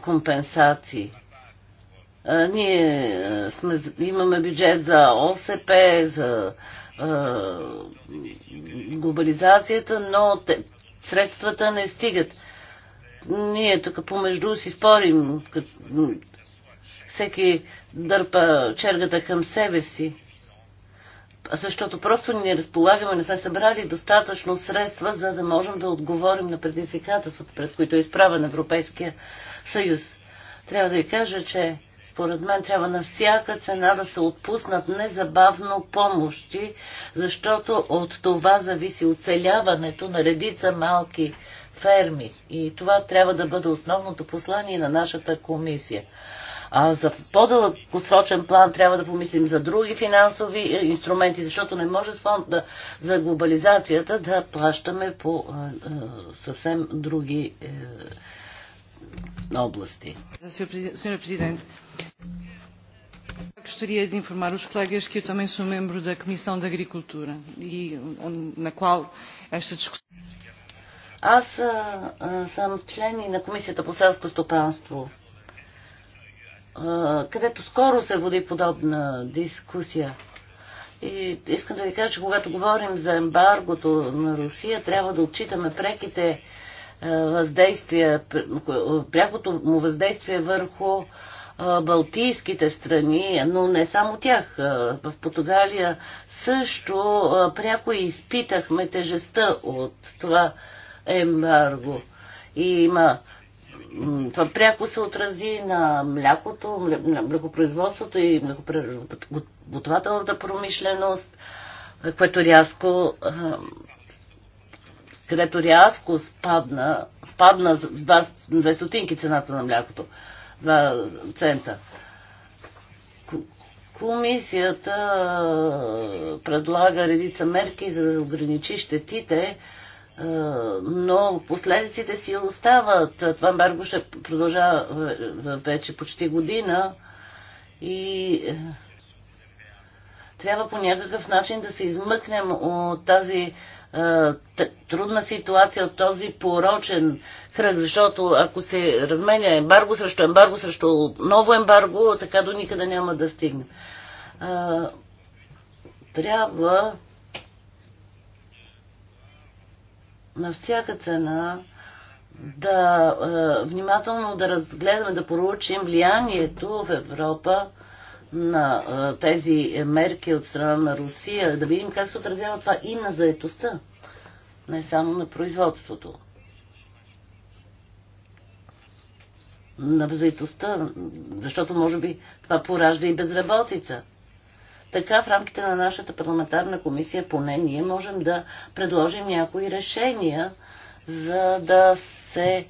компенсации. Е, ние е, сме, имаме бюджет за ОСП, за е, глобализацията, но те, средствата не стигат. Ние тук помежду си спорим, кът, всеки дърпа чергата към себе си, защото просто не разполагаме, не сме събрали достатъчно средства, за да можем да отговорим на предизвикателството, пред които е изправен Европейския съюз. Трябва да ви кажа, че според мен трябва на всяка цена да се отпуснат незабавно помощи, защото от това зависи оцеляването на редица малки ферми. И това трябва да бъде основното послание на нашата комисия. А за по-дългосрочен план трябва да помислим за други финансови е, инструменти, защото не може с фонда за глобализацията да плащаме по съвсем други е, области. Senhora Presidente, gostaria de informar os colegas que eu também sou membro da Comissão de Agricultura, e, um, na qual esta discussão. Аз а, съм член и на Комисията по селско стопанство, а, където скоро се води подобна дискусия. И искам да ви кажа, че когато говорим за ембаргото на Русия, трябва да отчитаме преките а, е, въздействие, прякото му въздействие върху е, Балтийските страни, но не само тях. Е, в Португалия също пряко изпитахме тежестта от това ембарго. И има това пряко се отрази на млякото, млекопроизводството и млекопреработвателната промишленост, което рязко където рязко спадна, спадна с две 2 цената на млякото. два цента. Комисията предлага редица мерки за да ограничи щетите, но последиците си остават. Това ембарго ще продължава вече почти година и трябва по някакъв начин да се измъкнем от тази трудна ситуация от този порочен кръг, защото ако се разменя ембарго срещу ембарго срещу ново ембарго, така до никъде няма да стигне. Трябва на всяка цена да внимателно да разгледаме, да проучим влиянието в Европа на тези мерки от страна на Русия, да видим как се отразява това и на заетостта, не само на производството. На заетостта, защото може би това поражда и безработица. Така в рамките на нашата парламентарна комисия поне ние можем да предложим някои решения, за да се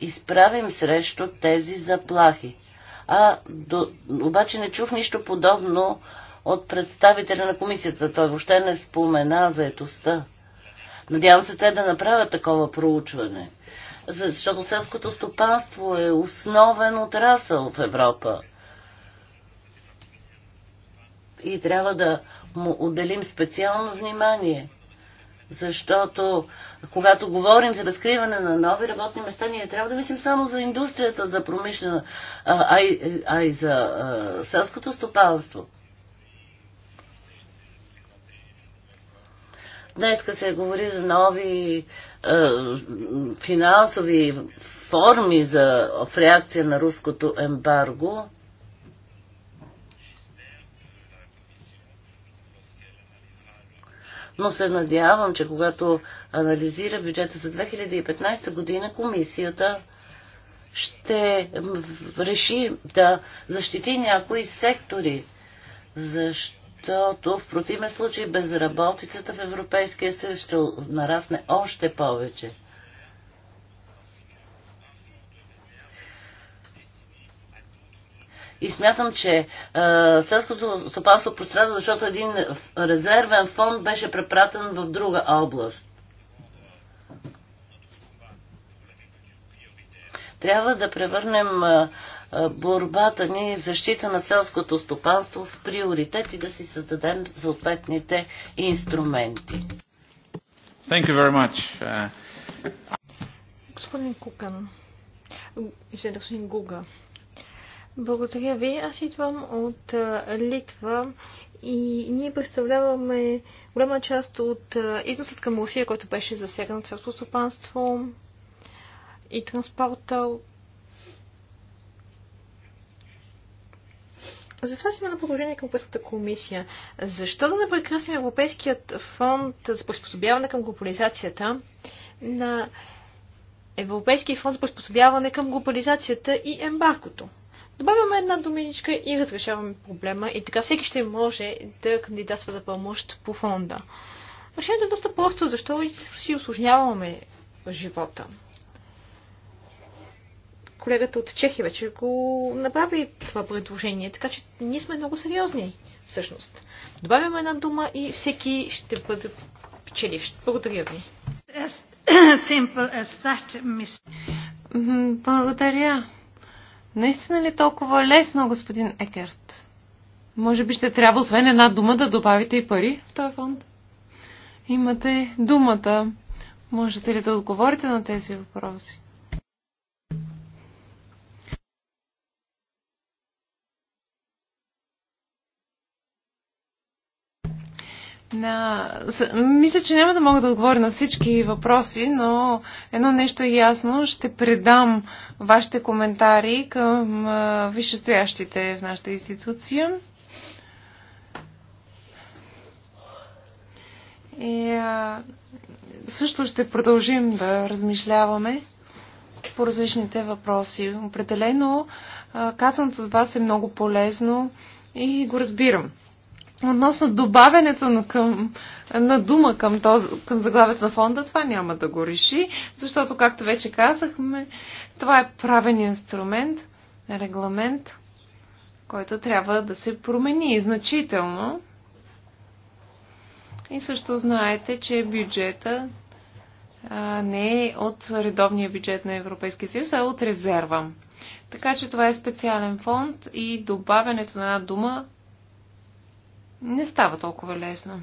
изправим срещу тези заплахи а до, обаче не чух нищо подобно от представителя на комисията. Той въобще не спомена заетостта. Надявам се те да направят такова проучване, защото селското стопанство е основен отрасъл в Европа. И трябва да му отделим специално внимание. Защото когато говорим за разкриване на нови работни места, ние трябва да мислим само за индустрията, за промишлена, а, и, а и за а, селското стопанство. Днеска се говори за нови а, финансови форми за, в реакция на руското ембарго. но се надявам, че когато анализира бюджета за 2015 година, комисията ще реши да защити някои сектори, защото в противен случай безработицата в Европейския съюз ще нарасне още повече. И смятам, че а, селското стопанство пострада, защото един резервен фонд беше препратен в друга област. Трябва да превърнем борбата ни в защита на селското стопанство в приоритет и да си създадем съответните инструменти. Thank you very much. Uh... Господин Кукан, господин Гуга. Благодаря ви. Аз идвам от Литва и ние представляваме голяма част от износът към Русия, който беше засегнат селско стопанство и транспорта. Затова сме на продължение към Европейската комисия. Защо да не прекрасим Европейският фонд за приспособяване към глобализацията на Европейския фонд за приспособяване към глобализацията и ембаркото? Добавяме една думичка и разрешаваме проблема и така всеки ще може да кандидатства за помощ по фонда. Решението е доста просто, защо си осложняваме живота. Колегата от Чехия вече го направи това предложение, така че ние сме много сериозни всъщност. Добавяме една дума и всеки ще бъде печеливш. Благодаря ви. Благодаря. Наистина ли е толкова лесно, господин Екерт? Може би ще трябва, освен една дума, да добавите и пари в този фонд. Имате думата. Можете ли да отговорите на тези въпроси? На... Мисля, че няма да мога да отговоря на всички въпроси, но едно нещо е ясно. Ще предам вашите коментари към висшестоящите в нашата институция. И а, също ще продължим да размишляваме по различните въпроси. Определено казаното от вас е много полезно и го разбирам. Относно добавянето на, към, на дума към, този, към заглавието на фонда, това няма да го реши, защото, както вече казахме, това е правен инструмент, регламент, който трябва да се промени значително. И също знаете, че бюджета а, не е от редовния бюджет на Европейския съюз, а от резерва. Така че това е специален фонд и добавянето на една дума не става толкова лесно.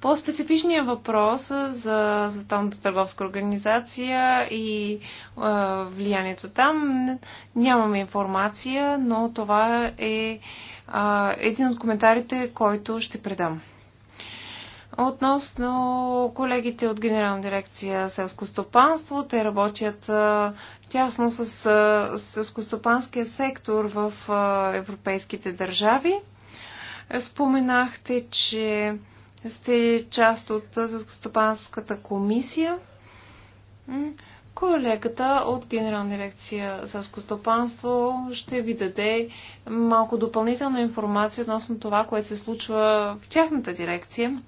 По-специфичният въпрос за Световната търговска организация и а, влиянието там нямаме информация, но това е, а, един от коментарите, който ще предам. Относно колегите от Генерална дирекция селско стопанство, те работят тясно с селскостопанския сектор в европейските държави Споменахте, че сте част от Стопанската комисия. Колегата от Генерална дирекция за стопанство ще ви даде малко допълнителна информация относно това, което се случва в тяхната дирекция,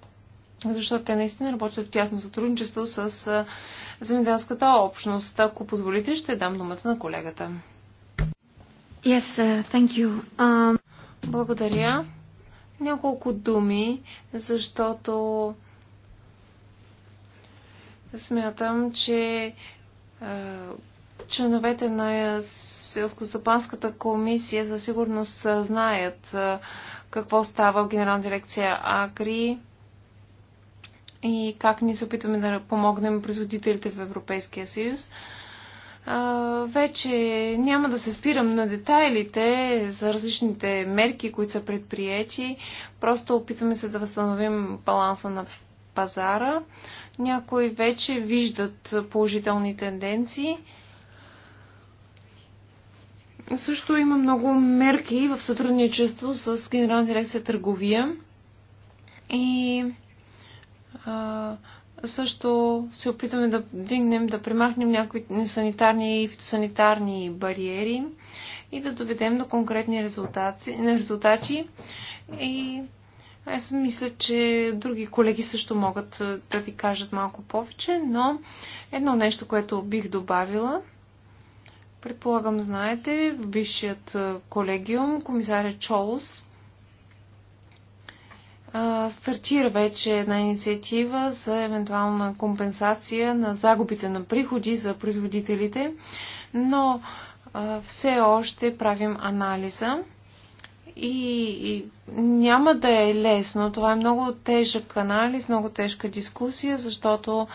защото те наистина работят в тясно сътрудничество с земеделската общност. Ако позволите, ще дам думата на колегата. Yes, uh, thank you. Um... Благодаря. Няколко думи, защото смятам, че членовете на Селскостопанската комисия за сигурност знаят какво става в Генерална дирекция АКРИ и как ние се опитваме да помогнем производителите в Европейския съюз вече няма да се спирам на детайлите за различните мерки, които са предприяти. Просто опитваме се да възстановим баланса на пазара. Някои вече виждат положителни тенденции. Също има много мерки в сътрудничество с Генерална дирекция търговия. И а, също се опитваме да дигнем, да примахнем някои несанитарни и фитосанитарни бариери и да доведем до конкретни резултати. резултати. И аз мисля, че други колеги също могат да ви кажат малко повече, но едно нещо, което бих добавила, предполагам знаете, в бившият колегиум комисаря Чолос стартира вече една инициатива за евентуална компенсация на загубите на приходи за производителите, но все още правим анализа и, няма да е лесно. Това е много тежък анализ, много тежка дискусия, защото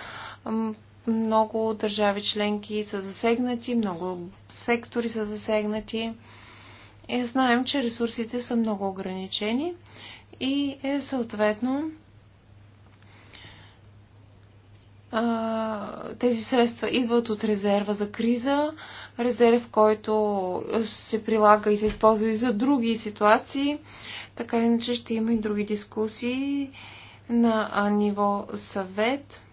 много държави членки са засегнати, много сектори са засегнати. и е, знаем, че ресурсите са много ограничени и е съответно тези средства идват от резерва за криза, резерв, който се прилага и се използва и за други ситуации. Така иначе ще има и други дискусии на ниво съвет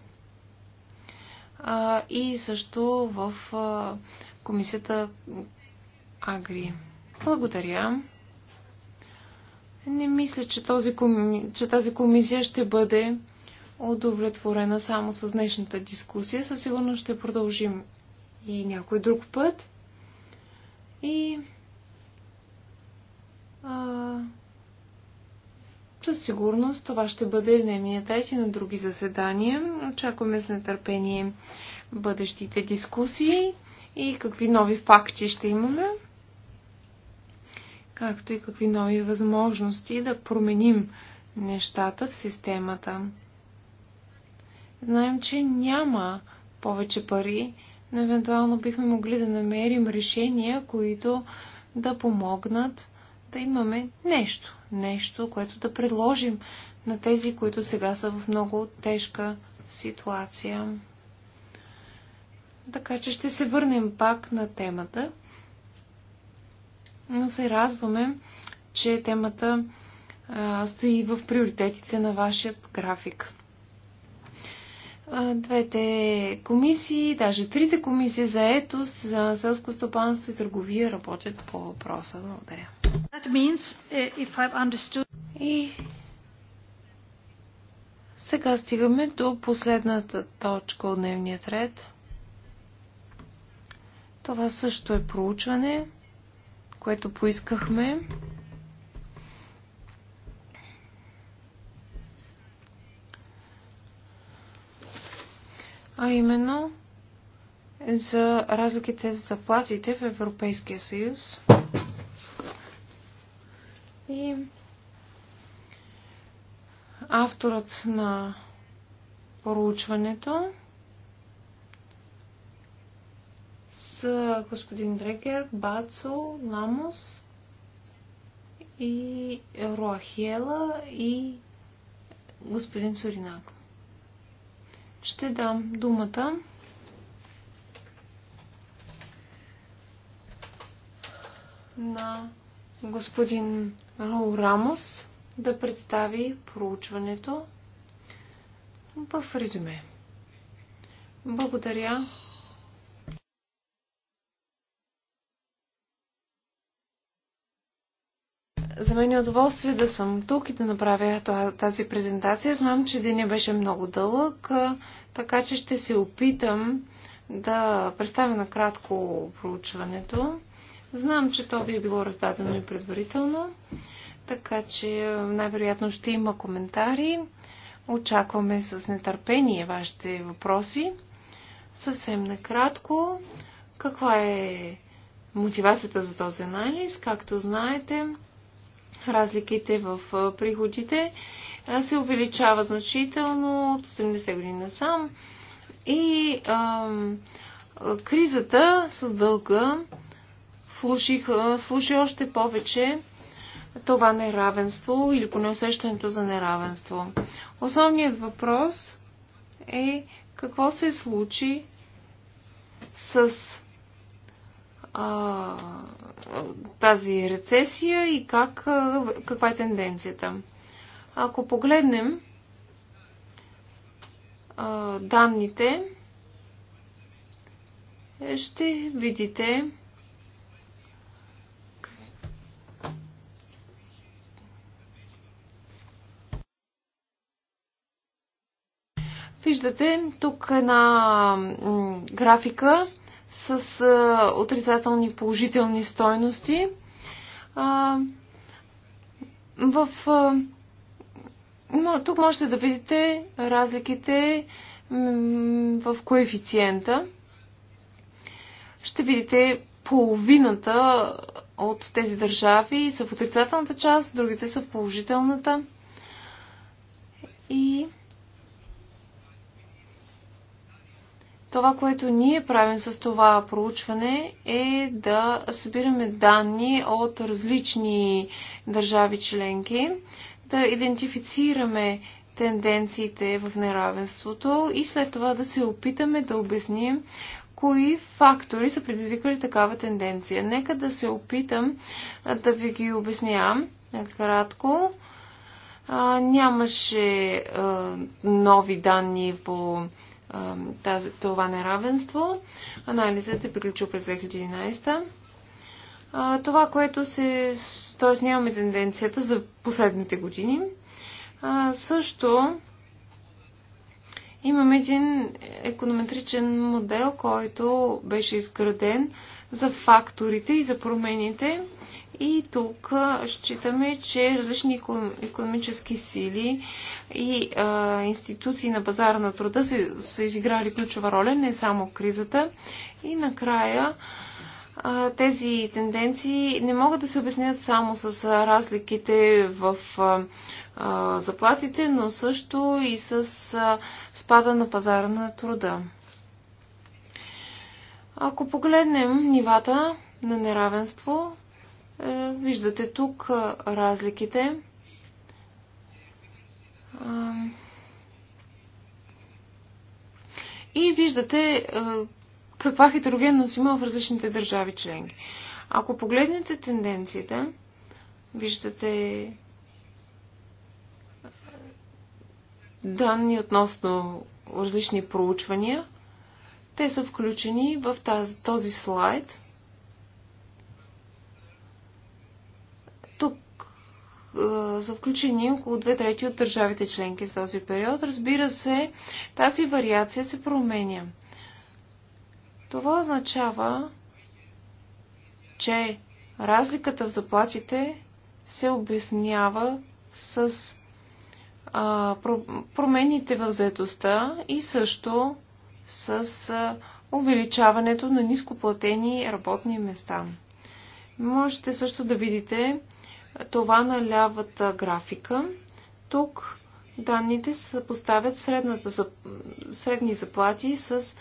и също в комисията Агри. Благодаря. Не мисля, че, този коми... че тази комисия ще бъде удовлетворена само с днешната дискусия. Със сигурност ще продължим и някой друг път. И а, със сигурност това ще бъде дневния трети на други заседания. Очакваме с нетърпение бъдещите дискусии и какви нови факти ще имаме както и какви нови възможности да променим нещата в системата. Знаем, че няма повече пари, но евентуално бихме могли да намерим решения, които да помогнат да имаме нещо, нещо, което да предложим на тези, които сега са в много тежка ситуация. Така че ще се върнем пак на темата но се радваме, че темата а, стои в приоритетите на вашият график. Двете комисии, даже трите комисии за етос, за селско стопанство и търговия работят по въпроса. Благодаря. That means, eh, if I've understood... И сега стигаме до последната точка от дневния ред. Това също е проучване което поискахме. А именно за разликите в заплатите в Европейския съюз. И авторът на проучването господин Дрекер, Бацо, Намос и Роахиела и господин Суринак. Ще дам думата на господин Роу Рамос да представи проучването в резюме. Благодаря За мен е удоволствие да съм тук и да направя тази презентация. Знам, че деня беше много дълъг, така че ще се опитам да представя накратко проучването. Знам, че то би е било раздадено и предварително, така че най-вероятно ще има коментари. Очакваме с нетърпение вашите въпроси. Съвсем накратко, каква е мотивацията за този анализ? Както знаете, разликите в приходите се увеличава значително от 80 години насам и а, кризата с дълга служи слуши още повече това неравенство или поне усещането за неравенство. Основният въпрос е какво се случи с а, тази рецесия и как, каква е тенденцията. Ако погледнем данните, ще видите Виждате тук една графика, с а, отрицателни положителни стойности. А, в, а, тук можете да видите разликите в коефициента. Ще видите половината от тези държави са в отрицателната част, другите са в положителната. И Това, което ние правим с това проучване е да събираме данни от различни държави членки, да идентифицираме тенденциите в неравенството и след това да се опитаме да обясним кои фактори са предизвикали такава тенденция. Нека да се опитам да ви ги обяснявам кратко. А, нямаше а, нови данни по тази, това неравенство. Анализът е приключил през 2011. А, това, което се... Тоест нямаме тенденцията за последните години. А, също имаме един економетричен модел, който беше изграден за факторите и за промените и тук считаме, че различни економически сили и а, институции на пазара на труда са, са изиграли ключова роля, не само кризата. И накрая а, тези тенденции не могат да се обяснят само с разликите в а, заплатите, но също и с а, спада на пазара на труда. Ако погледнем нивата на неравенство, е, виждате тук е, разликите. Е, и виждате каква хетерогенност има в различните държави членки. Ако погледнете тенденцията, виждате данни относно различни проучвания. Те са включени в тази, този слайд – са включени около две трети от държавите членки в този период. Разбира се, тази вариация се променя. Това означава, че разликата в заплатите се обяснява с а, промените в заедостта и също с а, увеличаването на нископлатени работни места. Можете също да видите това на лявата графика. Тук данните се поставят средната, средни заплати с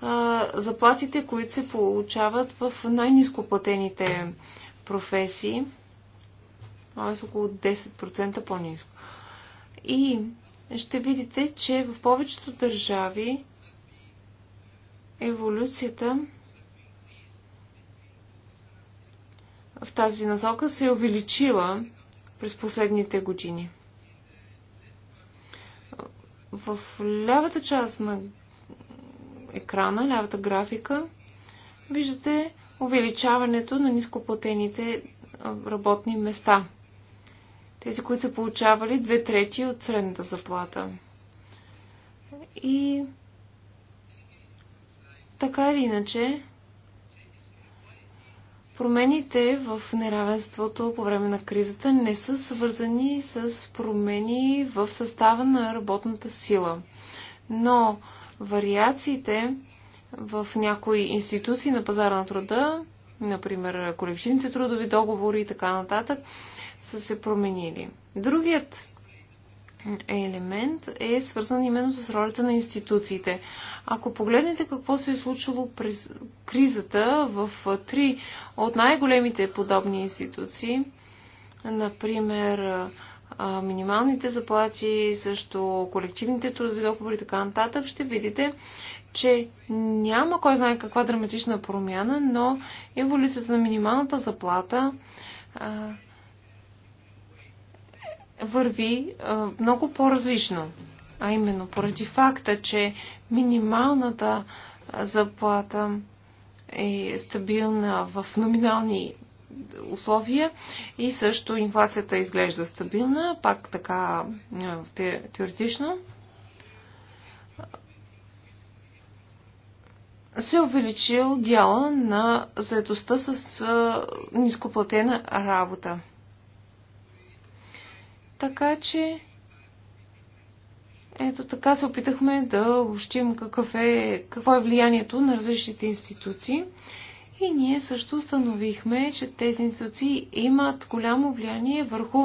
а, заплатите, които се получават в най-низко платените професии. Това е около 10% по-низко. И ще видите, че в повечето държави еволюцията в тази насока се е увеличила през последните години. В лявата част на екрана, лявата графика, виждате увеличаването на нископлатените работни места. Тези, които са получавали две трети от средната заплата. И така или иначе, Промените в неравенството по време на кризата не са свързани с промени в състава на работната сила. Но вариациите в някои институции на пазара на труда, например колективните трудови договори и така нататък, са се променили. Другият елемент е свързан именно с ролята на институциите. Ако погледнете какво се е случило през кризата в три от най-големите подобни институции, например минималните заплати, също колективните трудови договори и така нататък, ще видите, че няма кой знае каква драматична промяна, но еволюцията на минималната заплата върви много по-различно. А именно поради факта, че минималната заплата е стабилна в номинални условия и също инфлацията изглежда стабилна, пак така теоретично. се е увеличил дяла на заедостта с нископлатена работа. Така че, ето така се опитахме да общим какъв е, какво е влиянието на различните институции. И ние също установихме, че тези институции имат голямо влияние върху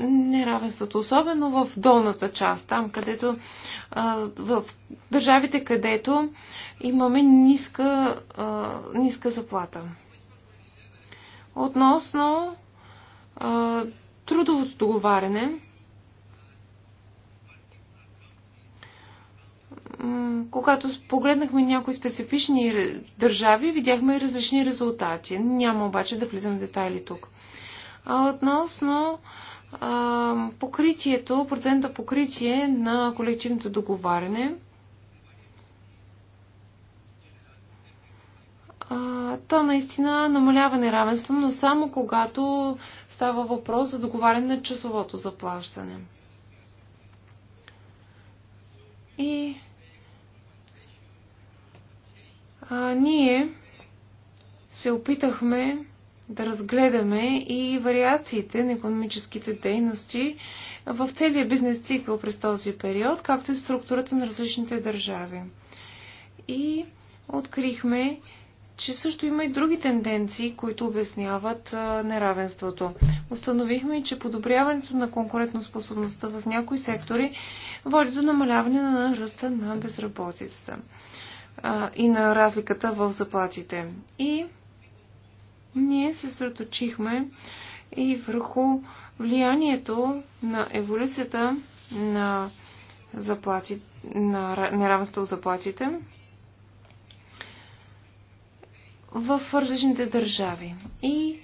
неравенството, особено в долната част, там където в държавите, където имаме ниска, ниска заплата. Относно Трудовото договаряне когато погледнахме някои специфични държави, видяхме и различни резултати. Няма обаче да влизам в детайли тук. А относно а, покритието, процента покритие на колективното договаряне, а, то наистина намалява неравенство, но само когато става въпрос за договаряне на часовото заплащане. И а, ние се опитахме да разгледаме и вариациите на економическите дейности в целия бизнес цикъл през този период, както и структурата на различните държави. И открихме, че също има и други тенденции, които обясняват неравенството. Установихме, че подобряването на конкурентоспособността в някои сектори води до намаляване на ръста на безработицата и на разликата в заплатите. И ние се средочихме и върху влиянието на еволюцията на, заплати, на неравенство в заплатите в различните държави. И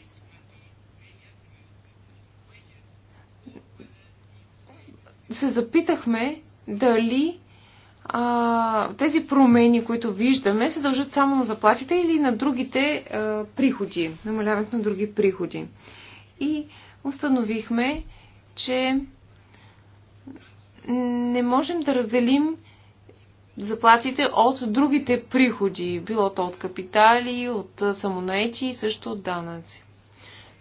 се запитахме дали а, тези промени, които виждаме, се дължат само на заплатите или на другите а, приходи, намаляването на други приходи. И установихме, че не можем да разделим заплатите от другите приходи, било то от капитали, от самонаети и също от данъци.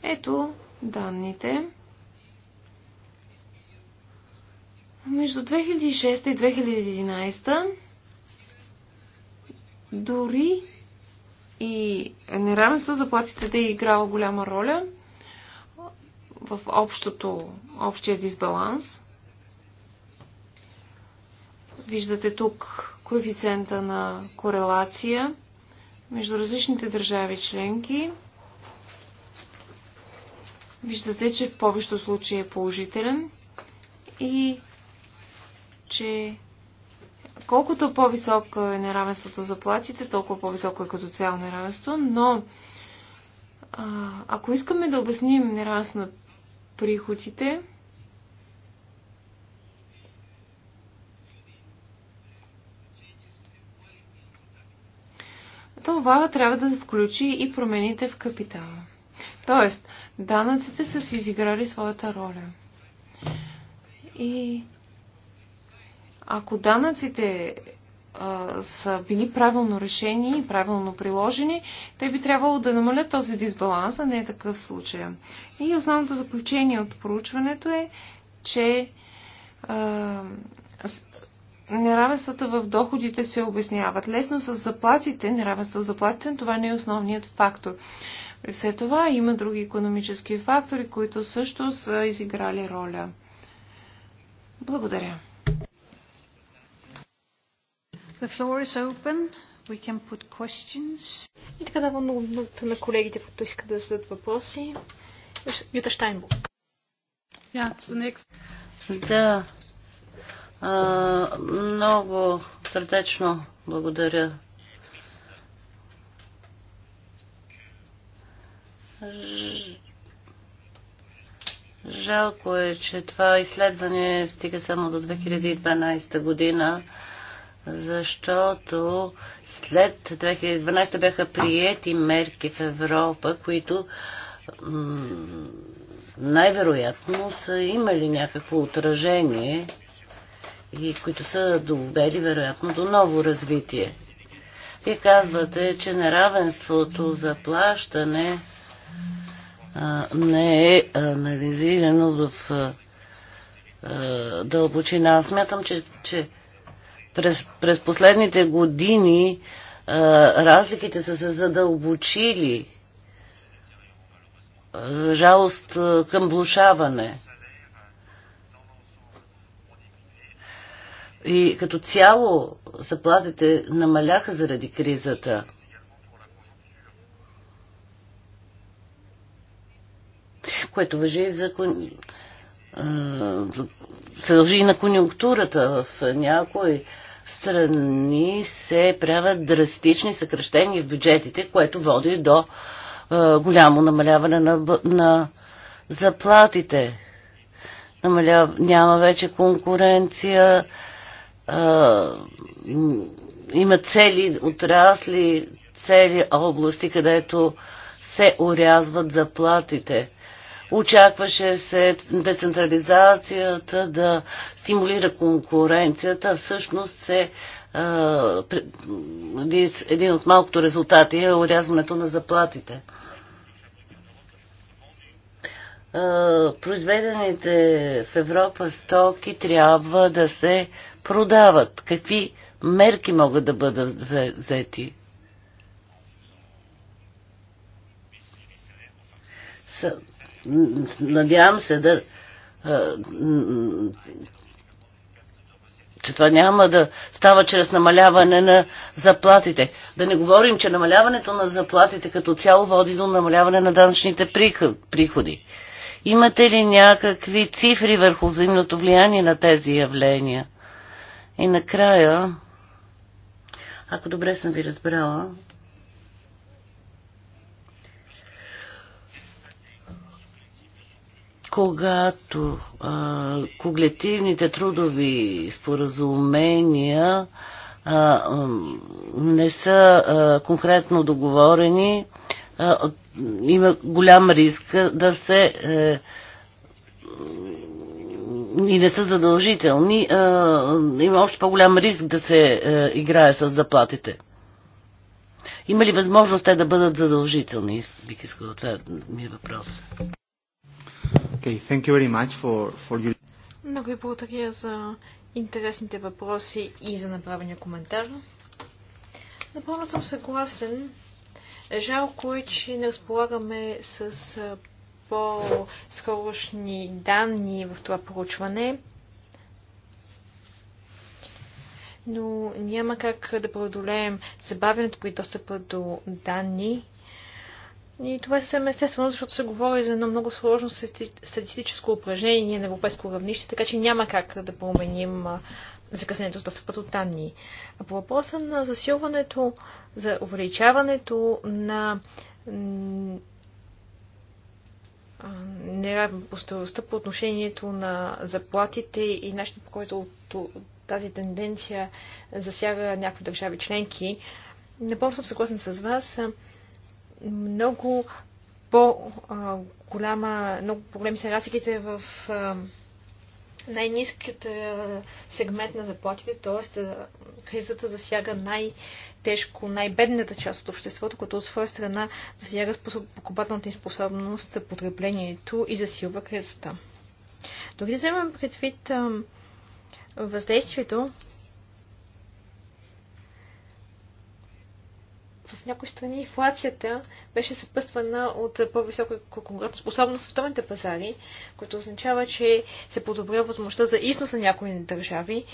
Ето данните. Между 2006 и 2011 дори и неравенство заплатите е играло голяма роля в общото, общия дисбаланс – Виждате тук коефициента на корелация между различните държави членки. Виждате, че в повечето случаи е положителен и че колкото по-високо е неравенството за платите, толкова по-високо е като цяло неравенство, но ако искаме да обясним неравенство на приходите, това трябва да включи и промените в капитала. Тоест, данъците са си изиграли своята роля. И ако данъците а, са били правилно решени и правилно приложени, те би трябвало да намалят този дисбаланс, а не е такъв случай. И основното заключение от проучването е, че неравенствата в доходите се обясняват лесно с заплатите, неравенство в заплатите, това не е основният фактор. При все това има други економически фактори, които също са изиграли роля. Благодаря. The floor is open. We can put questions. И така давам думата на колегите, които искат да зададат въпроси. Юта Штайнбург. Yeah, да, много сърдечно благодаря. Жалко е, че това изследване стига само до 2012 година, защото след 2012 бяха приети мерки в Европа, които най-вероятно са имали някакво отражение и които са довели вероятно до ново развитие. Вие казвате, че неравенството за плащане а, не е анализирано в а, дълбочина. Аз смятам, че, че през, през последните години а, разликите са се задълбочили. За жалост към влушаване. И като цяло заплатите намаляха заради кризата. Което въжи и за се дължи и на конюнктурата в някои страни се правят драстични съкръщения в бюджетите, което води до е, голямо намаляване на, на заплатите. Намалява, няма вече конкуренция, а, има цели отрасли, цели области, където се урязват заплатите. Очакваше се децентрализацията да стимулира конкуренцията, всъщност се а, един от малкото резултати е урязването на заплатите. А, произведените в Европа стоки трябва да се продават? Какви мерки могат да бъдат взети? Надявам се да. че това няма да става чрез намаляване на заплатите. Да не говорим, че намаляването на заплатите като цяло води до намаляване на данъчните приходи. Имате ли някакви цифри върху взаимното влияние на тези явления? И накрая, ако добре съм ви разбрала, когато а, коглетивните трудови споразумения а, не са а, конкретно договорени, а, има голям риск да се е, и не са задължителни, а, има още по-голям риск да се а, е, играе с заплатите. Има ли възможност те да бъдат задължителни? Бих искала това е ми е въпрос. Okay, thank you very much for, for your... Много ви благодаря за интересните въпроси и за направения коментар. Напълно съм съгласен. Жалко е, че не разполагаме с е, по-скорошни данни в това проучване, но няма как да преодолеем забавянето при достъпа до данни. И това е съвсем естествено, защото се говори за едно много сложно статистическо упражнение на европейско равнище, така че няма как да променим закъснението с достъпа до данни. А по въпроса на засилването, за увеличаването на неравенпоставността по отношението на заплатите и начинът по който тази тенденция засяга някои държави членки. Напълно съм съгласен с вас. Много по-голяма, много по-големи са разликите в най-низкият е, сегмент на заплатите, т.е. кризата засяга най-тежко, най-бедната част от обществото, като от своя страна засяга покупателната способност, потреблението и засилва кризата. Дори да вземем предвид въздействието някои страни инфлацията беше съпъствана от по-висока способност в световните пазари, което означава, че се подобря възможността за износ на някои държави.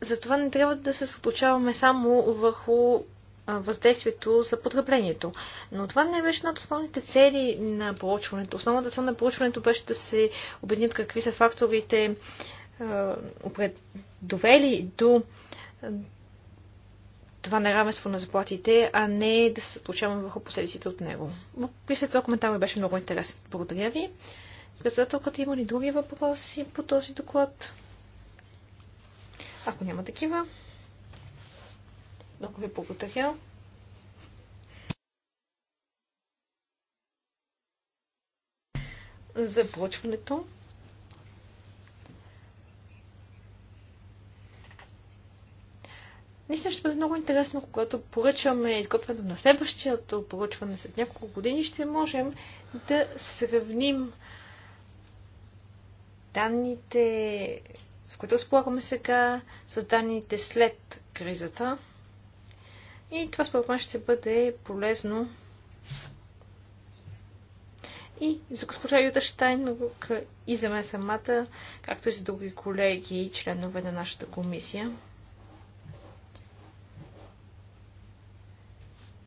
Затова не трябва да се съсредоточаваме само върху въздействието за потреблението. Но това не беше една от основните цели на проучването. Основната цел на проучването беше да се обединят какви са факторите, довели до това неравенство на заплатите, а не да се получаваме върху последиците от него. Мисля, това коментар ми беше много интересен. Благодаря ви. Председателката има ли други въпроси по този доклад? Ако няма такива, много ви благодаря. за проучването. Наистина ще бъде много интересно, когато поръчваме изготвянето на следващото поръчване след няколко години, ще можем да сравним данните, с които разполагаме сега, с данните след кризата. И това според мен ще бъде полезно и за госпожа Юта Штайнрук и за мен самата, както и за други колеги и членове на нашата комисия.